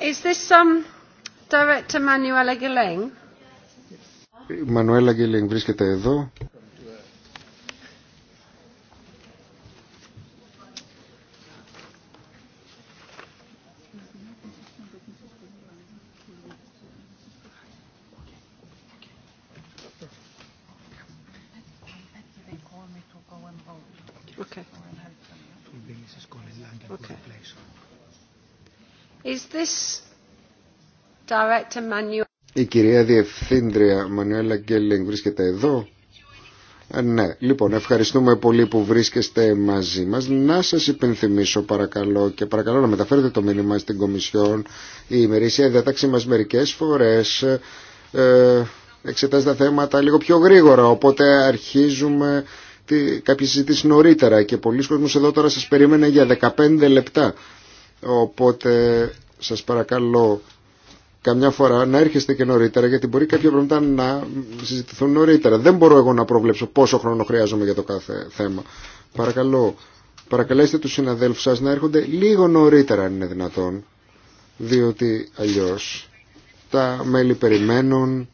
Speaker 4: Is this um,
Speaker 3: Director Manuela Gilling?
Speaker 1: Manuela Gilling βρίσκεται εδώ.
Speaker 4: Okay. Is this
Speaker 1: η κυρία Διευθύντρια Μανουέλα Γκέλινγκ βρίσκεται εδώ. Ε, ναι, λοιπόν, ευχαριστούμε πολύ που βρίσκεστε μαζί μας. Να σας υπενθυμίσω παρακαλώ και παρακαλώ να μεταφέρετε το μήνυμα στην Κομισιόν. Η ημερήσια διατάξη μας μερικές φορές ε, εξετάζει τα θέματα λίγο πιο γρήγορα, οπότε αρχίζουμε τη, κάποια συζήτηση νωρίτερα και πολλοί κόσμοι εδώ τώρα σας περίμενε για 15 λεπτά. Οπότε σας παρακαλώ καμιά φορά να έρχεστε και νωρίτερα γιατί μπορεί κάποια πράγματα να συζητηθούν νωρίτερα. Δεν μπορώ εγώ να προβλέψω πόσο χρόνο χρειάζομαι για το κάθε θέμα. Παρακαλώ, παρακαλέστε τους συναδέλφους σας να έρχονται λίγο νωρίτερα αν είναι δυνατόν διότι αλλιώς τα μέλη περιμένουν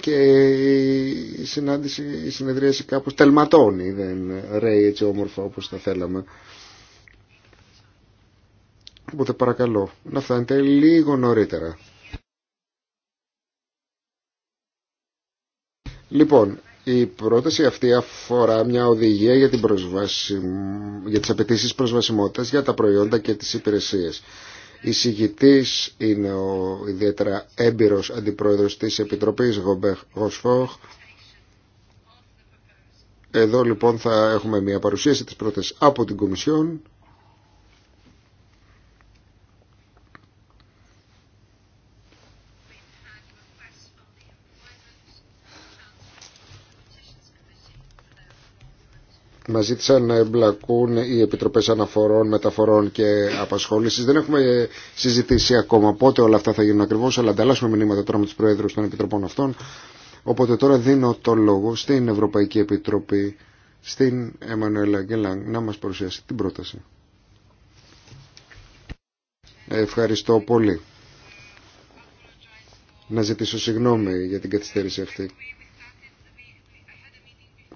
Speaker 1: και η συνάντηση, η συνεδρίαση κάπως τελματώνει, δεν ρέει έτσι όμορφα όπως θα θέλαμε. Οπότε παρακαλώ να φτάνετε λίγο νωρίτερα. Λοιπόν, η πρόταση αυτή αφορά μια οδηγία για, την για τις απαιτήσει προσβασιμότητας για τα προϊόντα και τις υπηρεσίες. Η συγητής είναι ο ιδιαίτερα έμπειρος αντιπρόεδρος της Επιτροπής Γοσφόχ. Εδώ λοιπόν θα έχουμε μια παρουσίαση της πρότασης από την Κομισιόν. Μα ζήτησαν να εμπλακούν οι επιτροπέ αναφορών, μεταφορών και Απασχόλησης. Δεν έχουμε ε, συζητήσει ακόμα πότε όλα αυτά θα γίνουν ακριβώ, αλλά ανταλλάσσουμε μηνύματα τώρα με του Προέδρου των Επιτροπών αυτών. Οπότε τώρα δίνω το λόγο στην Ευρωπαϊκή Επιτροπή, στην Εμμανουέλα Γκελάνγκ, να μα παρουσιάσει την πρόταση. Ευχαριστώ πολύ. Να ζητήσω συγγνώμη για την καθυστέρηση αυτή.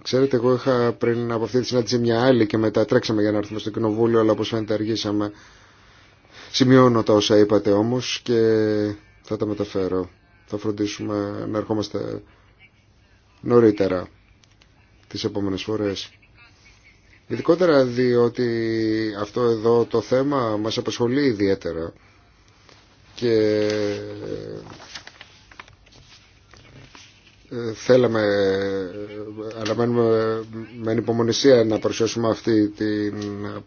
Speaker 1: Ξέρετε, εγώ είχα πριν από αυτή τη συνάντηση μια άλλη και μετά τρέξαμε για να έρθουμε στο κοινοβούλιο, αλλά όπω φαίνεται αργήσαμε. Σημειώνω τα όσα είπατε όμω, και θα τα μεταφέρω. Θα φροντίσουμε να ερχόμαστε νωρίτερα τι επόμενε φορέ. Ειδικότερα διότι αυτό εδώ το θέμα μας απασχολεί ιδιαίτερα και ε, θέλαμε, αναμένουμε με ανυπομονησία να παρουσιάσουμε αυτή την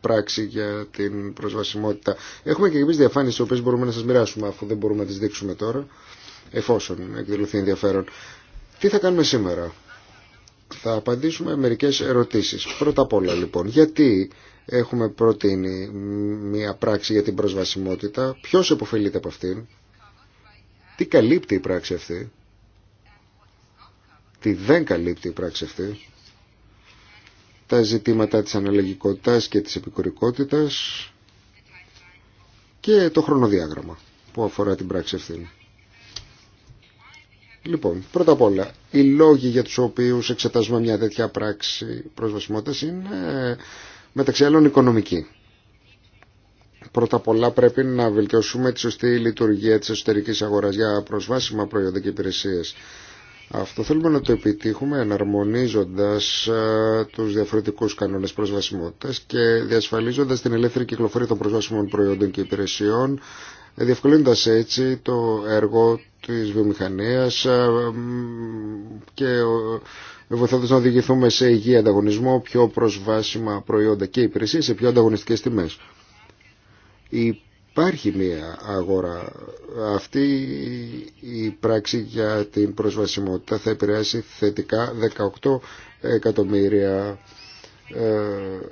Speaker 1: πράξη για την προσβασιμότητα. Έχουμε και εμεί διαφάνειες, τις οποίες μπορούμε να σας μοιράσουμε, αφού δεν μπορούμε να τις δείξουμε τώρα, εφόσον εκδηλωθεί ενδιαφέρον. Τι θα κάνουμε σήμερα. Θα απαντήσουμε μερικές ερωτήσεις. Πρώτα απ' όλα λοιπόν, γιατί έχουμε προτείνει μια πράξη για την προσβασιμότητα, ποιος επωφελείται από αυτήν, τι καλύπτει η πράξη αυτή, τι δεν καλύπτει η πράξη αυτή, τα ζητήματα της αναλογικότητας και της επικουρικότητας και το χρονοδιάγραμμα που αφορά την πράξη αυτή. Λοιπόν, πρώτα απ' όλα, οι λόγοι για τους οποίους εξετάζουμε μια τέτοια πράξη προσβασιμότητας είναι μεταξύ άλλων οικονομική. Πρώτα απ' όλα πρέπει να βελτιώσουμε τη σωστή λειτουργία της εσωτερικής αγοράς για προσβάσιμα προϊόντα και υπηρεσίες. Αυτό θέλουμε να το επιτύχουμε εναρμονίζοντας ε, τους διαφορετικούς κανόνες προσβασιμότητας και διασφαλίζοντας την ελεύθερη κυκλοφορία των προσβάσιμων προϊόντων και υπηρεσιών, διευκολύνοντας έτσι το έργο της βιομηχανίας ε, και ε, βοηθώντας να οδηγηθούμε σε υγιή ανταγωνισμό, πιο προσβάσιμα προϊόντα και υπηρεσίες σε πιο ανταγωνιστικές τιμές. Η Υπάρχει μια αγορά. Αυτή η πράξη για την προσβασιμότητα θα επηρεάσει θετικά 18 εκατομμύρια ε,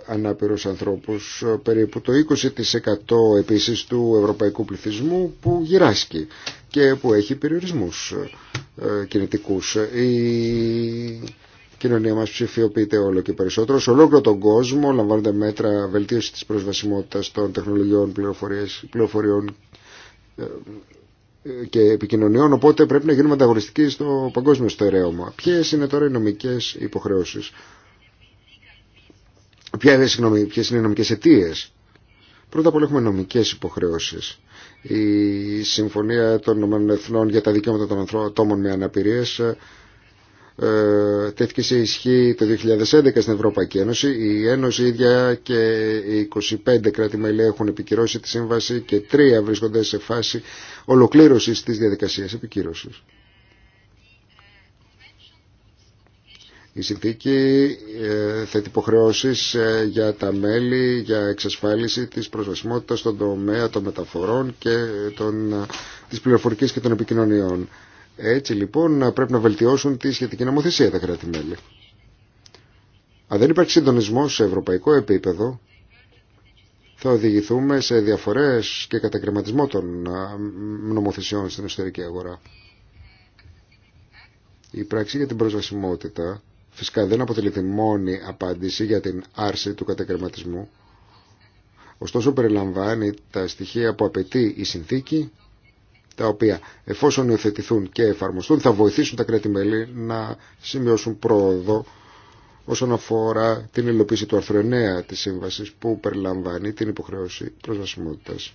Speaker 1: ανάπηρους ανθρώπους, περίπου το 20% επίσης του ευρωπαϊκού πληθυσμού που γυράσκει και που έχει περιορισμούς ε, κινητικούς κοινωνία μας ψηφιοποιείται όλο και περισσότερο. Σε ολόκληρο τον κόσμο λαμβάνονται μέτρα βελτίωση της προσβασιμότητας των τεχνολογιών πληροφοριών ε, ε, και επικοινωνιών, οπότε πρέπει να γίνουμε ανταγωνιστικοί στο παγκόσμιο στερέωμα. Ποιε είναι τώρα οι νομικές υποχρεώσεις, Ποια, συγγνώμη, ποιες είναι οι νομικές αιτίε, Πρώτα απ' όλα έχουμε νομικές υποχρεώσεις. Η Συμφωνία των Ηνωμένων Εθνών για τα Δικαιώματα των ανθρώπων με Αναπηρίες ε, τέθηκε σε ισχύ το 2011 στην Ευρωπαϊκή Ένωση. Η Ένωση ίδια και οι 25 κράτη-μέλη έχουν επικυρώσει τη σύμβαση και τρία βρίσκονται σε φάση ολοκλήρωσης της διαδικασίας επικύρωσης. Η συνθήκη ε, θέτει υποχρεώσει ε, για τα μέλη για εξασφάλιση της προσβασιμότητας στον τομέα των μεταφορών και των, της πληροφορικής και των επικοινωνιών. Έτσι λοιπόν πρέπει να βελτιώσουν τη σχετική νομοθεσία τα κράτη-μέλη. Αν δεν υπάρχει συντονισμό σε ευρωπαϊκό επίπεδο, θα οδηγηθούμε σε διαφορές και κατακρεματισμό των νομοθεσιών στην εσωτερική αγορά. Η πράξη για την προσβασιμότητα φυσικά δεν αποτελεί τη μόνη απάντηση για την άρση του κατακρεματισμού, ωστόσο περιλαμβάνει τα στοιχεία που απαιτεί η συνθήκη τα οποία εφόσον υιοθετηθούν και εφαρμοστούν θα βοηθήσουν τα κράτη-μέλη να σημειώσουν πρόοδο όσον αφορά την υλοποίηση του άρθρου 9 της σύμβασης που περιλαμβάνει την υποχρέωση προσβασιμότητας.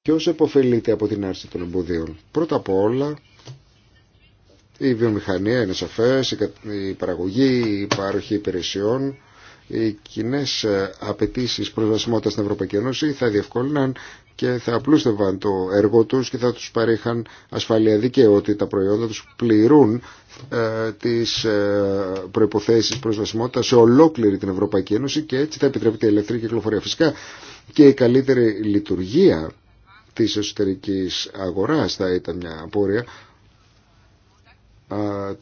Speaker 1: Ποιο επωφελείται από την άρση των εμποδίων. Πρώτα απ' όλα η βιομηχανία είναι σαφές, η παραγωγή, η παροχή υπηρεσιών, οι κοινέ ε, απαιτήσει προσβασιμότητα στην Ευρωπαϊκή Ένωση θα διευκόλυναν και θα απλούστευαν το έργο τους και θα τους παρέχαν ασφαλεία δίκαιότητα τα προϊόντα τους πληρούν ε, τις ε, προϋποθέσεις προσβασιμότητα σε ολόκληρη την Ευρωπαϊκή Ένωση και έτσι θα επιτρέπεται η ελεύθερη κυκλοφορία φυσικά και η καλύτερη λειτουργία της εσωτερικής αγοράς θα ήταν μια απόρρια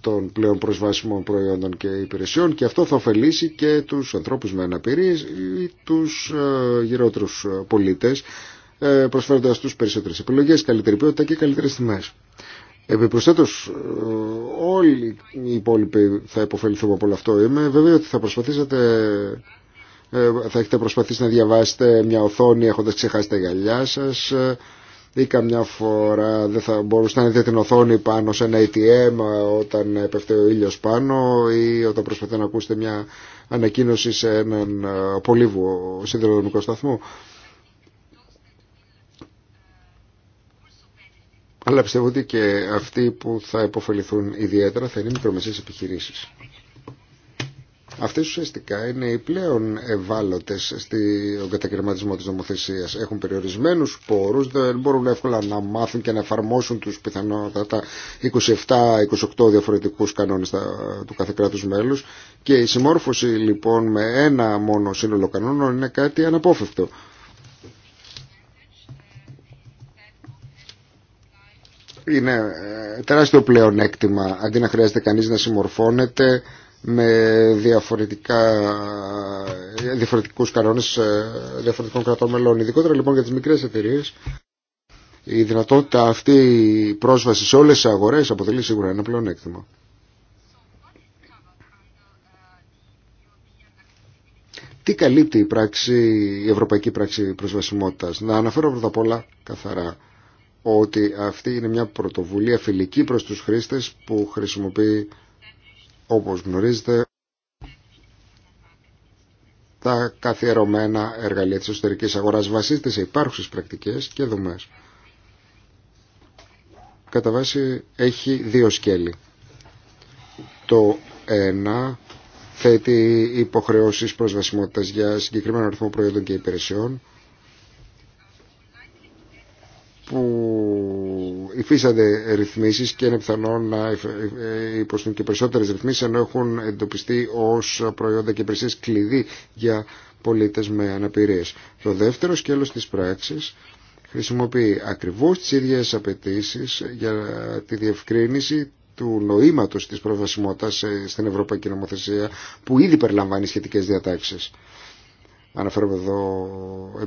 Speaker 1: των πλέον προσβάσιμων προϊόντων και υπηρεσιών και αυτό θα ωφελήσει και τους ανθρώπους με αναπηρίες ή τους ε, γυρότερους ε, πολίτες ε, προσφέροντας τους περισσότερες επιλογές, καλύτερη ποιότητα και καλύτερες τιμές. Επιπροσθέτως ε, όλοι οι υπόλοιποι θα υποφεληθούν από όλο αυτό. Είμαι βέβαιο ότι θα προσπαθήσετε ε, θα έχετε προσπαθήσει να διαβάσετε μια οθόνη έχοντας ξεχάσει τα γυαλιά σας ή καμιά φορά δεν θα μπορούσατε να δείτε την οθόνη πάνω σε ένα ATM όταν πέφτει ο ήλιος πάνω ή όταν προσπαθείτε να ακούσετε μια ανακοίνωση σε έναν πολύβο σιδηροδρομικό σταθμό. Αλλά πιστεύω ότι και αυτοί που θα υποφεληθούν ιδιαίτερα θα είναι οι μικρομεσαίες επιχειρήσεις. Αυτές ουσιαστικά είναι οι πλέον ευάλωτες στον κατακαιρματισμό της νομοθεσίας. Έχουν περιορισμένους πόρους, δεν μπορούν εύκολα να μάθουν και να εφαρμόσουν τους πιθανότατα 27-28 διαφορετικούς κανόνες του κάθε κράτους μέλους και η συμμόρφωση λοιπόν με ένα μόνο σύνολο κανόνων είναι κάτι αναπόφευκτο. είναι ε, τεράστιο πλεονέκτημα, έκτημα αντί να χρειάζεται κανείς να συμμορφώνεται με διαφορετικά, ε, διαφορετικούς κανόνες ε, διαφορετικών κρατών μελών. Ειδικότερα λοιπόν για τις μικρές εταιρείες η δυνατότητα αυτή η πρόσβαση σε όλες τις αγορές αποτελεί σίγουρα ένα πλεονέκτημα. Τι καλύπτει η, πράξη, η ευρωπαϊκή πράξη προσβασιμότητας. Να αναφέρω πρώτα απ' όλα καθαρά ότι αυτή είναι μια πρωτοβουλία φιλική προς τους χρήστες που χρησιμοποιεί όπως γνωρίζετε τα καθιερωμένα εργαλεία της εσωτερικής αγοράς βασίζεται σε υπάρχουσες πρακτικές και δομές. Κατά βάση έχει δύο σκέλη. Το ένα θέτει υποχρεώσεις προσβασιμότητας για συγκεκριμένο αριθμό προϊόντων και υπηρεσιών που υφίστανται ρυθμίσεις και είναι πιθανό να ε, ε, υποστούν και περισσότερες ρυθμίσεις ενώ έχουν εντοπιστεί ως προϊόντα και υπηρεσίες κλειδί για πολίτες με αναπηρίες. Το δεύτερο σκέλος της πράξης χρησιμοποιεί ακριβώς τις ίδιες απαιτήσει για τη διευκρίνηση του νοήματος της προσβασιμότητας στην Ευρωπαϊκή Νομοθεσία που ήδη περιλαμβάνει σχετικές διατάξεις. Αναφέρομαι εδώ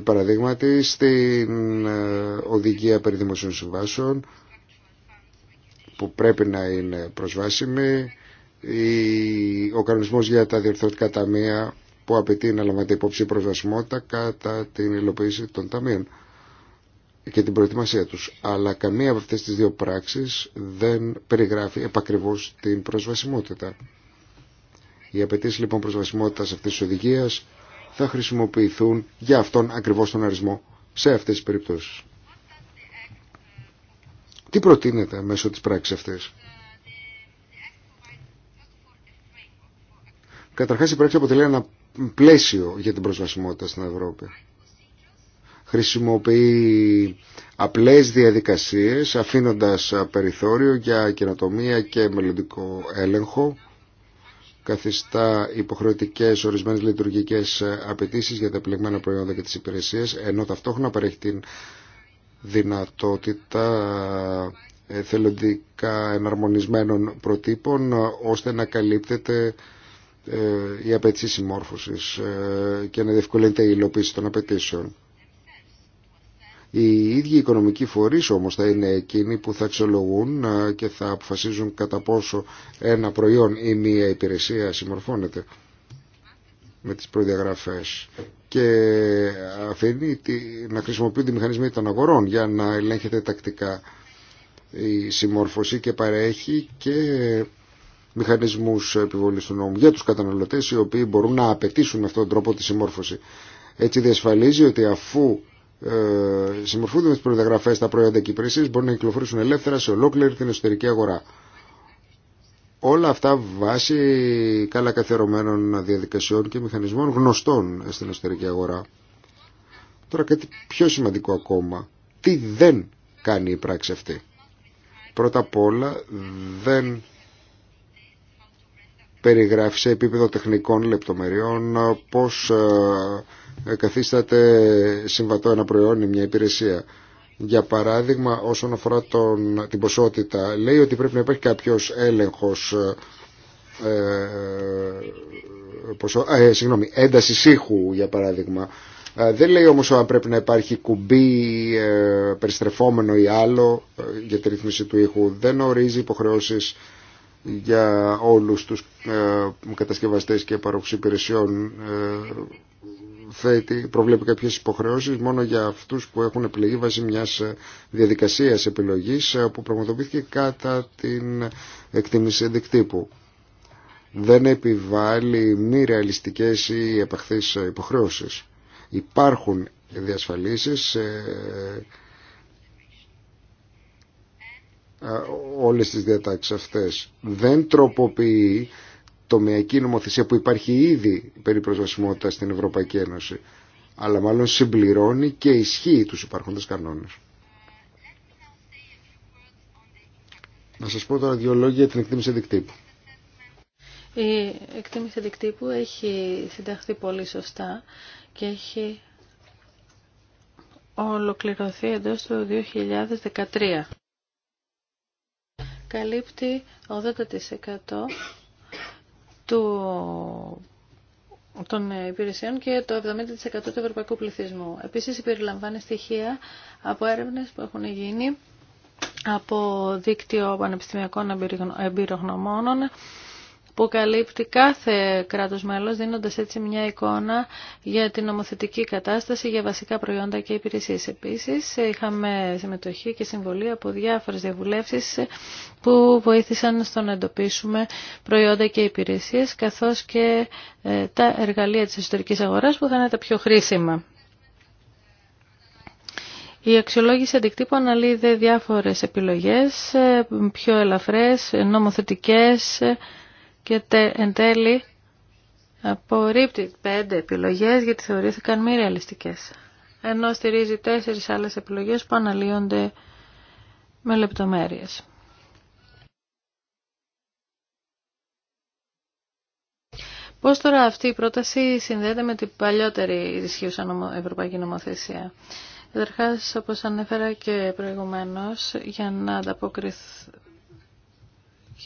Speaker 1: παραδείγματι στην ε, οδηγία περί δημοσίων συμβάσεων που πρέπει να είναι προσβάσιμη ο κανονισμός για τα διορθωτικά ταμεία που απαιτεί να λαμβάνεται υπόψη προσβασιμότητα κατά την υλοποίηση των ταμείων και την προετοιμασία τους. Αλλά καμία από αυτές τις δύο πράξεις δεν περιγράφει επακριβώς την προσβασιμότητα. Η απαιτήσει λοιπόν προσβασιμότητας αυτής της οδηγίας θα χρησιμοποιηθούν για αυτόν ακριβώς τον αρισμό σε αυτές τις περιπτώσεις. Τι προτείνεται μέσω της πράξης αυτής. Καταρχάς η πράξη αποτελεί ένα πλαίσιο για την προσβασιμότητα στην Ευρώπη. Χρησιμοποιεί απλές διαδικασίες αφήνοντας περιθώριο για καινοτομία και μελλοντικό έλεγχο καθιστά υποχρεωτικές ορισμένες λειτουργικές απαιτήσει για τα επιλεγμένα προϊόντα και τις υπηρεσίες, ενώ ταυτόχρονα παρέχει την δυνατότητα θελοντικά εναρμονισμένων προτύπων, ώστε να καλύπτεται ε, η απαιτήση συμμόρφωσης ε, και να διευκολύνεται η υλοποίηση των απαιτήσεων. Οι ίδιοι οικονομικοί φορείς όμως θα είναι εκείνοι που θα αξιολογούν ε, και θα αποφασίζουν κατά πόσο ένα προϊόν ή μία υπηρεσία συμμορφώνεται με τις προδιαγραφές και αφήνει να χρησιμοποιούν τη μηχανισμοί των αγορών για να ελέγχεται τακτικά η συμμόρφωση και παρέχει και μηχανισμούς επιβολής του νόμου για τους καταναλωτές οι οποίοι μπορούν να απαιτήσουν με αυτόν τον τρόπο τη συμμόρφωση. Έτσι διασφαλίζει ότι αφού ε, συμμορφούνται με τι προδιαγραφέ τα προϊόντα και μπορούν να κυκλοφορήσουν ελεύθερα σε ολόκληρη την εσωτερική αγορά. Όλα αυτά βάσει καλά καθιερωμένων διαδικασιών και μηχανισμών γνωστών στην εσωτερική αγορά. Τώρα κάτι πιο σημαντικό ακόμα. Τι δεν κάνει η πράξη αυτή. Πρώτα απ' όλα δεν περιγράφει σε επίπεδο τεχνικών λεπτομεριών πώς ε, καθίσταται συμβατό ένα προϊόν ή μια υπηρεσία. Για παράδειγμα, όσον αφορά τον, την ποσότητα, λέει ότι πρέπει να υπάρχει κάποιος έλεγχος ε, ε συγγνώμη, έντασης ήχου, για παράδειγμα. Ε, δεν λέει όμως αν πρέπει να υπάρχει κουμπί περιστρεφόμενο ή άλλο για τη ρύθμιση του ήχου. Δεν ορίζει υποχρεώσεις για όλους τους ε, κατασκευαστές και παρόχους υπηρεσιών ε, θέτει, προβλέπει κάποιες υποχρεώσεις μόνο για αυτούς που έχουν επιλεγεί βάσει μιας ε, διαδικασίας επιλογής που πραγματοποιήθηκε κατά την εκτίμηση δικτύπου. Δεν επιβάλλει μη ρεαλιστικές ή επαχθείς υποχρεώσεις. Υπάρχουν διασφαλίσεις όλες τις διατάξεις αυτές δεν τροποποιεί τομεακή νομοθεσία που υπάρχει ήδη περί προσβασιμότητα στην Ευρωπαϊκή Ένωση αλλά μάλλον συμπληρώνει και ισχύει τους υπάρχοντες κανόνες. Να σας πω τώρα δύο λόγια για την εκτίμηση δικτύπου.
Speaker 3: Η εκτίμηση δικτύπου έχει συνταχθεί πολύ σωστά και έχει ολοκληρωθεί εντός του 2013 καλύπτει 80% του των υπηρεσιών και το 70% του ευρωπαϊκού πληθυσμού. Επίσης, περιλαμβάνει στοιχεία από έρευνες που έχουν γίνει από δίκτυο πανεπιστημιακών εμπειρογνωμόνων, που καλύπτει κάθε κράτος μέλος, δίνοντας έτσι μια εικόνα για την νομοθετική κατάσταση για βασικά προϊόντα και υπηρεσίες. Επίσης, είχαμε συμμετοχή και συμβολή από διάφορες διαβουλεύσεις που βοήθησαν στο να εντοπίσουμε προϊόντα και υπηρεσίες, καθώς και ε, τα εργαλεία της εσωτερικής αγοράς που θα είναι τα πιο χρήσιμα. Η αξιολόγηση αντικτύπου αναλύει διάφορες επιλογές, ε, πιο ελαφρές, νομοθετικές, και εν τέλει απορρίπτει πέντε επιλογές γιατί θεωρήθηκαν μη ρεαλιστικές. Ενώ στηρίζει τέσσερις άλλες επιλογές που αναλύονται με λεπτομέρειες. Πώς τώρα αυτή η πρόταση συνδέεται με την παλιότερη ισχύουσα ευρωπαϊκή νομοθεσία. Καταρχά, όπως ανέφερα και προηγουμένως, για να ανταποκριθ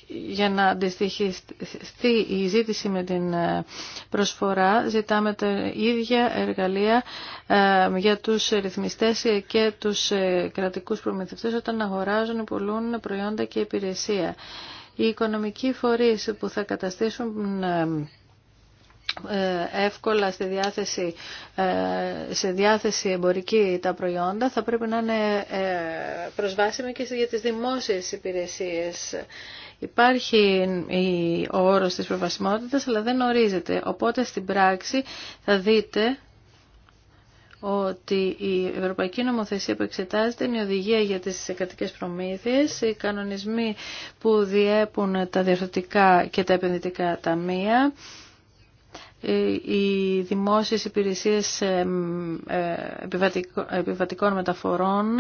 Speaker 3: για να αντιστοιχιστεί η ζήτηση με την ε, προσφορά ζητάμε τα ίδια εργαλεία ε, για τους ρυθμιστές και τους ε, κρατικούς προμηθευτές όταν αγοράζουν, πουλούν προϊόντα και υπηρεσία. Οι οικονομικοί φορείς που θα καταστήσουν εύκολα στη διάθεση, σε διάθεση εμπορική τα προϊόντα θα πρέπει να είναι προσβάσιμοι και για τις δημόσιες υπηρεσίες. Υπάρχει ο όρος της προβασιμότητας, αλλά δεν ορίζεται. Οπότε στην πράξη θα δείτε ότι η Ευρωπαϊκή Νομοθεσία που εξετάζεται είναι η οδηγία για τις εκατοικές προμήθειες, οι κανονισμοί που διέπουν τα διαρθρωτικά και τα επενδυτικά ταμεία, ε, οι δημόσιες υπηρεσίες ε, ε, επιβατικών μεταφορών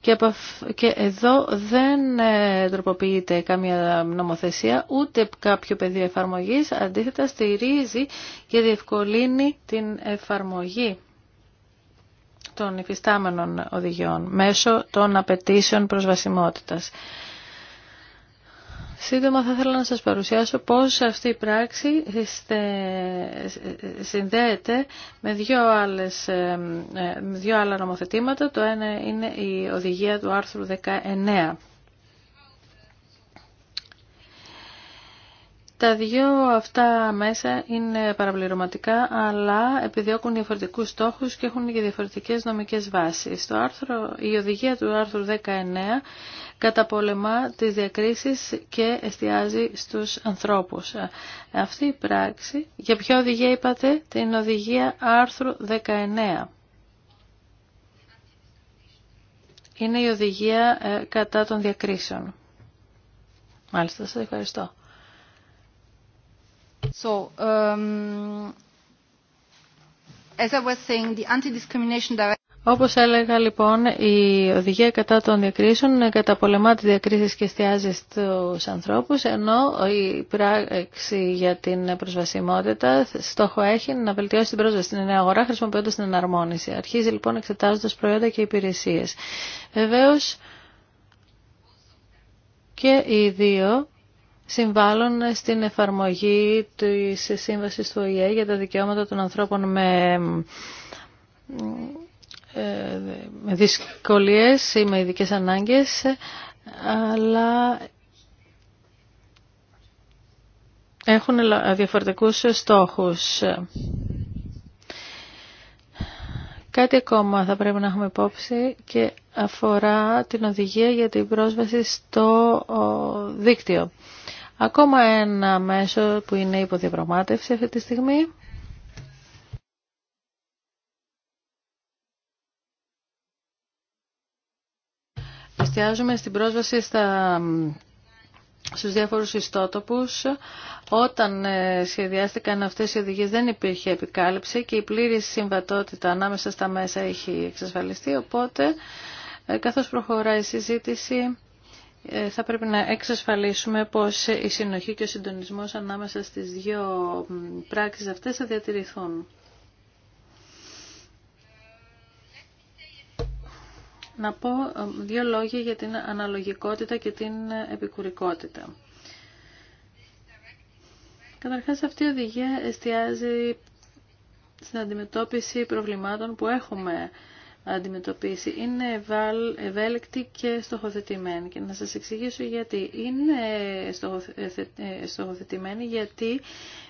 Speaker 3: και εδώ δεν τροποποιείται καμία νομοθεσία ούτε κάποιο πεδίο εφαρμογής, αντίθετα στηρίζει και διευκολύνει την εφαρμογή των υφιστάμενων οδηγιών μέσω των απαιτήσεων προσβασιμότητας. Σύντομα θα ήθελα να σας παρουσιάσω πώς αυτή η πράξη συνδέεται με δύο, άλλες, ε, ε, με δύο άλλα νομοθετήματα. Το ένα είναι η οδηγία του άρθρου 19. Τα δύο αυτά μέσα είναι παραπληρωματικά, αλλά επιδιώκουν διαφορετικούς στόχους και έχουν και διαφορετικές νομικές βάσεις. Το άρθρο, η οδηγία του άρθρου 19 καταπολεμά τις διακρίσεις και εστιάζει στους ανθρώπους. Αυτή η πράξη, για ποια οδηγία είπατε, την οδηγία άρθρου 19. Είναι η οδηγία ε, κατά των διακρίσεων. Μάλιστα, σας ευχαριστώ. So, um, as I was saying, the anti-discrimination Όπως έλεγα λοιπόν, η οδηγία κατά των διακρίσεων καταπολεμά τις διακρίσεις και εστιάζει στους ανθρώπους, ενώ η πράξη για την προσβασιμότητα στόχο έχει να βελτιώσει την πρόσβαση στην νέα αγορά χρησιμοποιώντας την εναρμόνιση. Αρχίζει λοιπόν εξετάζοντας προϊόντα και υπηρεσίες. Βεβαίως και οι δύο συμβάλλουν στην εφαρμογή της σύμβασης του ΟΗΕ για τα δικαιώματα των ανθρώπων με ε, δυσκολίες ή με ειδικές ανάγκες, αλλά έχουν διαφορετικούς στόχους. Κάτι ακόμα θα πρέπει να έχουμε υπόψη και αφορά την οδηγία για την πρόσβαση στο δίκτυο. Ακόμα ένα μέσο που είναι υποδιαπραγμάτευση αυτή τη στιγμή. εστιάζουμε στην πρόσβαση στα, στους διάφορους ιστότοπους. Όταν ε, σχεδιάστηκαν αυτές οι οδηγίες δεν υπήρχε επικάλυψη και η πλήρη συμβατότητα ανάμεσα στα μέσα έχει εξασφαλιστεί, οπότε ε, καθώς προχωράει η συζήτηση ε, θα πρέπει να εξασφαλίσουμε πως η συνοχή και ο συντονισμός ανάμεσα στις δύο πράξεις αυτές θα διατηρηθούν. Να πω ε, δύο λόγια για την αναλογικότητα και την επικουρικότητα. Καταρχάς αυτή η οδηγία εστιάζει στην αντιμετώπιση προβλημάτων που έχουμε αντιμετωπίσει. Είναι ευέλικτη και στοχοθετημένη. Και να σας εξηγήσω γιατί. Είναι ε, ε, στοχοθετημένη γιατί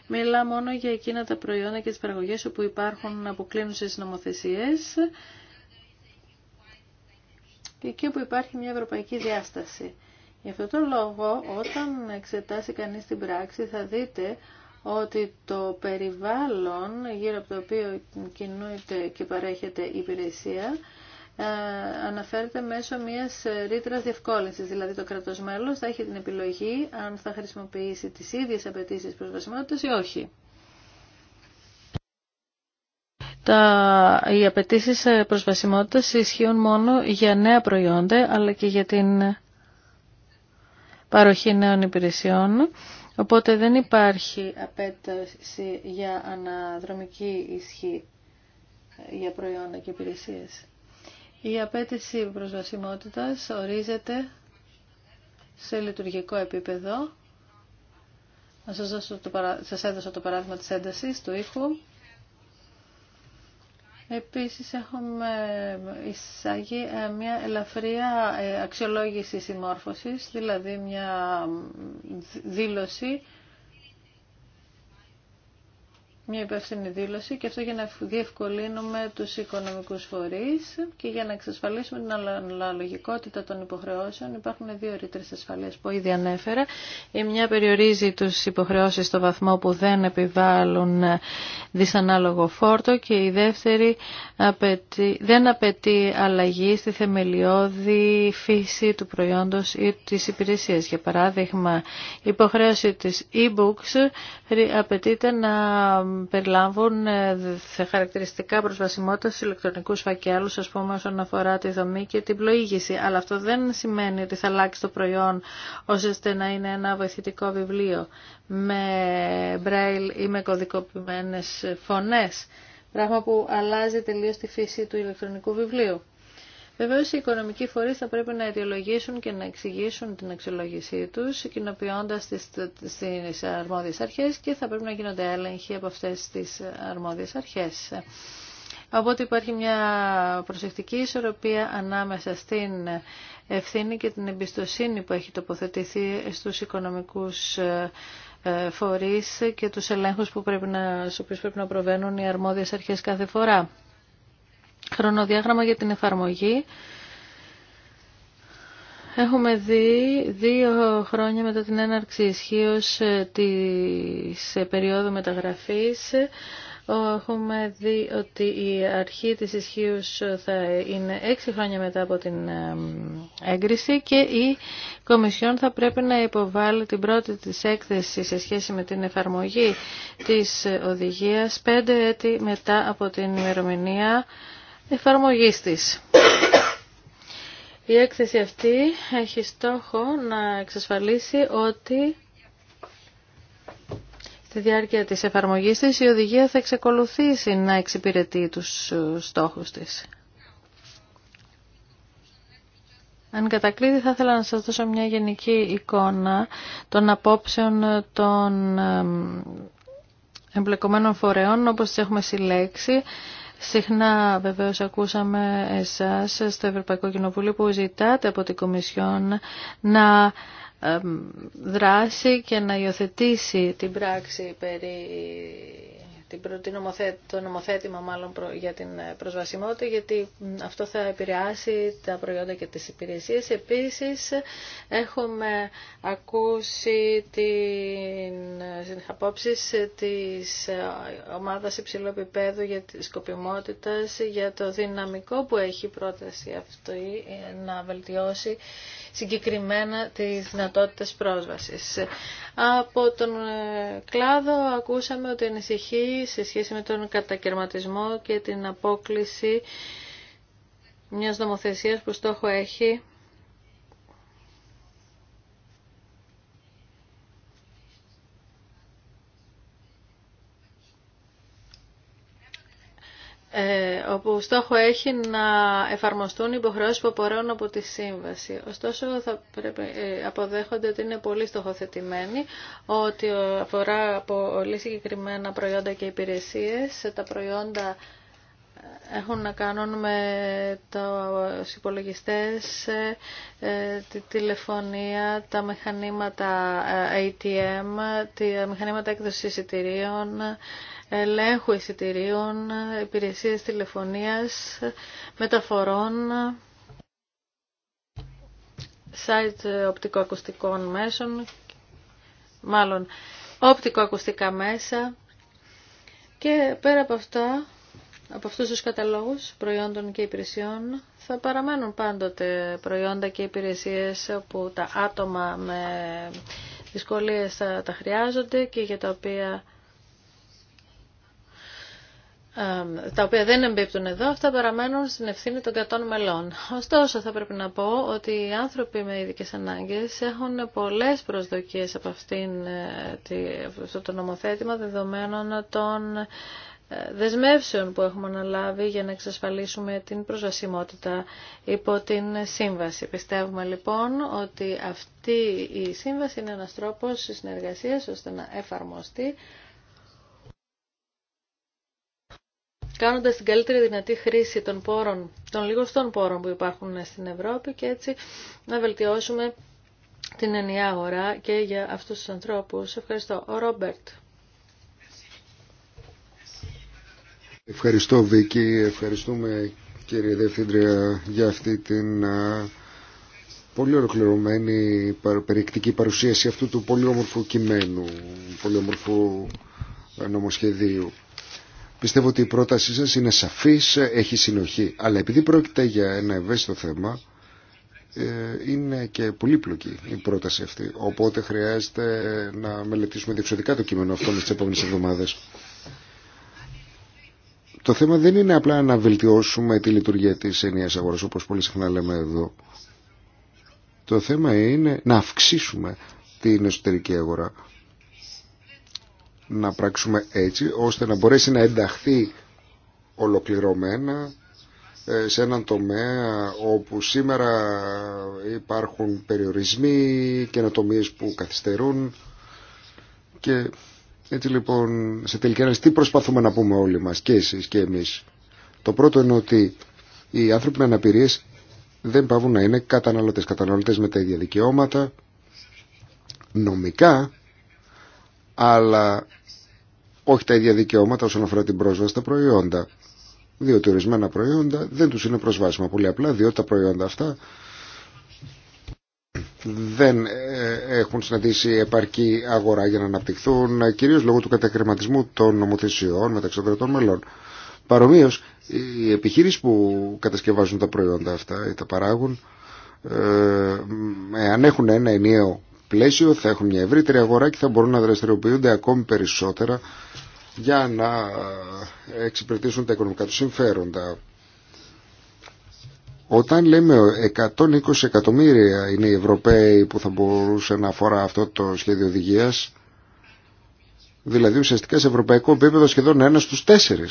Speaker 3: μιλά μόνο για εκείνα τα προϊόντα και τις παραγωγές όπου υπάρχουν αποκλίνουσες νομοθεσίες και εκεί όπου υπάρχει μια ευρωπαϊκή διάσταση. Γι' αυτό τον λόγο, όταν εξετάσει κανείς την πράξη, θα δείτε ότι το περιβάλλον γύρω από το οποίο κινούνται και παρέχεται η υπηρεσία ε, αναφέρεται μέσω μιας ρήτρα διευκόλυνσης. Δηλαδή το κρατός μέλος θα έχει την επιλογή αν θα χρησιμοποιήσει τις ίδιες απαιτήσεις προσβασιμότητας ή όχι. Τα, οι απαιτήσει προσβασιμότητας ισχύουν μόνο για νέα προϊόντα αλλά και για την παροχή νέων υπηρεσιών Οπότε δεν υπάρχει απέταση για αναδρομική ισχύ για προϊόντα και υπηρεσίες. Η απέτηση προσβασιμότητας ορίζεται σε λειτουργικό επίπεδο. σα το έδωσα το παράδειγμα της έντασης του ήχου. Επίσης έχουμε εισάγει ε, μια ελαφριά ε, αξιολόγηση συμμόρφωσης, δηλαδή μια δήλωση μια υπεύθυνη δήλωση και αυτό για να διευκολύνουμε τους οικονομικούς φορείς και για να εξασφαλίσουμε την αναλογικότητα των υποχρεώσεων. Υπάρχουν δύο ρήτρες ασφαλείας που ήδη ανέφερα. Η μια περιορίζει τους υποχρεώσεις στο βαθμό που δεν επιβάλλουν δυσανάλογο φόρτο και η δεύτερη δεν απαιτεί αλλαγή στη θεμελιώδη φύση του προϊόντος ή της υπηρεσίας. Για παράδειγμα, η υποχρέωση της e-books απαιτείται να περιλάμβουν ε, χαρακτηριστικά προσβασιμότητα στους ηλεκτρονικούς φακέλους, ας πούμε, όσον αφορά τη δομή και την πλοήγηση. Αλλά αυτό δεν σημαίνει ότι θα αλλάξει το προϊόν, ώστε να είναι ένα βοηθητικό βιβλίο με braille ή με κωδικοποιημένες φωνές. Πράγμα που αλλάζει τελείως τη φύση του ηλεκτρονικού βιβλίου. Βεβαίω οι οικονομικοί φορεί θα πρέπει να αιτιολογήσουν και να εξηγήσουν την αξιολόγησή του, κοινοποιώντα τι αρμόδιε αρχέ και θα πρέπει να γίνονται έλεγχοι από αυτέ τι αρμόδιε αρχέ. Οπότε υπάρχει μια προσεκτική ισορροπία ανάμεσα στην ευθύνη και την εμπιστοσύνη που έχει τοποθετηθεί στους οικονομικούς ε, ε, φορείς και τους ελέγχους που πρέπει πρέπει να προβαίνουν οι αρμόδιες αρχές κάθε φορά χρονοδιάγραμμα για την εφαρμογή. Έχουμε δει δύο χρόνια μετά την έναρξη ισχύω ε, της ε, περίοδου μεταγραφής Έχουμε δει ότι η αρχή της ισχύω ε, θα είναι έξι χρόνια μετά από την έγκριση και η Κομισιόν θα πρέπει να υποβάλει την πρώτη της έκθεση σε σχέση με την εφαρμογή της οδηγίας πέντε έτη μετά από την ημερομηνία εφαρμογής της. Η έκθεση αυτή έχει στόχο να εξασφαλίσει ότι στη διάρκεια της εφαρμογής της η οδηγία θα εξακολουθήσει να εξυπηρετεί τους στόχους της. Αν κατακλείδη θα ήθελα να σας δώσω μια γενική εικόνα των απόψεων των εμπλεκομένων φορεών όπως τις έχουμε συλλέξει Συχνά βεβαίως ακούσαμε εσάς στο Ευρωπαϊκό Κοινοβούλιο που ζητάτε από την Κομισιόν να δράσει και να υιοθετήσει την πράξη περί την, το νομοθέτημα μάλλον για την ε, προσβασιμότητα, γιατί αυτό θα επηρεάσει τα προϊόντα και τις υπηρεσίες. Επίσης, έχουμε ακούσει την ε, απόψεις της ε, ομάδας υψηλού επίπεδου για τη σκοπιμότητα, για το δυναμικό που έχει η πρόταση αυτή να βελτιώσει συγκεκριμένα τις δυνατότητες πρόσβασης. Από τον ε, κλάδο ακούσαμε ότι ανησυχεί σε σχέση με τον κατακαιρματισμό και την απόκληση μιας νομοθεσίας που στόχο έχει Ε, όπου στόχο έχει να εφαρμοστούν οι υποχρεώσεις που απορρέουν από τη σύμβαση. Ωστόσο, θα πρέπει, ε, αποδέχονται ότι είναι πολύ στοχοθετημένοι, ότι αφορά πολύ συγκεκριμένα προϊόντα και υπηρεσίες. Τα προϊόντα ε, έχουν να κάνουν με τους υπολογιστές, τη τηλεφωνία, τα μηχανήματα ATM, τα μηχανήματα έκδοσης εισιτηρίων, ελέγχου εισιτηρίων, υπηρεσίες τηλεφωνίας, μεταφορών, site οπτικοακουστικών μέσων, μάλλον οπτικοακουστικά μέσα και πέρα από αυτά, από αυτούς τους καταλόγους προϊόντων και υπηρεσιών θα παραμένουν πάντοτε προϊόντα και υπηρεσίες που τα άτομα με δυσκολίες θα τα χρειάζονται και για τα οποία τα οποία δεν εμπίπτουν εδώ, αυτά παραμένουν στην ευθύνη των κατών μελών. Ωστόσο, θα πρέπει να πω ότι οι άνθρωποι με ειδικέ ανάγκε έχουν πολλέ προσδοκίε από, από ε, αυτό το νομοθέτημα δεδομένων των ε, δεσμεύσεων που έχουμε αναλάβει για να εξασφαλίσουμε την προσβασιμότητα υπό την σύμβαση. Πιστεύουμε λοιπόν ότι αυτή η σύμβαση είναι ένας τρόπος συνεργασίας ώστε να εφαρμοστεί κάνοντας την καλύτερη δυνατή χρήση των πόρων, των λιγοστών πόρων που υπάρχουν στην Ευρώπη και έτσι να βελτιώσουμε την ενιαία αγορά και για αυτούς τους ανθρώπους. Ευχαριστώ. Ο Ρόμπερτ.
Speaker 1: Ευχαριστώ Βίκη, ευχαριστούμε κύριε Διευθύντρια για αυτή την πολύ ολοκληρωμένη περιεκτική παρουσίαση αυτού του πολύ όμορφου κειμένου, πολύ όμορφου ε, νομοσχεδίου. Πιστεύω ότι η πρότασή σας είναι σαφής, έχει συνοχή. Αλλά επειδή πρόκειται για ένα ευαίσθητο θέμα, ε, είναι και πολύπλοκη η πρόταση αυτή. Οπότε χρειάζεται να μελετήσουμε διεξοδικά το κείμενο αυτό τις επόμενες εβδομάδες. Το θέμα δεν είναι απλά να βελτιώσουμε τη λειτουργία της ενιαίας αγοράς, όπως πολύ συχνά λέμε εδώ. Το θέμα είναι να αυξήσουμε την εσωτερική αγορά να πράξουμε έτσι ώστε να μπορέσει να ενταχθεί ολοκληρωμένα ε, σε έναν τομέα όπου σήμερα υπάρχουν περιορισμοί, και καινοτομίες που καθυστερούν και έτσι λοιπόν σε τελική τι προσπαθούμε να πούμε όλοι μας και εσείς και εμείς. Το πρώτο είναι ότι οι άνθρωποι με αναπηρίες δεν πάβουν να είναι καταναλωτές. Καταναλωτές με τα ίδια δικαιώματα. Νομικά αλλά όχι τα ίδια δικαιώματα όσον αφορά την πρόσβαση στα προϊόντα. Διότι ορισμένα προϊόντα δεν τους είναι προσβάσιμα πολύ απλά, διότι τα προϊόντα αυτά δεν ε, έχουν συναντήσει επαρκή αγορά για να αναπτυχθούν, κυρίως λόγω του κατακρεματισμού των νομοθεσιών μεταξύ των κρατών μελών. Παρομοίως, οι επιχείρησεις που κατασκευάζουν τα προϊόντα αυτά ή τα παράγουν, αν ε, έχουν ένα ενιαίο πλαίσιο θα έχουν μια ευρύτερη αγορά και θα μπορούν να δραστηριοποιούνται ακόμη περισσότερα για να ε, εξυπηρετήσουν τα οικονομικά του συμφέροντα. Όταν λέμε 120 εκατομμύρια είναι οι Ευρωπαίοι που θα μπορούσε να αφορά αυτό το σχέδιο οδηγία, δηλαδή ουσιαστικά σε ευρωπαϊκό επίπεδο σχεδόν ένα στου τέσσερι.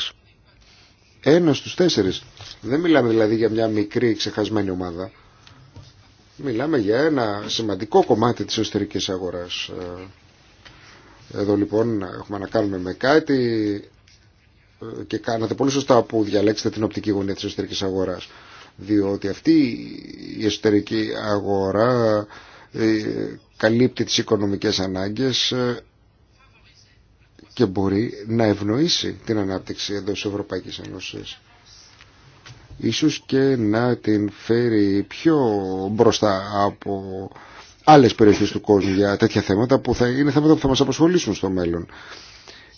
Speaker 1: Ένα στου τέσσερι. Δεν μιλάμε δηλαδή για μια μικρή ξεχασμένη ομάδα. Μιλάμε για ένα σημαντικό κομμάτι της εσωτερικής αγοράς. Εδώ λοιπόν έχουμε να κάνουμε με κάτι ε, και κάνατε πολύ σωστά που διαλέξετε την οπτική γωνία της εσωτερικής αγοράς. Διότι αυτή η εσωτερική αγορά ε, καλύπτει τις οικονομικές ανάγκες ε, και μπορεί να ευνοήσει την ανάπτυξη εδώ της Ευρωπαϊκής Ένωσης ίσως και να την φέρει πιο μπροστά από άλλες περιοχές του κόσμου για τέτοια θέματα που θα είναι θέματα που θα μας απασχολήσουν στο μέλλον.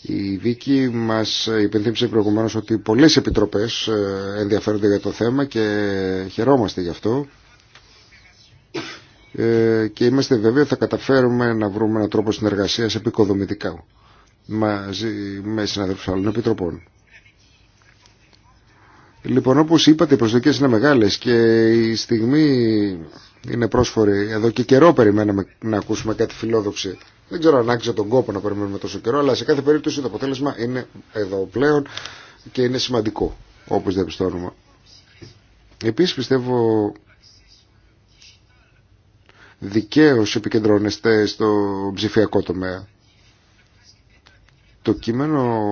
Speaker 1: Η Βίκη μας υπενθύμισε προηγουμένως ότι πολλές επιτροπές ε, ενδιαφέρονται για το θέμα και χαιρόμαστε γι' αυτό ε, και είμαστε βέβαιοι ότι θα καταφέρουμε να βρούμε έναν τρόπο συνεργασίας επικοδομητικά μαζί με συναδέλφους άλλων επιτροπών. Λοιπόν, όπως είπατε, οι προσδοκίες είναι μεγάλες και η στιγμή είναι πρόσφορη. Εδώ και καιρό περιμέναμε να ακούσουμε κάτι φιλόδοξο. Δεν ξέρω αν άξιζε τον κόπο να περιμένουμε τόσο καιρό, αλλά σε κάθε περίπτωση το αποτέλεσμα είναι εδώ πλέον και είναι σημαντικό, όπως διαπιστώνουμε. Επίσης πιστεύω δικαίως επικεντρώνεστε στο ψηφιακό τομέα το κείμενο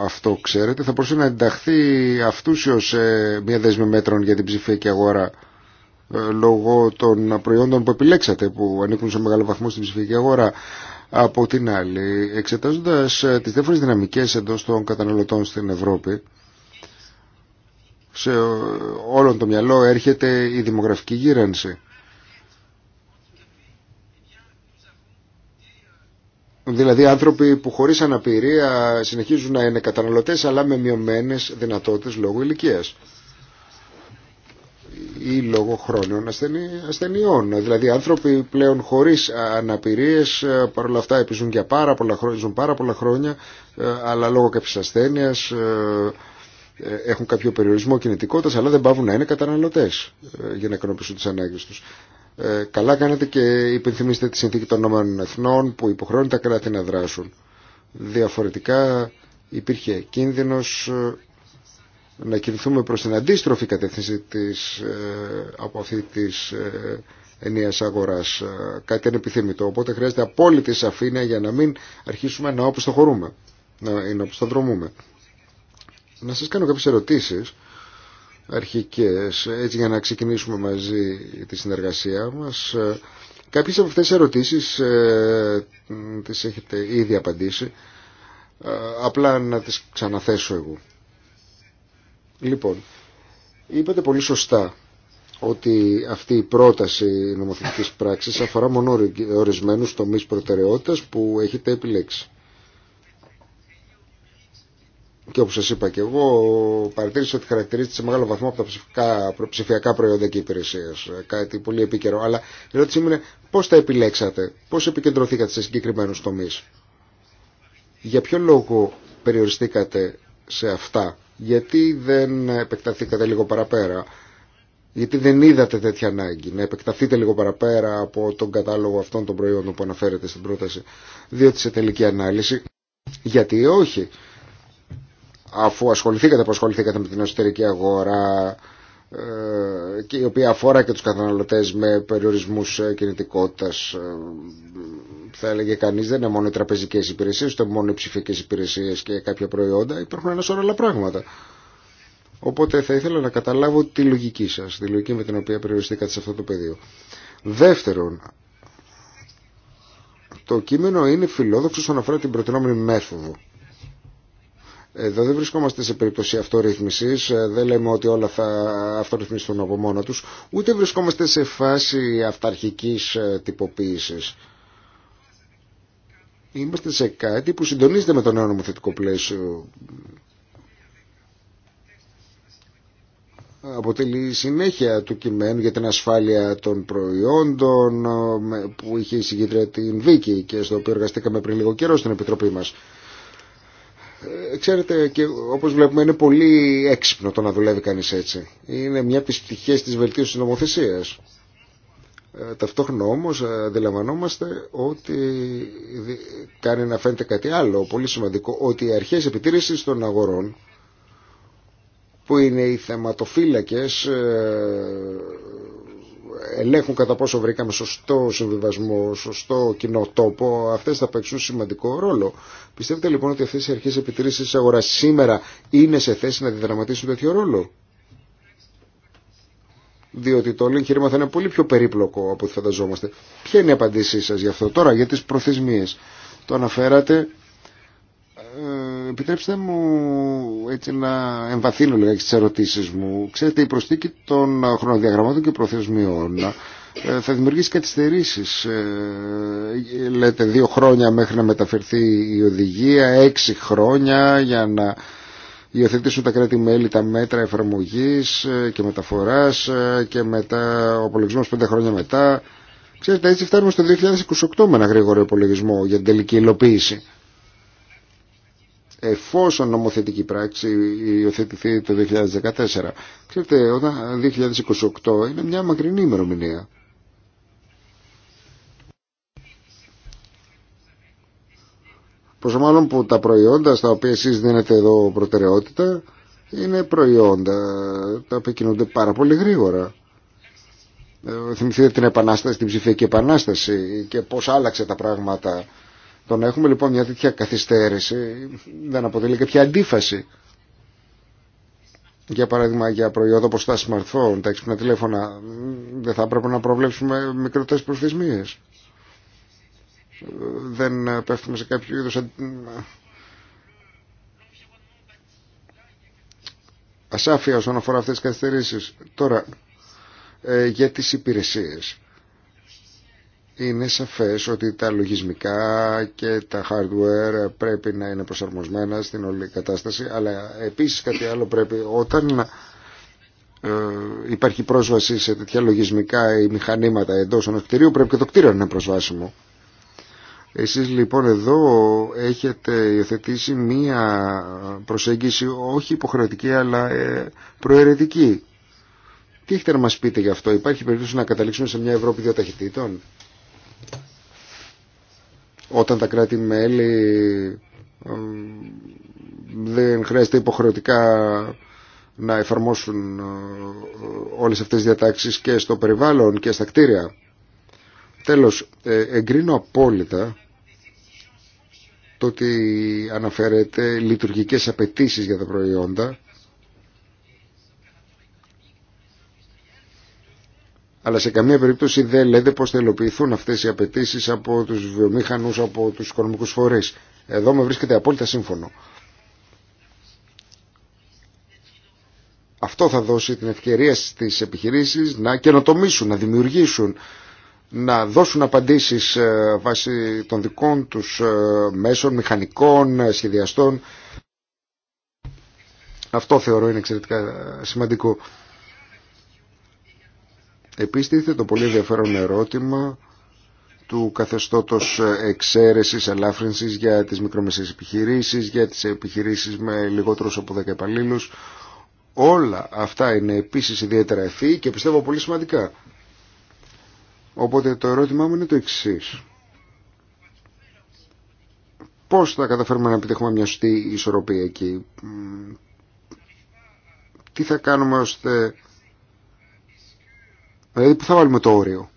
Speaker 1: αυτό, ξέρετε, θα μπορούσε να ενταχθεί αυτούσιο σε μια δέσμη μέτρων για την ψηφιακή αγορά ε, λόγω των προϊόντων που επιλέξατε που ανήκουν σε μεγάλο βαθμό στην ψηφιακή αγορά. Από την άλλη, εξετάζοντας ε, τις διάφορες δυναμικές εντός των καταναλωτών στην Ευρώπη, σε ε, όλον το μυαλό έρχεται η δημογραφική γύρανση. Δηλαδή άνθρωποι που χωρίς αναπηρία συνεχίζουν να είναι καταναλωτές αλλά με μειωμένες δυνατότητες λόγω ηλικίας ή λόγω χρόνων ασθενειών. Δηλαδή άνθρωποι πλέον χωρίς αναπηρίες ε, παρόλα αυτά επιζούν για πάρα πολλά χρόνια, ζουν πάρα πολλά χρόνια ε, αλλά λόγω κάποιες ασθένειας ε, έχουν κάποιο περιορισμό κινητικότητας αλλά δεν πάβουν να είναι καταναλωτές για να ικανοποιήσουν τις ανάγκες τους. Ε, καλά κάνετε και υπενθυμίστε τη συνθήκη των Ηνωμένων Εθνών που υποχρεώνει τα κράτη να δράσουν. Διαφορετικά υπήρχε κίνδυνος ε, να κινηθούμε προς την αντίστροφη κατεύθυνση της, ε, από αυτή της ενίας αγοράς. Κάτι ανεπιθύμητο. Οπότε χρειάζεται απόλυτη σαφήνεια για να μην αρχίσουμε να όπως το χωρούμε, να, να όπως το δρομούμε. Να σας κάνω κάποιες ερωτήσεις αρχικές, έτσι για να ξεκινήσουμε μαζί τη συνεργασία μας. Κάποιες από αυτές τις ερωτήσεις ε, τις έχετε ήδη απαντήσει, ε, απλά να τις ξαναθέσω εγώ. Λοιπόν, είπατε πολύ σωστά ότι αυτή η πρόταση νομοθετικής πράξης αφορά μόνο ορισμένους τομείς προτεραιότητας που έχετε επιλέξει και όπως σας είπα και εγώ παρατήρησα ότι χαρακτηρίζεται σε μεγάλο βαθμό από τα ψηφιακά, ψηφιακά προϊόντα και υπηρεσίες ε, κάτι πολύ επίκαιρο αλλά η ερώτησή μου είναι πώς τα επιλέξατε πώς επικεντρωθήκατε σε συγκεκριμένους τομείς για ποιο λόγο περιοριστήκατε σε αυτά γιατί δεν επεκταθήκατε λίγο παραπέρα γιατί δεν είδατε τέτοια ανάγκη να επεκταθείτε λίγο παραπέρα από τον κατάλογο αυτών των προϊόντων που αναφέρετε στην πρόταση διότι σε τελική ανάλυση γιατί όχι αφού ασχοληθήκατε, που ασχοληθήκατε με την εσωτερική αγορά ε, και η οποία αφορά και τους καταναλωτές με περιορισμούς ε, κινητικότητας ε, θα έλεγε κανείς δεν είναι μόνο οι τραπεζικές υπηρεσίες ούτε μόνο οι ψηφιακές υπηρεσίες και κάποια προϊόντα υπάρχουν ένα σώρο άλλα πράγματα οπότε θα ήθελα να καταλάβω τη λογική σας τη λογική με την οποία περιοριστήκατε σε αυτό το πεδίο δεύτερον το κείμενο είναι φιλόδοξο όσον αφορά την προτινόμενη μέθοδο εδώ δεν βρισκόμαστε σε περίπτωση αυτορύθμισης, ε, δεν λέμε ότι όλα θα αυτορυθμιστούν από μόνα τους, ούτε βρισκόμαστε σε φάση αυταρχικής ε, τυποποίησης. Είμαστε σε κάτι που συντονίζεται με το νέο νομοθετικό πλαίσιο. Αποτελεί συνέχεια του κειμένου για την ασφάλεια των προϊόντων ε, που είχε η την Βίκη και στο οποίο εργαστήκαμε πριν λίγο καιρό στην Επιτροπή μας. Ε, ξέρετε και όπως βλέπουμε είναι πολύ έξυπνο το να δουλεύει κανείς έτσι. Είναι μια από τις πτυχές της βελτίωσης της νομοθεσίας. Ε, ταυτόχρονα όμως ε, αντιλαμβανόμαστε ότι κάνει να φαίνεται κάτι άλλο πολύ σημαντικό ότι οι αρχές επιτήρησης των αγορών που είναι οι θεματοφύλακες ελέγχουν κατά πόσο βρήκαμε σωστό συμβιβασμό, σωστό κοινό τόπο, αυτές θα παίξουν σημαντικό ρόλο. Πιστεύετε λοιπόν ότι αυτέ οι αρχές επιτρήσει τη αγορά σήμερα είναι σε θέση να διδραματίσουν τέτοιο ρόλο. Διότι το όλο εγχείρημα θα είναι πολύ πιο περίπλοκο από ό,τι φανταζόμαστε. Ποια είναι η απαντήσή σας γι' αυτό τώρα για τι προθεσμίε. Το αναφέρατε ε, επιτρέψτε μου έτσι να εμβαθύνω λίγα στις ερωτήσεις μου. Ξέρετε, η προστίκη των χρονοδιαγραμμάτων και προθεσμιών ε, θα δημιουργήσει καθυστερήσεις. Ε, λέτε δύο χρόνια μέχρι να μεταφερθεί η οδηγία, έξι χρόνια για να υιοθετήσουν τα κράτη-μέλη τα μέτρα εφαρμογής και μεταφοράς και μετά ο απολογισμός πέντε χρόνια μετά. Ξέρετε, έτσι φτάνουμε στο 2028 με ένα γρήγορο υπολογισμό για την τελική υλοποίηση εφόσον νομοθετική πράξη υιοθετηθεί το 2014. Ξέρετε, όταν 2028 είναι μια μακρινή ημερομηνία. Πόσο που τα προϊόντα στα οποία εσείς δίνετε εδώ προτεραιότητα είναι προϊόντα τα οποία κινούνται πάρα πολύ γρήγορα. Ε, θυμηθείτε την, επανάσταση, την ψηφιακή επανάσταση και πώς άλλαξε τα πράγματα το να έχουμε λοιπόν μια τέτοια καθυστέρηση δεν αποτελεί κάποια αντίφαση. Για παράδειγμα, για προϊόντα όπως τα smartphone, τα έξυπνα τηλέφωνα, δεν θα έπρεπε να προβλέψουμε μικρότερες προθεσμίες. Δεν πέφτουμε σε κάποιο είδος ασάφεια όσον αφορά αυτές τις καθυστερήσεις. Τώρα, ε, για τις υπηρεσίες είναι σαφές ότι τα λογισμικά και τα hardware πρέπει να είναι προσαρμοσμένα στην όλη κατάσταση αλλά επίσης κάτι άλλο πρέπει όταν ε, υπάρχει πρόσβαση σε τέτοια λογισμικά ή μηχανήματα εντός ενός κτηρίου πρέπει και το κτίριο να είναι προσβάσιμο. Εσείς λοιπόν εδώ έχετε υιοθετήσει μία προσέγγιση όχι υποχρεωτική αλλά ε, προαιρετική. Τι έχετε να μας πείτε γι' αυτό, υπάρχει περίπτωση να καταλήξουμε σε μια Ευρώπη δύο ταχυτήτων. Όταν τα κράτη-μέλη ε, δεν χρειάζεται υποχρεωτικά να εφαρμόσουν ε, όλες αυτές τις διατάξεις και στο περιβάλλον και στα κτίρια. Τέλος, ε, εγκρίνω απόλυτα το ότι αναφέρεται λειτουργικές απαιτήσει για τα προϊόντα αλλά σε καμία περίπτωση δεν λέτε πώς θα υλοποιηθούν αυτές οι απαιτήσει από τους βιομήχανους, από τους οικονομικούς φορείς. Εδώ με βρίσκεται απόλυτα σύμφωνο. Αυτό θα δώσει την ευκαιρία στις επιχειρήσεις να καινοτομήσουν, να δημιουργήσουν, να δώσουν απαντήσεις ε, βάσει των δικών τους ε, μέσων, μηχανικών, ε, σχεδιαστών. Αυτό θεωρώ είναι εξαιρετικά σημαντικό. Επίσης τίθεται το πολύ ενδιαφέρον ερώτημα του καθεστώτος εξαίρεσης, ελάφρυνσης για τις μικρομεσαίες επιχειρήσεις, για τις επιχειρήσεις με λιγότερους από 10 Όλα αυτά είναι επίσης ιδιαίτερα ευθύ και πιστεύω πολύ σημαντικά. Οπότε το ερώτημά μου είναι το εξή. Πώς θα καταφέρουμε να επιτύχουμε μια σωστή ισορροπία εκεί. Τι θα κάνουμε ώστε Δηλαδή που θα βάλουμε το όριο.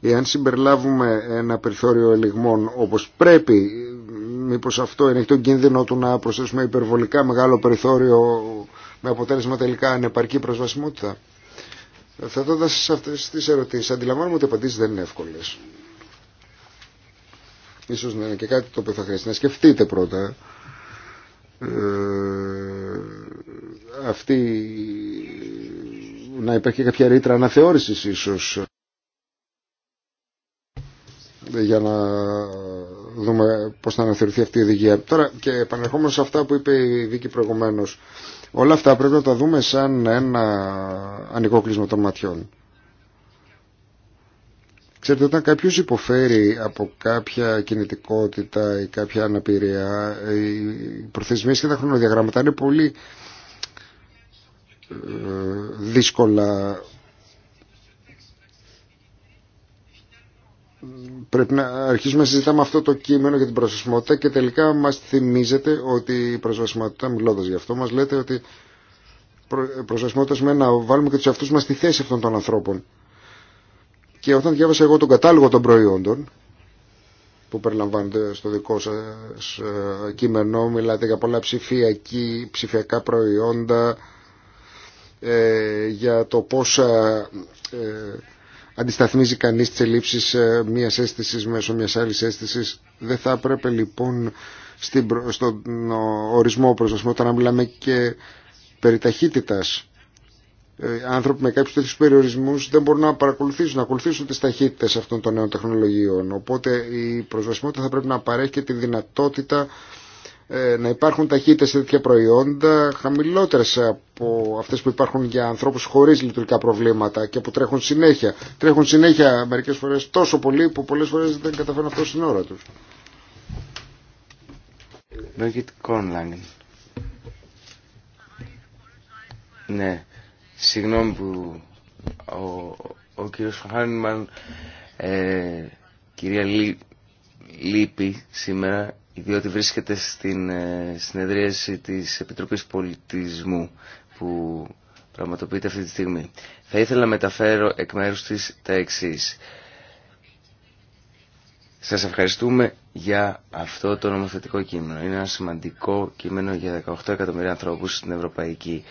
Speaker 1: Εάν συμπεριλάβουμε ένα περιθώριο ελιγμών όπως πρέπει, μήπως αυτό είναι τον κίνδυνο του να προσθέσουμε υπερβολικά μεγάλο περιθώριο με αποτέλεσμα τελικά ανεπαρκή προσβασιμότητα. Θα δω σε αυτές τις ερωτήσεις. αντιλαμβάνομαι ότι οι απαντήσει δεν είναι εύκολες. Ίσως να είναι και κάτι το οποίο θα χρειαστεί να σκεφτείτε πρώτα. Ε, αυτή να υπάρχει κάποια ρήτρα αναθεώρησης ίσως για να δούμε πώς θα αναθεωρηθεί αυτή η οδηγία. Τώρα και επανερχόμενος σε αυτά που είπε η δίκη προηγουμένως, όλα αυτά πρέπει να τα δούμε σαν ένα ανοικό κλείσμα των ματιών. Ξέρετε, όταν κάποιος υποφέρει από κάποια κινητικότητα ή κάποια αναπηρία, οι προθεσμίες και τα χρονοδιαγράμματα είναι πολύ δύσκολα πρέπει να αρχίσουμε να συζητάμε αυτό το κείμενο για την προσβασιμότητα και τελικά μας θυμίζετε ότι η προσβασιμότητα, μιλώντας γι' αυτό, μας λέτε ότι προσβασιμότητα σημαίνει να βάλουμε και τους αυτούς μας στη θέση αυτών των ανθρώπων. Και όταν διάβασα εγώ τον κατάλογο των προϊόντων που περιλαμβάνονται στο δικό σας ε, κείμενο, μιλάτε για πολλά ψηφιακή, ψηφιακά προϊόντα, ε, για το πώς ε, ε, αντισταθμίζει κανείς τις ελλείψεις μιας αίσθησης μέσω μιας άλλης αίσθησης. Δεν θα έπρεπε λοιπόν στον ορισμό προσδοσμού να μιλάμε και περί ταχύτητας. Άνθρωποι με κάποιους τέτοιους περιορισμούς δεν μπορούν να παρακολουθήσουν, να ακολουθήσουν τις ταχύτητες αυτών των νέων τεχνολογιών. Οπότε η προσβασιμότητα θα πρέπει να παρέχει και τη δυνατότητα ε, να υπάρχουν ταχύτητες σε τέτοια προϊόντα χαμηλότερες από αυτές που υπάρχουν για ανθρώπους χωρίς λειτουργικά προβλήματα και που τρέχουν συνέχεια. Τρέχουν συνέχεια μερικές φορές τόσο πολύ που πολλές φορές δεν καταφέρουν αυτό στην ώρα τους.
Speaker 2: Ναι, συγγνώμη που ο, ο κύριος Χάνιμαν, ε, κυρία Λί, σήμερα διότι βρίσκεται στην ε, συνεδρίαση της Επιτροπής Πολιτισμού που πραγματοποιείται αυτή τη στιγμή. Θα ήθελα να μεταφέρω εκ μέρους της τα εξής. Σας ευχαριστούμε για αυτό το νομοθετικό κείμενο. Είναι ένα σημαντικό κείμενο για 18 εκατομμύρια ανθρώπους στην Ευρωπαϊκή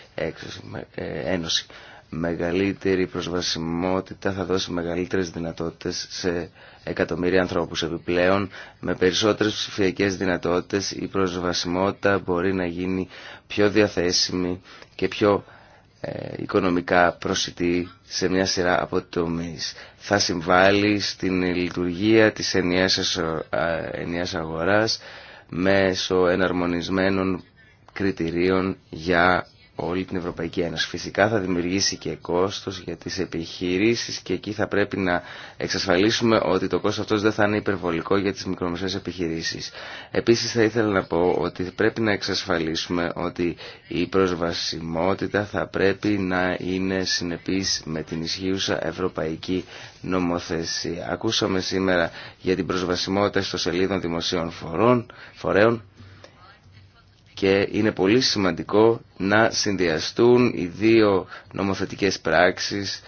Speaker 2: ε, Ένωση μεγαλύτερη προσβασιμότητα θα δώσει μεγαλύτερες δυνατότητες σε εκατομμύρια ανθρώπους. Επιπλέον, με περισσότερες ψηφιακές δυνατότητες η προσβασιμότητα μπορεί να γίνει πιο διαθέσιμη και πιο ε, οικονομικά προσιτή σε μια σειρά από τομείς. Θα συμβάλλει στην λειτουργία της ενιαίας αγοράς μέσω εναρμονισμένων κριτηρίων για όλη την Ευρωπαϊκή Ένωση. Φυσικά θα δημιουργήσει και κόστος για τις επιχειρήσεις και εκεί θα πρέπει να εξασφαλίσουμε ότι το κόστος αυτός δεν θα είναι υπερβολικό για τις μικρομεσαίες επιχειρήσεις. Επίσης θα ήθελα να πω ότι πρέπει να εξασφαλίσουμε ότι η προσβασιμότητα θα πρέπει να είναι συνεπής με την ισχύουσα ευρωπαϊκή νομοθεσία. Ακούσαμε σήμερα για την προσβασιμότητα στο σελίδο δημοσίων φορέων και είναι πολύ σημαντικό να συνδυαστούν οι δύο νομοθετικές πράξεις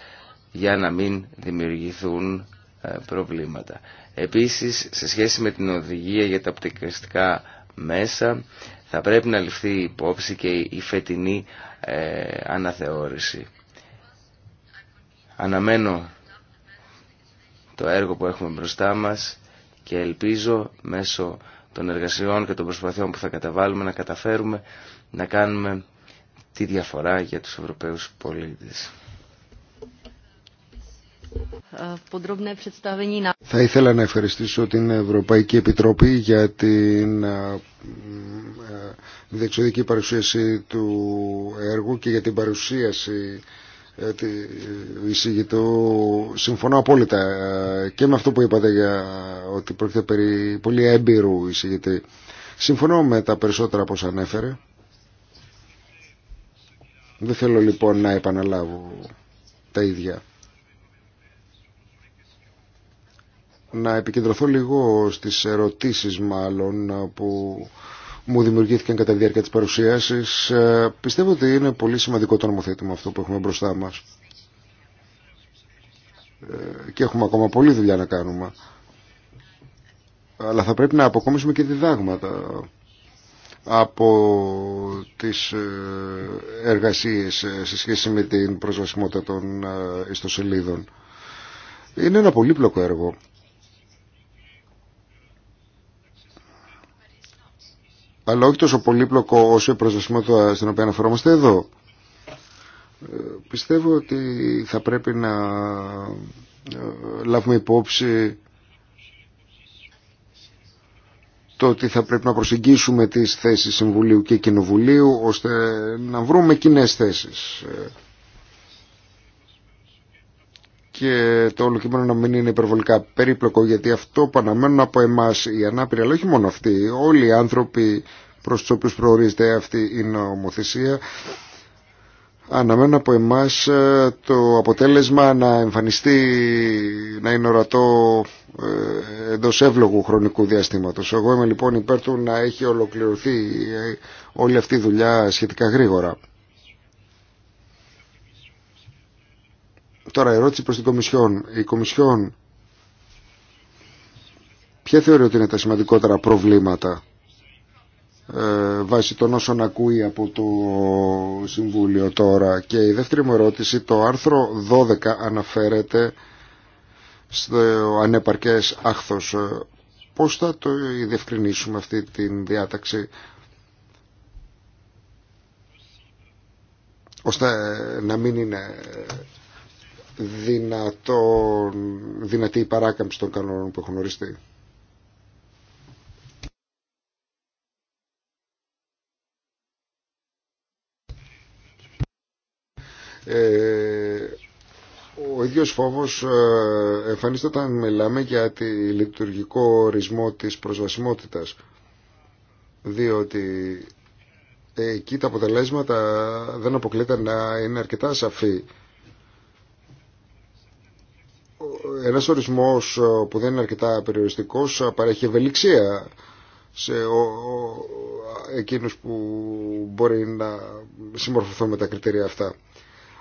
Speaker 2: για να μην δημιουργηθούν ε, προβλήματα. Επίσης, σε σχέση με την οδηγία για τα οπτικαστικά μέσα, θα πρέπει να ληφθεί υπόψη και η φετινή ε, αναθεώρηση. Αναμένω το έργο που έχουμε μπροστά μας και ελπίζω μέσω των εργασιών και των προσπαθειών που θα καταβάλουμε να καταφέρουμε να κάνουμε τη διαφορά για
Speaker 1: τους Ευρωπαίους πολίτες. Θα ήθελα να ευχαριστήσω την Ευρωπαϊκή Επιτροπή για την ε, ε, διεξοδική παρουσίαση του έργου και για την παρουσίαση ε, το συμφωνώ απόλυτα ε, και με αυτό που είπατε για ότι πρόκειται περί πολύ έμπειρου εισηγητή. Συμφωνώ με τα περισσότερα που ανέφερε. Δεν θέλω λοιπόν να επαναλάβω τα ίδια. Να επικεντρωθώ λίγο στις ερωτήσεις μάλλον που μου δημιουργήθηκαν κατά τη διάρκεια της παρουσίασης. Ε, πιστεύω ότι είναι πολύ σημαντικό το νομοθέτημα αυτό που έχουμε μπροστά μας. Ε, και έχουμε ακόμα πολλή δουλειά να κάνουμε. Αλλά θα πρέπει να αποκόμισουμε και διδάγματα από τις ε, εργασίες σε σχέση με την προσβασιμότητα των ιστοσελίδων. Είναι ένα πολύπλοκο έργο αλλά όχι τόσο πολύπλοκο όσο η προσβασιμότητα στην οποία αναφερόμαστε εδώ. Ε, πιστεύω ότι θα πρέπει να ε, λάβουμε υπόψη το ότι θα πρέπει να προσεγγίσουμε τις θέσεις Συμβουλίου και Κοινοβουλίου ώστε να βρούμε κοινέ θέσεις ε, και το όλο κείμενο να μην είναι υπερβολικά περίπλοκο γιατί αυτό που αναμένουν από εμάς οι ανάπηροι αλλά όχι μόνο αυτοί, όλοι οι άνθρωποι προς τους οποίους προορίζεται αυτή η νομοθεσία αναμένουν από εμάς ε, το αποτέλεσμα να εμφανιστεί, να είναι ορατό ε, εντό εύλογου χρονικού διαστήματος. Εγώ είμαι λοιπόν υπέρ του να έχει ολοκληρωθεί ε, όλη αυτή η δουλειά σχετικά γρήγορα. Τώρα ερώτηση προς την Κομισιόν. Η Κομισιόν ποια θεωρεί ότι είναι τα σημαντικότερα προβλήματα ε, βάσει των όσων ακούει από το Συμβούλιο τώρα. Και η δεύτερη μου ερώτηση, το άρθρο 12 αναφέρεται στο ανέπαρκες άχθος. Ε, πώς θα το διευκρινίσουμε αυτή την διάταξη ώστε να μην είναι δυνατό, δυνατή η παράκαμψη των κανόνων που έχουν οριστεί. Ε, ο ίδιος φόβος ε, εμφανίζεται όταν μιλάμε για τη λειτουργικό ορισμό της προσβασιμότητας διότι εκεί τα αποτελέσματα δεν αποκλείται να είναι αρκετά σαφή ένας ορισμός ε, που δεν είναι αρκετά περιοριστικός ε, παρέχει ευελιξία σε ο, που μπορεί να συμμορφωθούν με τα κριτήρια αυτά.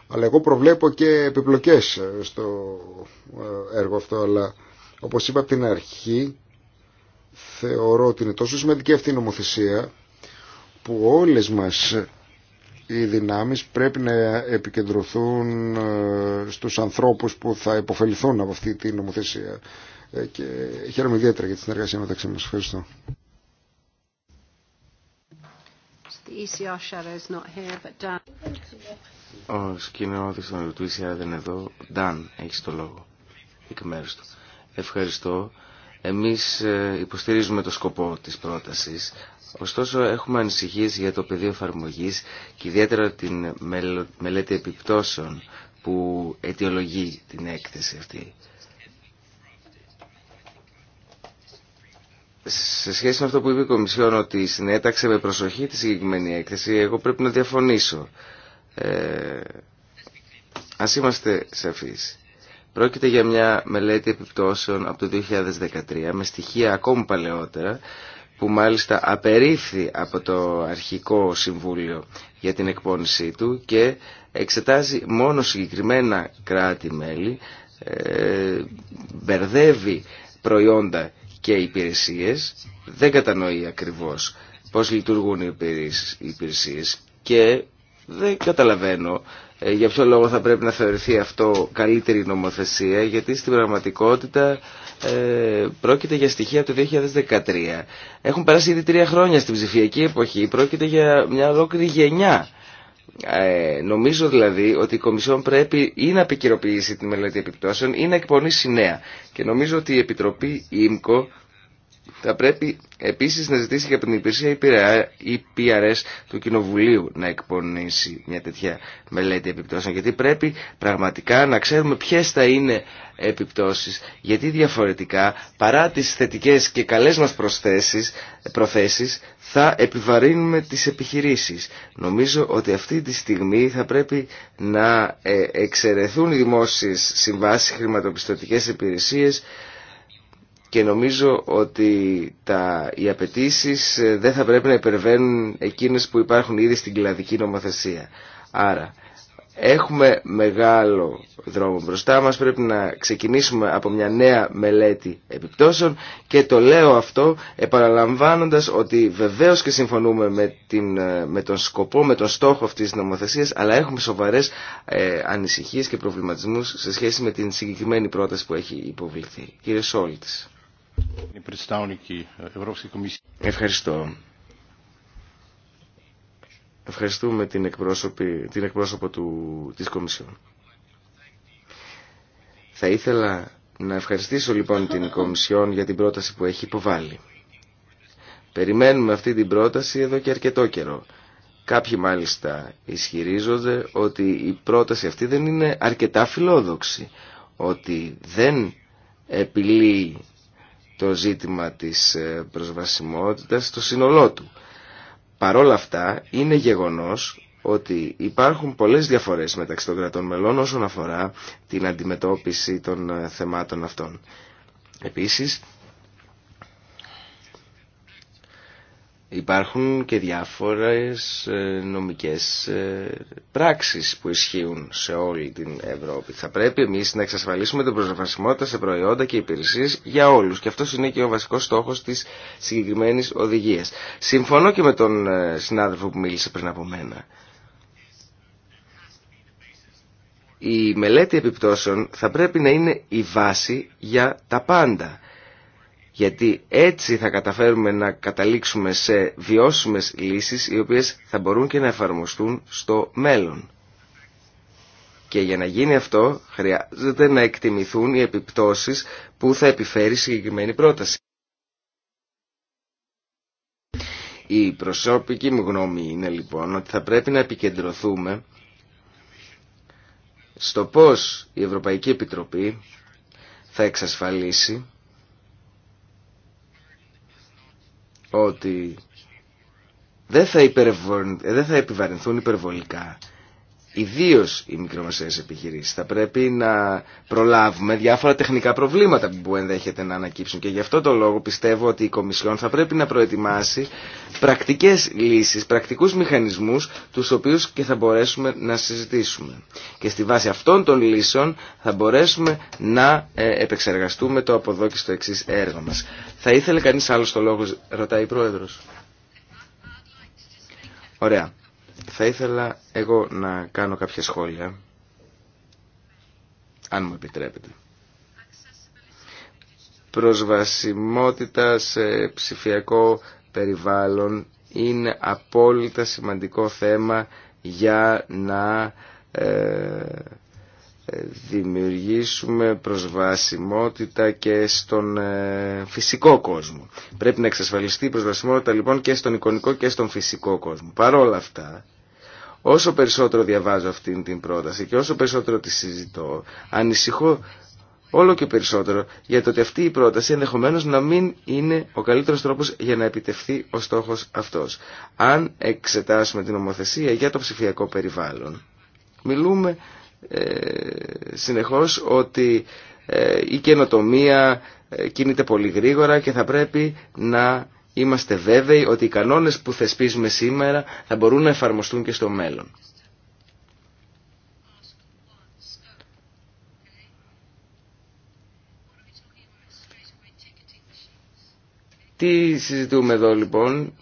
Speaker 1: Αλλά εγώ προβλέπω και επιπλοκές ε, στο έργο αυτό, αλλά όπως είπα από την αρχή, θεωρώ ότι είναι τόσο σημαντική αυτή η νομοθεσία που όλες μας οι δυνάμεις πρέπει να επικεντρωθούν ε, στους ανθρώπους που θα υποφεληθούν από αυτή την νομοθεσία. Ε, και χαίρομαι ιδιαίτερα για τη συνεργασία μεταξύ μας. Ευχαριστώ.
Speaker 3: E
Speaker 2: Ο σκηνόδης των του ECR δεν είναι εδώ. Νταν, έχεις το λόγο. Εκ Ευχαριστώ. Εμείς ε, υποστηρίζουμε το σκοπό της πρότασης, Ωστόσο έχουμε ανησυχίες για το πεδίο εφαρμογή και ιδιαίτερα την μελέτη επιπτώσεων που αιτιολογεί την έκθεση αυτή. Σε σχέση με αυτό που είπε η Κομισιόν ότι συνέταξε με προσοχή τη συγκεκριμένη έκθεση, εγώ πρέπει να διαφωνήσω. Ε, ας είμαστε σαφείς. Πρόκειται για μια μελέτη επιπτώσεων από το 2013 με στοιχεία ακόμη παλαιότερα που μάλιστα απερίφθη από το αρχικό συμβούλιο για την εκπόνησή του και εξετάζει μόνο συγκεκριμένα κράτη-μέλη, ε, μπερδεύει προϊόντα και υπηρεσίες, δεν κατανοεί ακριβώς πώς λειτουργούν οι υπηρεσίες και δεν καταλαβαίνω ε, για ποιο λόγο θα πρέπει να θεωρηθεί αυτό καλύτερη νομοθεσία, γιατί στην πραγματικότητα ε, πρόκειται για στοιχεία του 2013. Έχουν περάσει ήδη τρία χρόνια στην ψηφιακή εποχή, πρόκειται για μια ολόκληρη γενιά. Ε, νομίζω δηλαδή ότι η Κομισιόν πρέπει ή να επικυροποιήσει τη μελέτη επιπτώσεων ή να εκπονήσει νέα. Και νομίζω ότι η Επιτροπή ΙΜΚΟ θα πρέπει επίσης να ζητήσει και από την υπηρεσία ή PRS του Κοινοβουλίου να εκπονήσει μια τέτοια μελέτη επιπτώσεων. Γιατί πρέπει πραγματικά να ξέρουμε ποιες θα είναι επιπτώσεις. Γιατί διαφορετικά παρά τις θετικές και καλές μας προσθέσεις, προθέσεις θα επιβαρύνουμε τις επιχειρήσεις. Νομίζω ότι αυτή τη στιγμή θα πρέπει να ε, εξαιρεθούν οι δημόσιες συμβάσεις, χρηματοπιστωτικές υπηρεσίες, και νομίζω ότι τα, οι απαιτήσει ε, δεν θα πρέπει να υπερβαίνουν εκείνες που υπάρχουν ήδη στην κλαδική νομοθεσία. Άρα, έχουμε μεγάλο δρόμο μπροστά μας, πρέπει να ξεκινήσουμε από μια νέα μελέτη επιπτώσεων και το λέω αυτό επαναλαμβάνοντας ότι βεβαίως και συμφωνούμε με, ε, τον σκοπό, με τον στόχο αυτής της νομοθεσίας, αλλά έχουμε σοβαρές ε, ανησυχίες και προβληματισμούς σε σχέση με την συγκεκριμένη πρόταση που έχει υποβληθεί. Κύριε Σόλτης.
Speaker 4: Eh,
Speaker 2: Ευχαριστώ. Ευχαριστούμε την, εκπρόσωπη, την εκπρόσωπο του, της Κομισιόν. Θα ήθελα να ευχαριστήσω λοιπόν την Κομισιόν για την πρόταση που έχει υποβάλει. Περιμένουμε αυτή την πρόταση εδώ και αρκετό καιρό. Κάποιοι μάλιστα ισχυρίζονται ότι η πρόταση αυτή δεν είναι αρκετά φιλόδοξη, ότι δεν επιλύει το ζήτημα της ε, προσβασιμότητας στο σύνολό του. Παρόλα αυτά είναι γεγονός ότι υπάρχουν πολλές διαφορές μεταξύ των κρατών μελών όσον αφορά την αντιμετώπιση των ε, θεμάτων αυτών. Επίσης Υπάρχουν και διάφορες ε, νομικές ε, πράξεις που ισχύουν σε όλη την Ευρώπη. Θα πρέπει εμείς να εξασφαλίσουμε την προσβασιμότητα σε προϊόντα και υπηρεσίες για όλους. Και αυτός είναι και ο βασικός στόχος της συγκεκριμένης οδηγίας. Συμφωνώ και με τον ε, συνάδελφο που μίλησε πριν από μένα. Η μελέτη επιπτώσεων θα πρέπει να είναι η βάση για τα πάντα γιατί έτσι θα καταφέρουμε να καταλήξουμε σε βιώσιμες λύσεις οι οποίες θα μπορούν και να εφαρμοστούν στο μέλλον. Και για να γίνει αυτό χρειάζεται να εκτιμηθούν οι επιπτώσεις που θα επιφέρει συγκεκριμένη πρόταση. Η προσωπική μου γνώμη είναι λοιπόν ότι θα πρέπει να επικεντρωθούμε στο πώς η Ευρωπαϊκή Επιτροπή θα εξασφαλίσει ότι δεν θα, δεν θα επιβαρυνθούν υπερβολικά Ιδίω οι μικρομεσαίες επιχειρήσεις θα πρέπει να προλάβουμε διάφορα τεχνικά προβλήματα που ενδέχεται να ανακύψουν και γι' αυτό το λόγο πιστεύω ότι η Κομισιόν θα πρέπει να προετοιμάσει πρακτικές λύσεις, πρακτικούς μηχανισμούς τους οποίους και θα μπορέσουμε να συζητήσουμε. Και στη βάση αυτών των λύσεων θα μπορέσουμε να ε, επεξεργαστούμε το από εδώ και στο εξή έργο μας. Θα ήθελε κανείς άλλο το λόγο, ρωτάει η Πρόεδρος. Ωραία. Θα ήθελα εγώ να κάνω κάποια σχόλια, αν μου επιτρέπετε. Προσβασιμότητα σε ψηφιακό περιβάλλον είναι απόλυτα σημαντικό θέμα για να ε, ε, δημιουργήσουμε προσβασιμότητα και στον ε, φυσικό κόσμο. Πρέπει να εξασφαλιστεί η προσβασιμότητα λοιπόν και στον εικονικό και στον φυσικό κόσμο. Παρόλα αυτά, όσο περισσότερο διαβάζω αυτήν την πρόταση και όσο περισσότερο τη συζητώ, ανησυχώ όλο και περισσότερο για το ότι αυτή η πρόταση ενδεχομένως να μην είναι ο καλύτερος τρόπος για να επιτευχθεί ο στόχος αυτός. Αν εξετάσουμε την ομοθεσία για το ψηφιακό περιβάλλον, μιλούμε ε, συνεχώς ότι ε, η καινοτομία ε, κινείται πολύ γρήγορα και θα πρέπει να είμαστε βέβαιοι ότι οι κανόνες που θεσπίζουμε σήμερα θα μπορούν να εφαρμοστούν και στο μέλλον. Τι συζητούμε εδώ λοιπόν,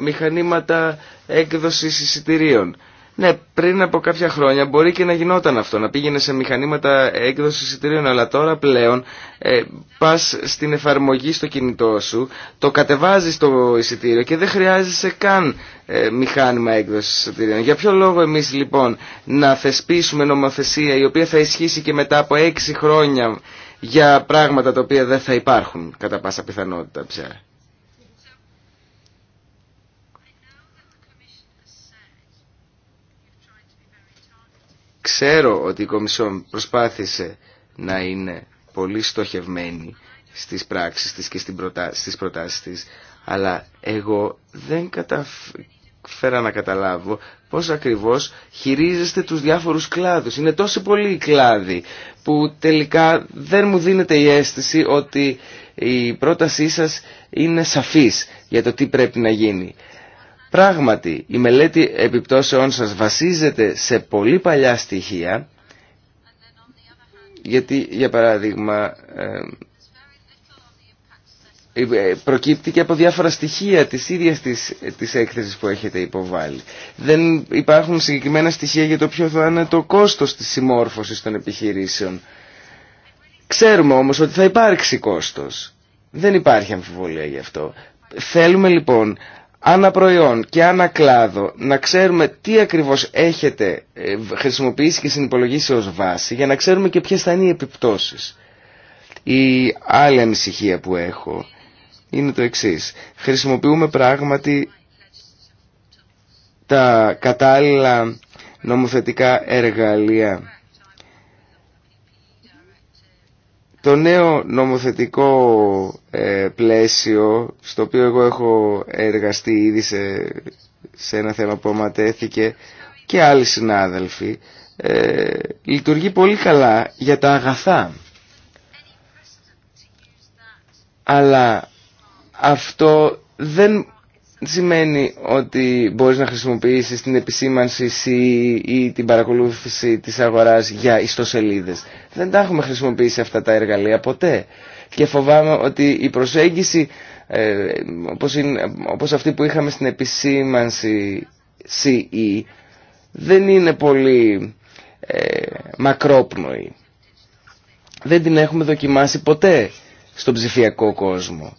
Speaker 2: μηχανήματα έκδοσης εισιτηρίων. Ναι, πριν από κάποια χρόνια μπορεί και να γινόταν αυτό, να πήγαινε σε μηχανήματα έκδοση εισιτηρίων, αλλά τώρα πλέον ε, πα στην εφαρμογή στο κινητό σου, το κατεβάζει το εισιτήριο και δεν χρειάζεσαι καν ε, μηχάνημα έκδοση εισιτηρίων. Για ποιο λόγο εμεί λοιπόν να θεσπίσουμε νομοθεσία η οποία θα ισχύσει και μετά από έξι χρόνια για πράγματα τα οποία δεν θα υπάρχουν κατά πάσα πιθανότητα πια. Ξέρω ότι η Κομισιόν προσπάθησε να είναι πολύ στοχευμένη στις πράξεις της και στις προτάσεις της, αλλά εγώ δεν καταφέρα να καταλάβω πώς ακριβώς χειρίζεστε τους διάφορους κλάδους. Είναι τόσο πολλοί οι κλάδοι που τελικά δεν μου δίνεται η αίσθηση ότι η πρότασή σας είναι σαφής για το τι πρέπει να γίνει. Πράγματι, η μελέτη επιπτώσεών σας βασίζεται σε πολύ παλιά στοιχεία, γιατί, για παράδειγμα, ε, ε, προκύπτει και από διάφορα στοιχεία της ίδιας της, της έκθεσης που έχετε υποβάλει. Δεν υπάρχουν συγκεκριμένα στοιχεία για το ποιο θα είναι το κόστος της συμμόρφωσης των επιχειρήσεων. Ξέρουμε όμως ότι θα υπάρξει κόστος. Δεν υπάρχει αμφιβολία γι' αυτό. Θέλουμε λοιπόν Άνα προϊόν και άνα κλάδο να ξέρουμε τι ακριβώς έχετε ε, χρησιμοποιήσει και συνυπολογίσει ως βάση για να ξέρουμε και ποιες θα είναι οι επιπτώσεις. Η άλλη ανησυχία που έχω είναι το εξής. Χρησιμοποιούμε πράγματι τα κατάλληλα νομοθετικά εργαλεία Το νέο νομοθετικό ε, πλαίσιο, στο οποίο εγώ έχω εργαστεί ήδη σε, ένα θέμα που αματέθηκε και άλλοι συνάδελφοι, ε, λειτουργεί πολύ καλά για τα αγαθά. Αλλά αυτό δεν δεν σημαίνει ότι μπορείς να χρησιμοποιήσεις την επισήμανση ή την παρακολούθηση της αγοράς για ιστοσελίδες. Δεν τα έχουμε χρησιμοποιήσει αυτά τα εργαλεία ποτέ. Και φοβάμαι ότι η προσέγγιση ε, όπως, αυτή που είχαμε στην επισήμανση CE δεν είναι πολύ ε, μακρόπνοη. Δεν την έχουμε δοκιμάσει ποτέ στον ψηφιακό κόσμο.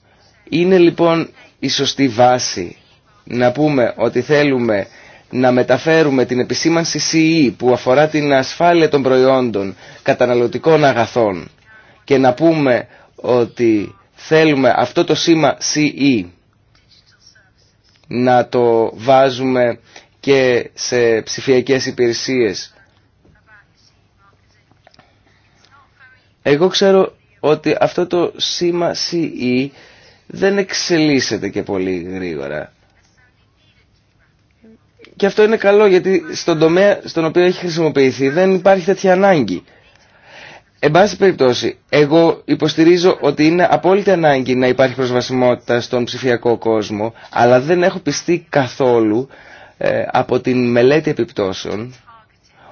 Speaker 2: Είναι λοιπόν η σωστή βάση. Να πούμε ότι θέλουμε να μεταφέρουμε την επισήμανση CE που αφορά την ασφάλεια των προϊόντων καταναλωτικών αγαθών και να πούμε ότι θέλουμε αυτό το σήμα CE να το βάζουμε και σε ψηφιακές υπηρεσίες. Εγώ ξέρω ότι αυτό το σήμα CE δεν εξελίσσεται και πολύ γρήγορα. Και αυτό είναι καλό γιατί στον τομέα στον οποίο έχει χρησιμοποιηθεί δεν υπάρχει τέτοια ανάγκη. Εν πάση περιπτώσει, εγώ υποστηρίζω ότι είναι απόλυτη ανάγκη να υπάρχει προσβασιμότητα στον ψηφιακό κόσμο, αλλά δεν έχω πιστεί καθόλου ε, από την μελέτη επιπτώσεων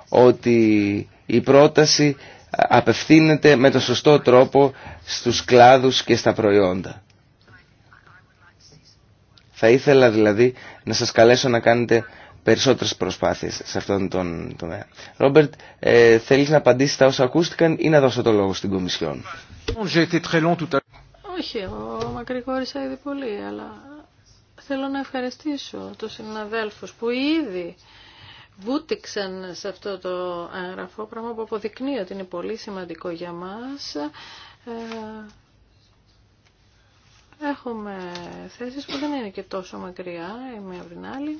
Speaker 2: ότι η πρόταση απευθύνεται με το σωστό τρόπο στους κλάδους και στα προϊόντα. Θα ήθελα δηλαδή να σας καλέσω να κάνετε περισσότερες προσπάθειες σε αυτόν τον τομέα. Ρόμπερτ, ε, θέλεις να απαντήσεις τα όσα ακούστηκαν ή να δώσω το λόγο στην Κομισιόν.
Speaker 3: Όχι, ο μακρηγόρησα ήδη πολύ, αλλά θέλω να ευχαριστήσω τους συναδέλφους που ήδη βούτυξαν σε αυτό το έγγραφο, πράγμα που αποδεικνύει ότι είναι πολύ σημαντικό για μας. Ε, Έχουμε θέσεις που δεν είναι και τόσο μακριά η μία από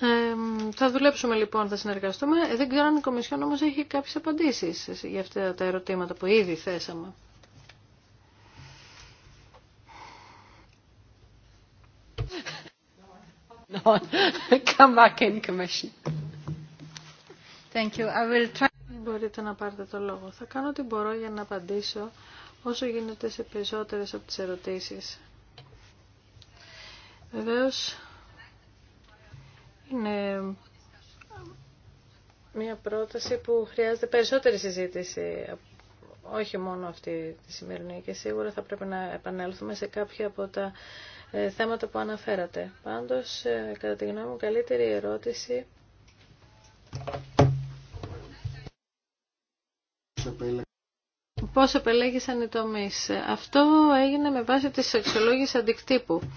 Speaker 3: Ε, θα δουλέψουμε λοιπόν, θα συνεργαστούμε. Δεν ξέρω αν η Κομισιόν όμως έχει κάποιες απαντήσεις για αυτά τα ερωτήματα που ήδη θέσαμε. Come back in, Commission. Thank you. I will μπορείτε να πάρετε το λόγο. Θα κάνω ό,τι μπορώ για να απαντήσω όσο γίνεται σε περισσότερες από τις ερωτήσεις. Βεβαίω, είναι μια πρόταση που χρειάζεται περισσότερη συζήτηση, όχι μόνο αυτή τη σημερινή και σίγουρα θα πρέπει να επανέλθουμε σε κάποια από τα ε, θέματα που αναφέρατε. Πάντως, ε, κατά τη γνώμη μου, καλύτερη ερώτηση πώς επελέγησαν οι τομείς. Αυτό έγινε με βάση της αξιολογηση αντικτυπου αντικτύπου.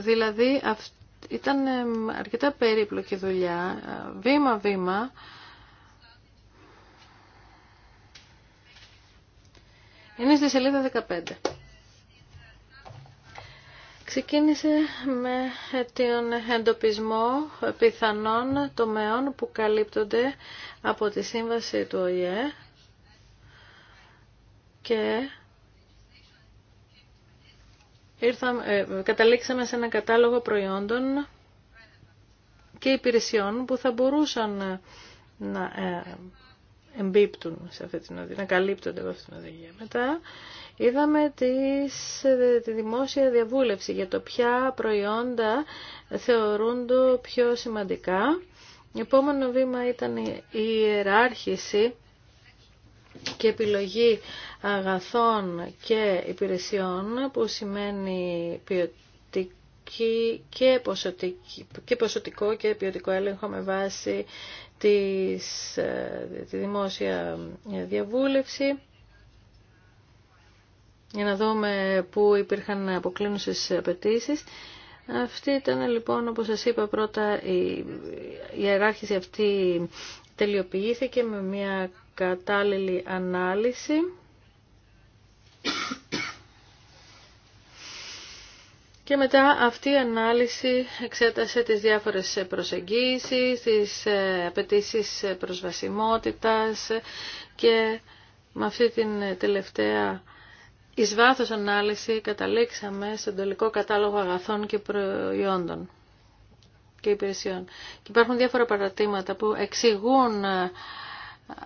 Speaker 3: Δηλαδή ήταν ε, αρκετά περίπλοκη δουλειά, ε, βήμα-βήμα. Είναι στη σελίδα 15. Ξεκίνησε με τον εντοπισμό πιθανών τομέων που καλύπτονται από τη σύμβαση του ΟΗΕ και ήρθαμε, ε, καταλήξαμε σε ένα κατάλογο προϊόντων και υπηρεσιών που θα μπορούσαν να ε, εμπίπτουν σε αυτή την να καλύπτονται από αυτή την οδηγία. Μετά Είδαμε τις, ε, τη δημόσια διαβούλευση για το ποια προϊόντα θεωρούνται πιο σημαντικά. Επόμενο βήμα ήταν η ιεράρχηση και επιλογή αγαθών και υπηρεσιών που σημαίνει ποιοτική και, και ποσοτικό και ποιοτικό έλεγχο με βάση της, ε, τη δημόσια διαβούλευση για να δούμε πού υπήρχαν αποκλίνουσες απαιτήσει. Αυτή ήταν λοιπόν όπως σας είπα πρώτα η ιεράρχηση αυτή τελειοποιήθηκε με μια κατάλληλη ανάλυση. Και μετά αυτή η ανάλυση εξέτασε τις διάφορες προσεγγίσεις, τις ε, απαιτήσει προσβασιμότητας και με αυτή την τελευταία εις βάθος ανάλυση καταλήξαμε στον τελικό κατάλογο αγαθών και προϊόντων και υπηρεσιών. Και υπάρχουν διάφορα παρατήματα που εξηγούν ε,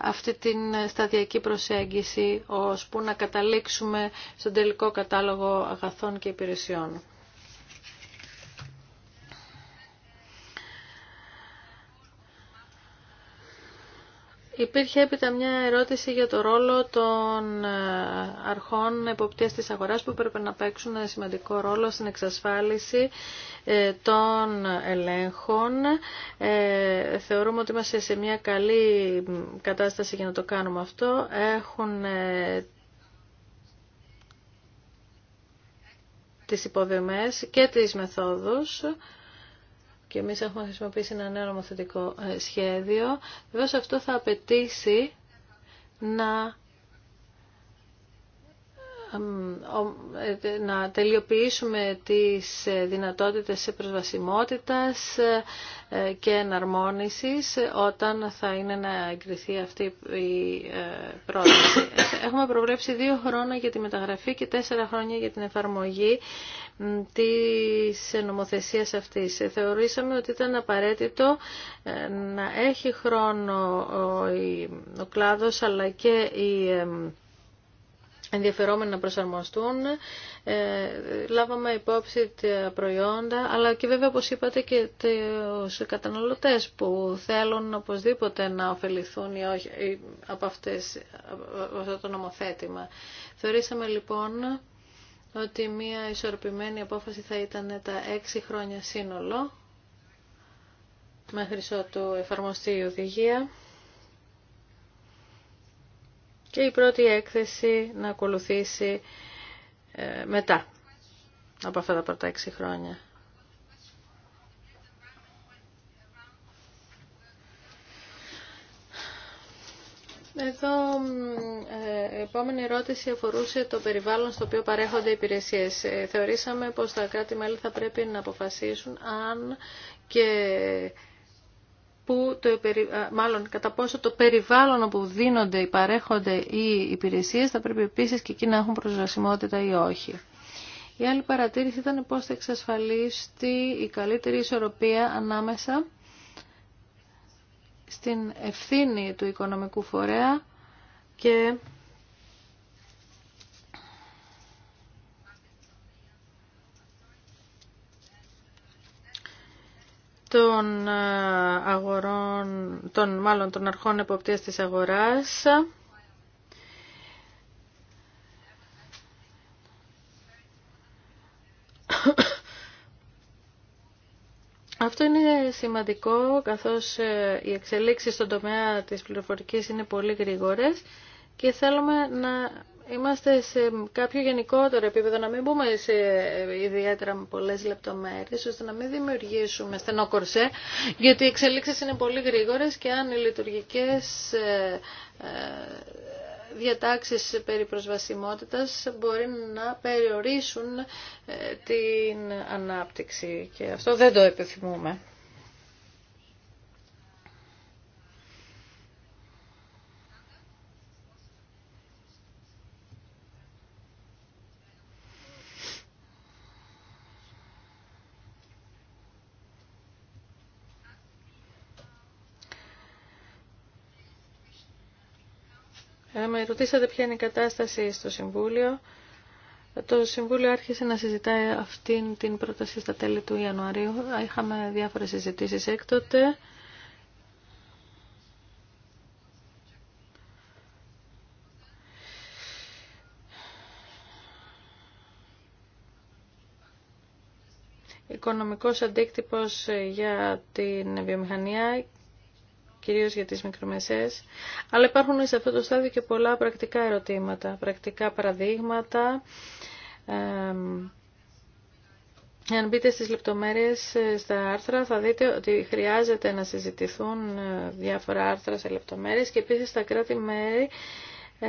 Speaker 3: αυτή την σταδιακή προσέγγιση ώσπου να καταλήξουμε στον τελικό κατάλογο αγαθών και υπηρεσιών. Υπήρχε έπειτα μια ερώτηση για το ρόλο των ε, αρχών εποπτείας της αγοράς που πρέπει να παίξουν ένα σημαντικό ρόλο στην εξασφάλιση ε, των ελέγχων. Ε, θεωρούμε ότι είμαστε σε μια καλή κατάσταση για να το κάνουμε αυτό. Έχουν τις υποδομές και τις μεθόδους και εμείς έχουμε χρησιμοποιήσει ένα νέο νομοθετικό ε, σχέδιο, Βεβαίως αυτό θα απαιτήσει να ε, να τελειοποιήσουμε τις ε, δυνατότητες προσβασιμότητας ε, και εναρμόνισης όταν θα είναι να εγκριθεί αυτή η πρόταση. Έχουμε προβλέψει δύο χρόνια για τη μεταγραφή και τέσσερα χρόνια για την εφαρμογή της νομοθεσίας αυτής. Θεωρήσαμε ότι ήταν απαραίτητο να έχει χρόνο ο κλάδος αλλά και η ενδιαφερόμενοι να προσαρμοστούν. Ε, λάβαμε υπόψη τα προϊόντα, αλλά και βέβαια όπως είπατε και τους καταναλωτές που θέλουν οπωσδήποτε να ωφεληθούν ή όχι, ή από, αυτές, από αυτό το νομοθέτημα. Θεωρήσαμε λοιπόν ότι μια ισορροπημένη απόφαση θα ήταν τα έξι χρόνια σύνολο μέχρι ότου εφαρμοστεί η οδηγία και η πρώτη έκθεση να ακολουθήσει ε, μετά από αυτά τα πρώτα έξι χρόνια. Εδώ ε, η επόμενη ερώτηση αφορούσε το περιβάλλον στο οποίο παρέχονται οι υπηρεσίες. Ε, θεωρήσαμε πως τα κράτη-μέλη θα πρέπει να αποφασίσουν αν και που το, μάλλον κατά πόσο το περιβάλλον όπου δίνονται ή παρέχονται οι υπηρεσίες θα πρέπει επίσης και εκεί να έχουν προσβασιμότητα ή όχι. Η άλλη παρατήρηση ήταν πώς θα εξασφαλίσει η καλύτερη ισορροπία ανάμεσα στην ευθύνη του οικονομικού φορέα και των ε, αγορών, των, μάλλον των αρχών εποπτείας της αγοράς. Αυτό είναι σημαντικό καθώς ε, οι εξελίξεις στον τομέα της πληροφορικής είναι πολύ γρήγορες και θέλουμε να είμαστε σε κάποιο γενικότερο επίπεδο, να μην μπούμε σε ιδιαίτερα με πολλές λεπτομέρειες, ώστε να μην δημιουργήσουμε στενό κορσέ, γιατί οι εξελίξεις είναι πολύ γρήγορες και αν οι λειτουργικές ε, ε, διατάξεις περί προσβασιμότητας μπορεί να περιορίσουν ε, την ανάπτυξη και αυτό δεν το επιθυμούμε. ρωτήσατε ποια είναι η κατάσταση στο Συμβούλιο. Το Συμβούλιο άρχισε να συζητάει αυτήν την πρόταση στα τέλη του Ιανουαρίου. Είχαμε διάφορες συζητήσεις έκτοτε. Οικονομικός αντίκτυπος για την βιομηχανία κυρίως για τις μικρομεσαίες, αλλά υπάρχουν σε αυτό το στάδιο και πολλά πρακτικά ερωτήματα, πρακτικά παραδείγματα. Αν μπείτε στις λεπτομέρειες ε, στα άρθρα θα δείτε ότι χρειάζεται να συζητηθούν ε, διάφορα άρθρα σε λεπτομέρειες και επίσης στα κράτη-μέρη ε,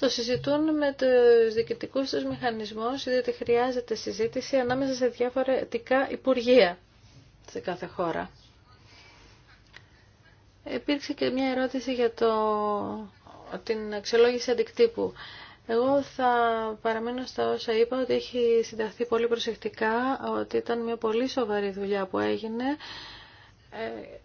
Speaker 3: το συζητούν με τους διοικητικούς τους μηχανισμούς, διότι χρειάζεται συζήτηση ανάμεσα σε διαφορετικά υπουργεία σε κάθε χώρα. Υπήρξε και μια ερώτηση για το, την αξιολόγηση αντικτύπου. Εγώ θα παραμείνω στα όσα είπα ότι έχει συνταχθεί πολύ προσεκτικά, ότι ήταν μια πολύ σοβαρή δουλειά που έγινε ε,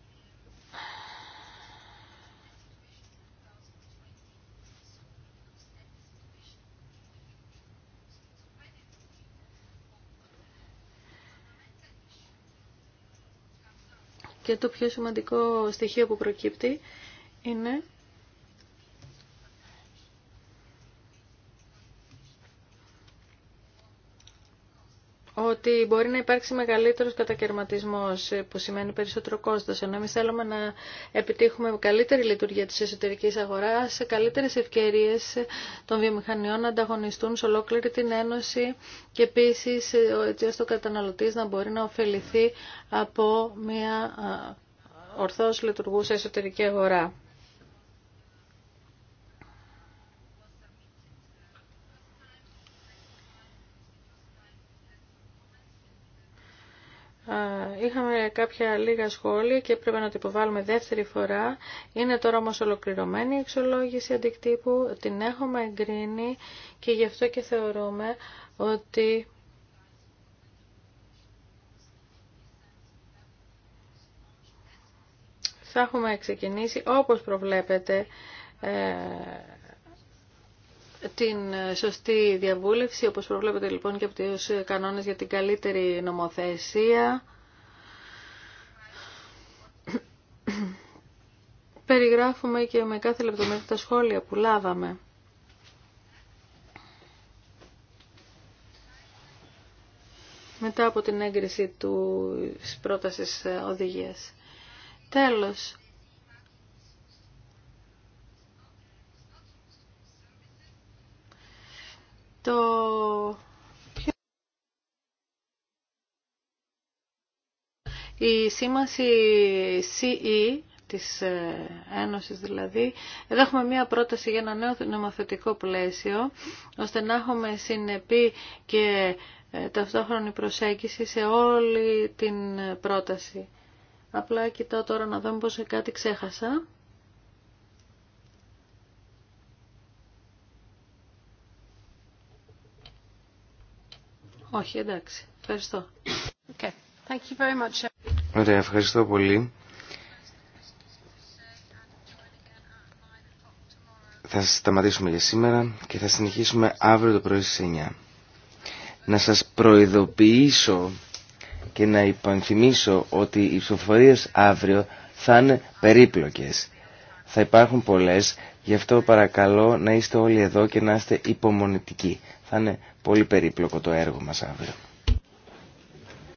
Speaker 3: Και το πιο σημαντικό στοιχείο που προκύπτει είναι ότι μπορεί να υπάρξει μεγαλύτερος κατακαιρματισμός που σημαίνει περισσότερο κόστος ενώ εμείς θέλουμε να επιτύχουμε καλύτερη λειτουργία της εσωτερικής αγοράς καλύτερες ευκαιρίες των βιομηχανιών να ανταγωνιστούν σε ολόκληρη την Ένωση και επίσης ε, έτσι ώστε ο καταναλωτής να μπορεί να ωφεληθεί από μια ορθώς λειτουργούσα εσωτερική αγορά. Είχαμε κάποια λίγα σχόλια και έπρεπε να το υποβάλουμε δεύτερη φορά. Είναι τώρα όμως ολοκληρωμένη η εξολόγηση αντικτύπου, την έχουμε εγκρίνει και γι' αυτό και θεωρούμε ότι θα έχουμε ξεκινήσει όπως προβλέπετε ε, την ε, σωστή διαβούλευση, όπως προβλέπετε λοιπόν και από τους ε, κανόνες για την καλύτερη νομοθεσία. Περιγράφουμε και με κάθε λεπτομέρεια τα σχόλια που λάβαμε. μετά από την έγκριση του πρότασης ε, οδηγίας. Τέλος, το η σήμανση CE της ε, Ένωσης δηλαδή. Εδώ έχουμε μία πρόταση για ένα νέο νομοθετικό πλαίσιο, ώστε να έχουμε συνεπή και ε, ταυτόχρονη προσέγγιση σε όλη την πρόταση. Απλά κοιτάω τώρα να δω πώς κάτι ξέχασα. Όχι, εντάξει. Ευχαριστώ. Okay. Thank you very much.
Speaker 2: Ωραία, ευχαριστώ πολύ. Θα σταματήσουμε για σήμερα και θα συνεχίσουμε αύριο το πρωί στις 9. Να σας προειδοποιήσω και να υπενθυμίσω ότι οι ψηφοφορίες αύριο θα είναι περίπλοκες. Θα υπάρχουν πολλές, γι' αυτό παρακαλώ να είστε όλοι εδώ και να είστε υπομονητικοί. Θα είναι πολύ περίπλοκο το έργο μας αύριο.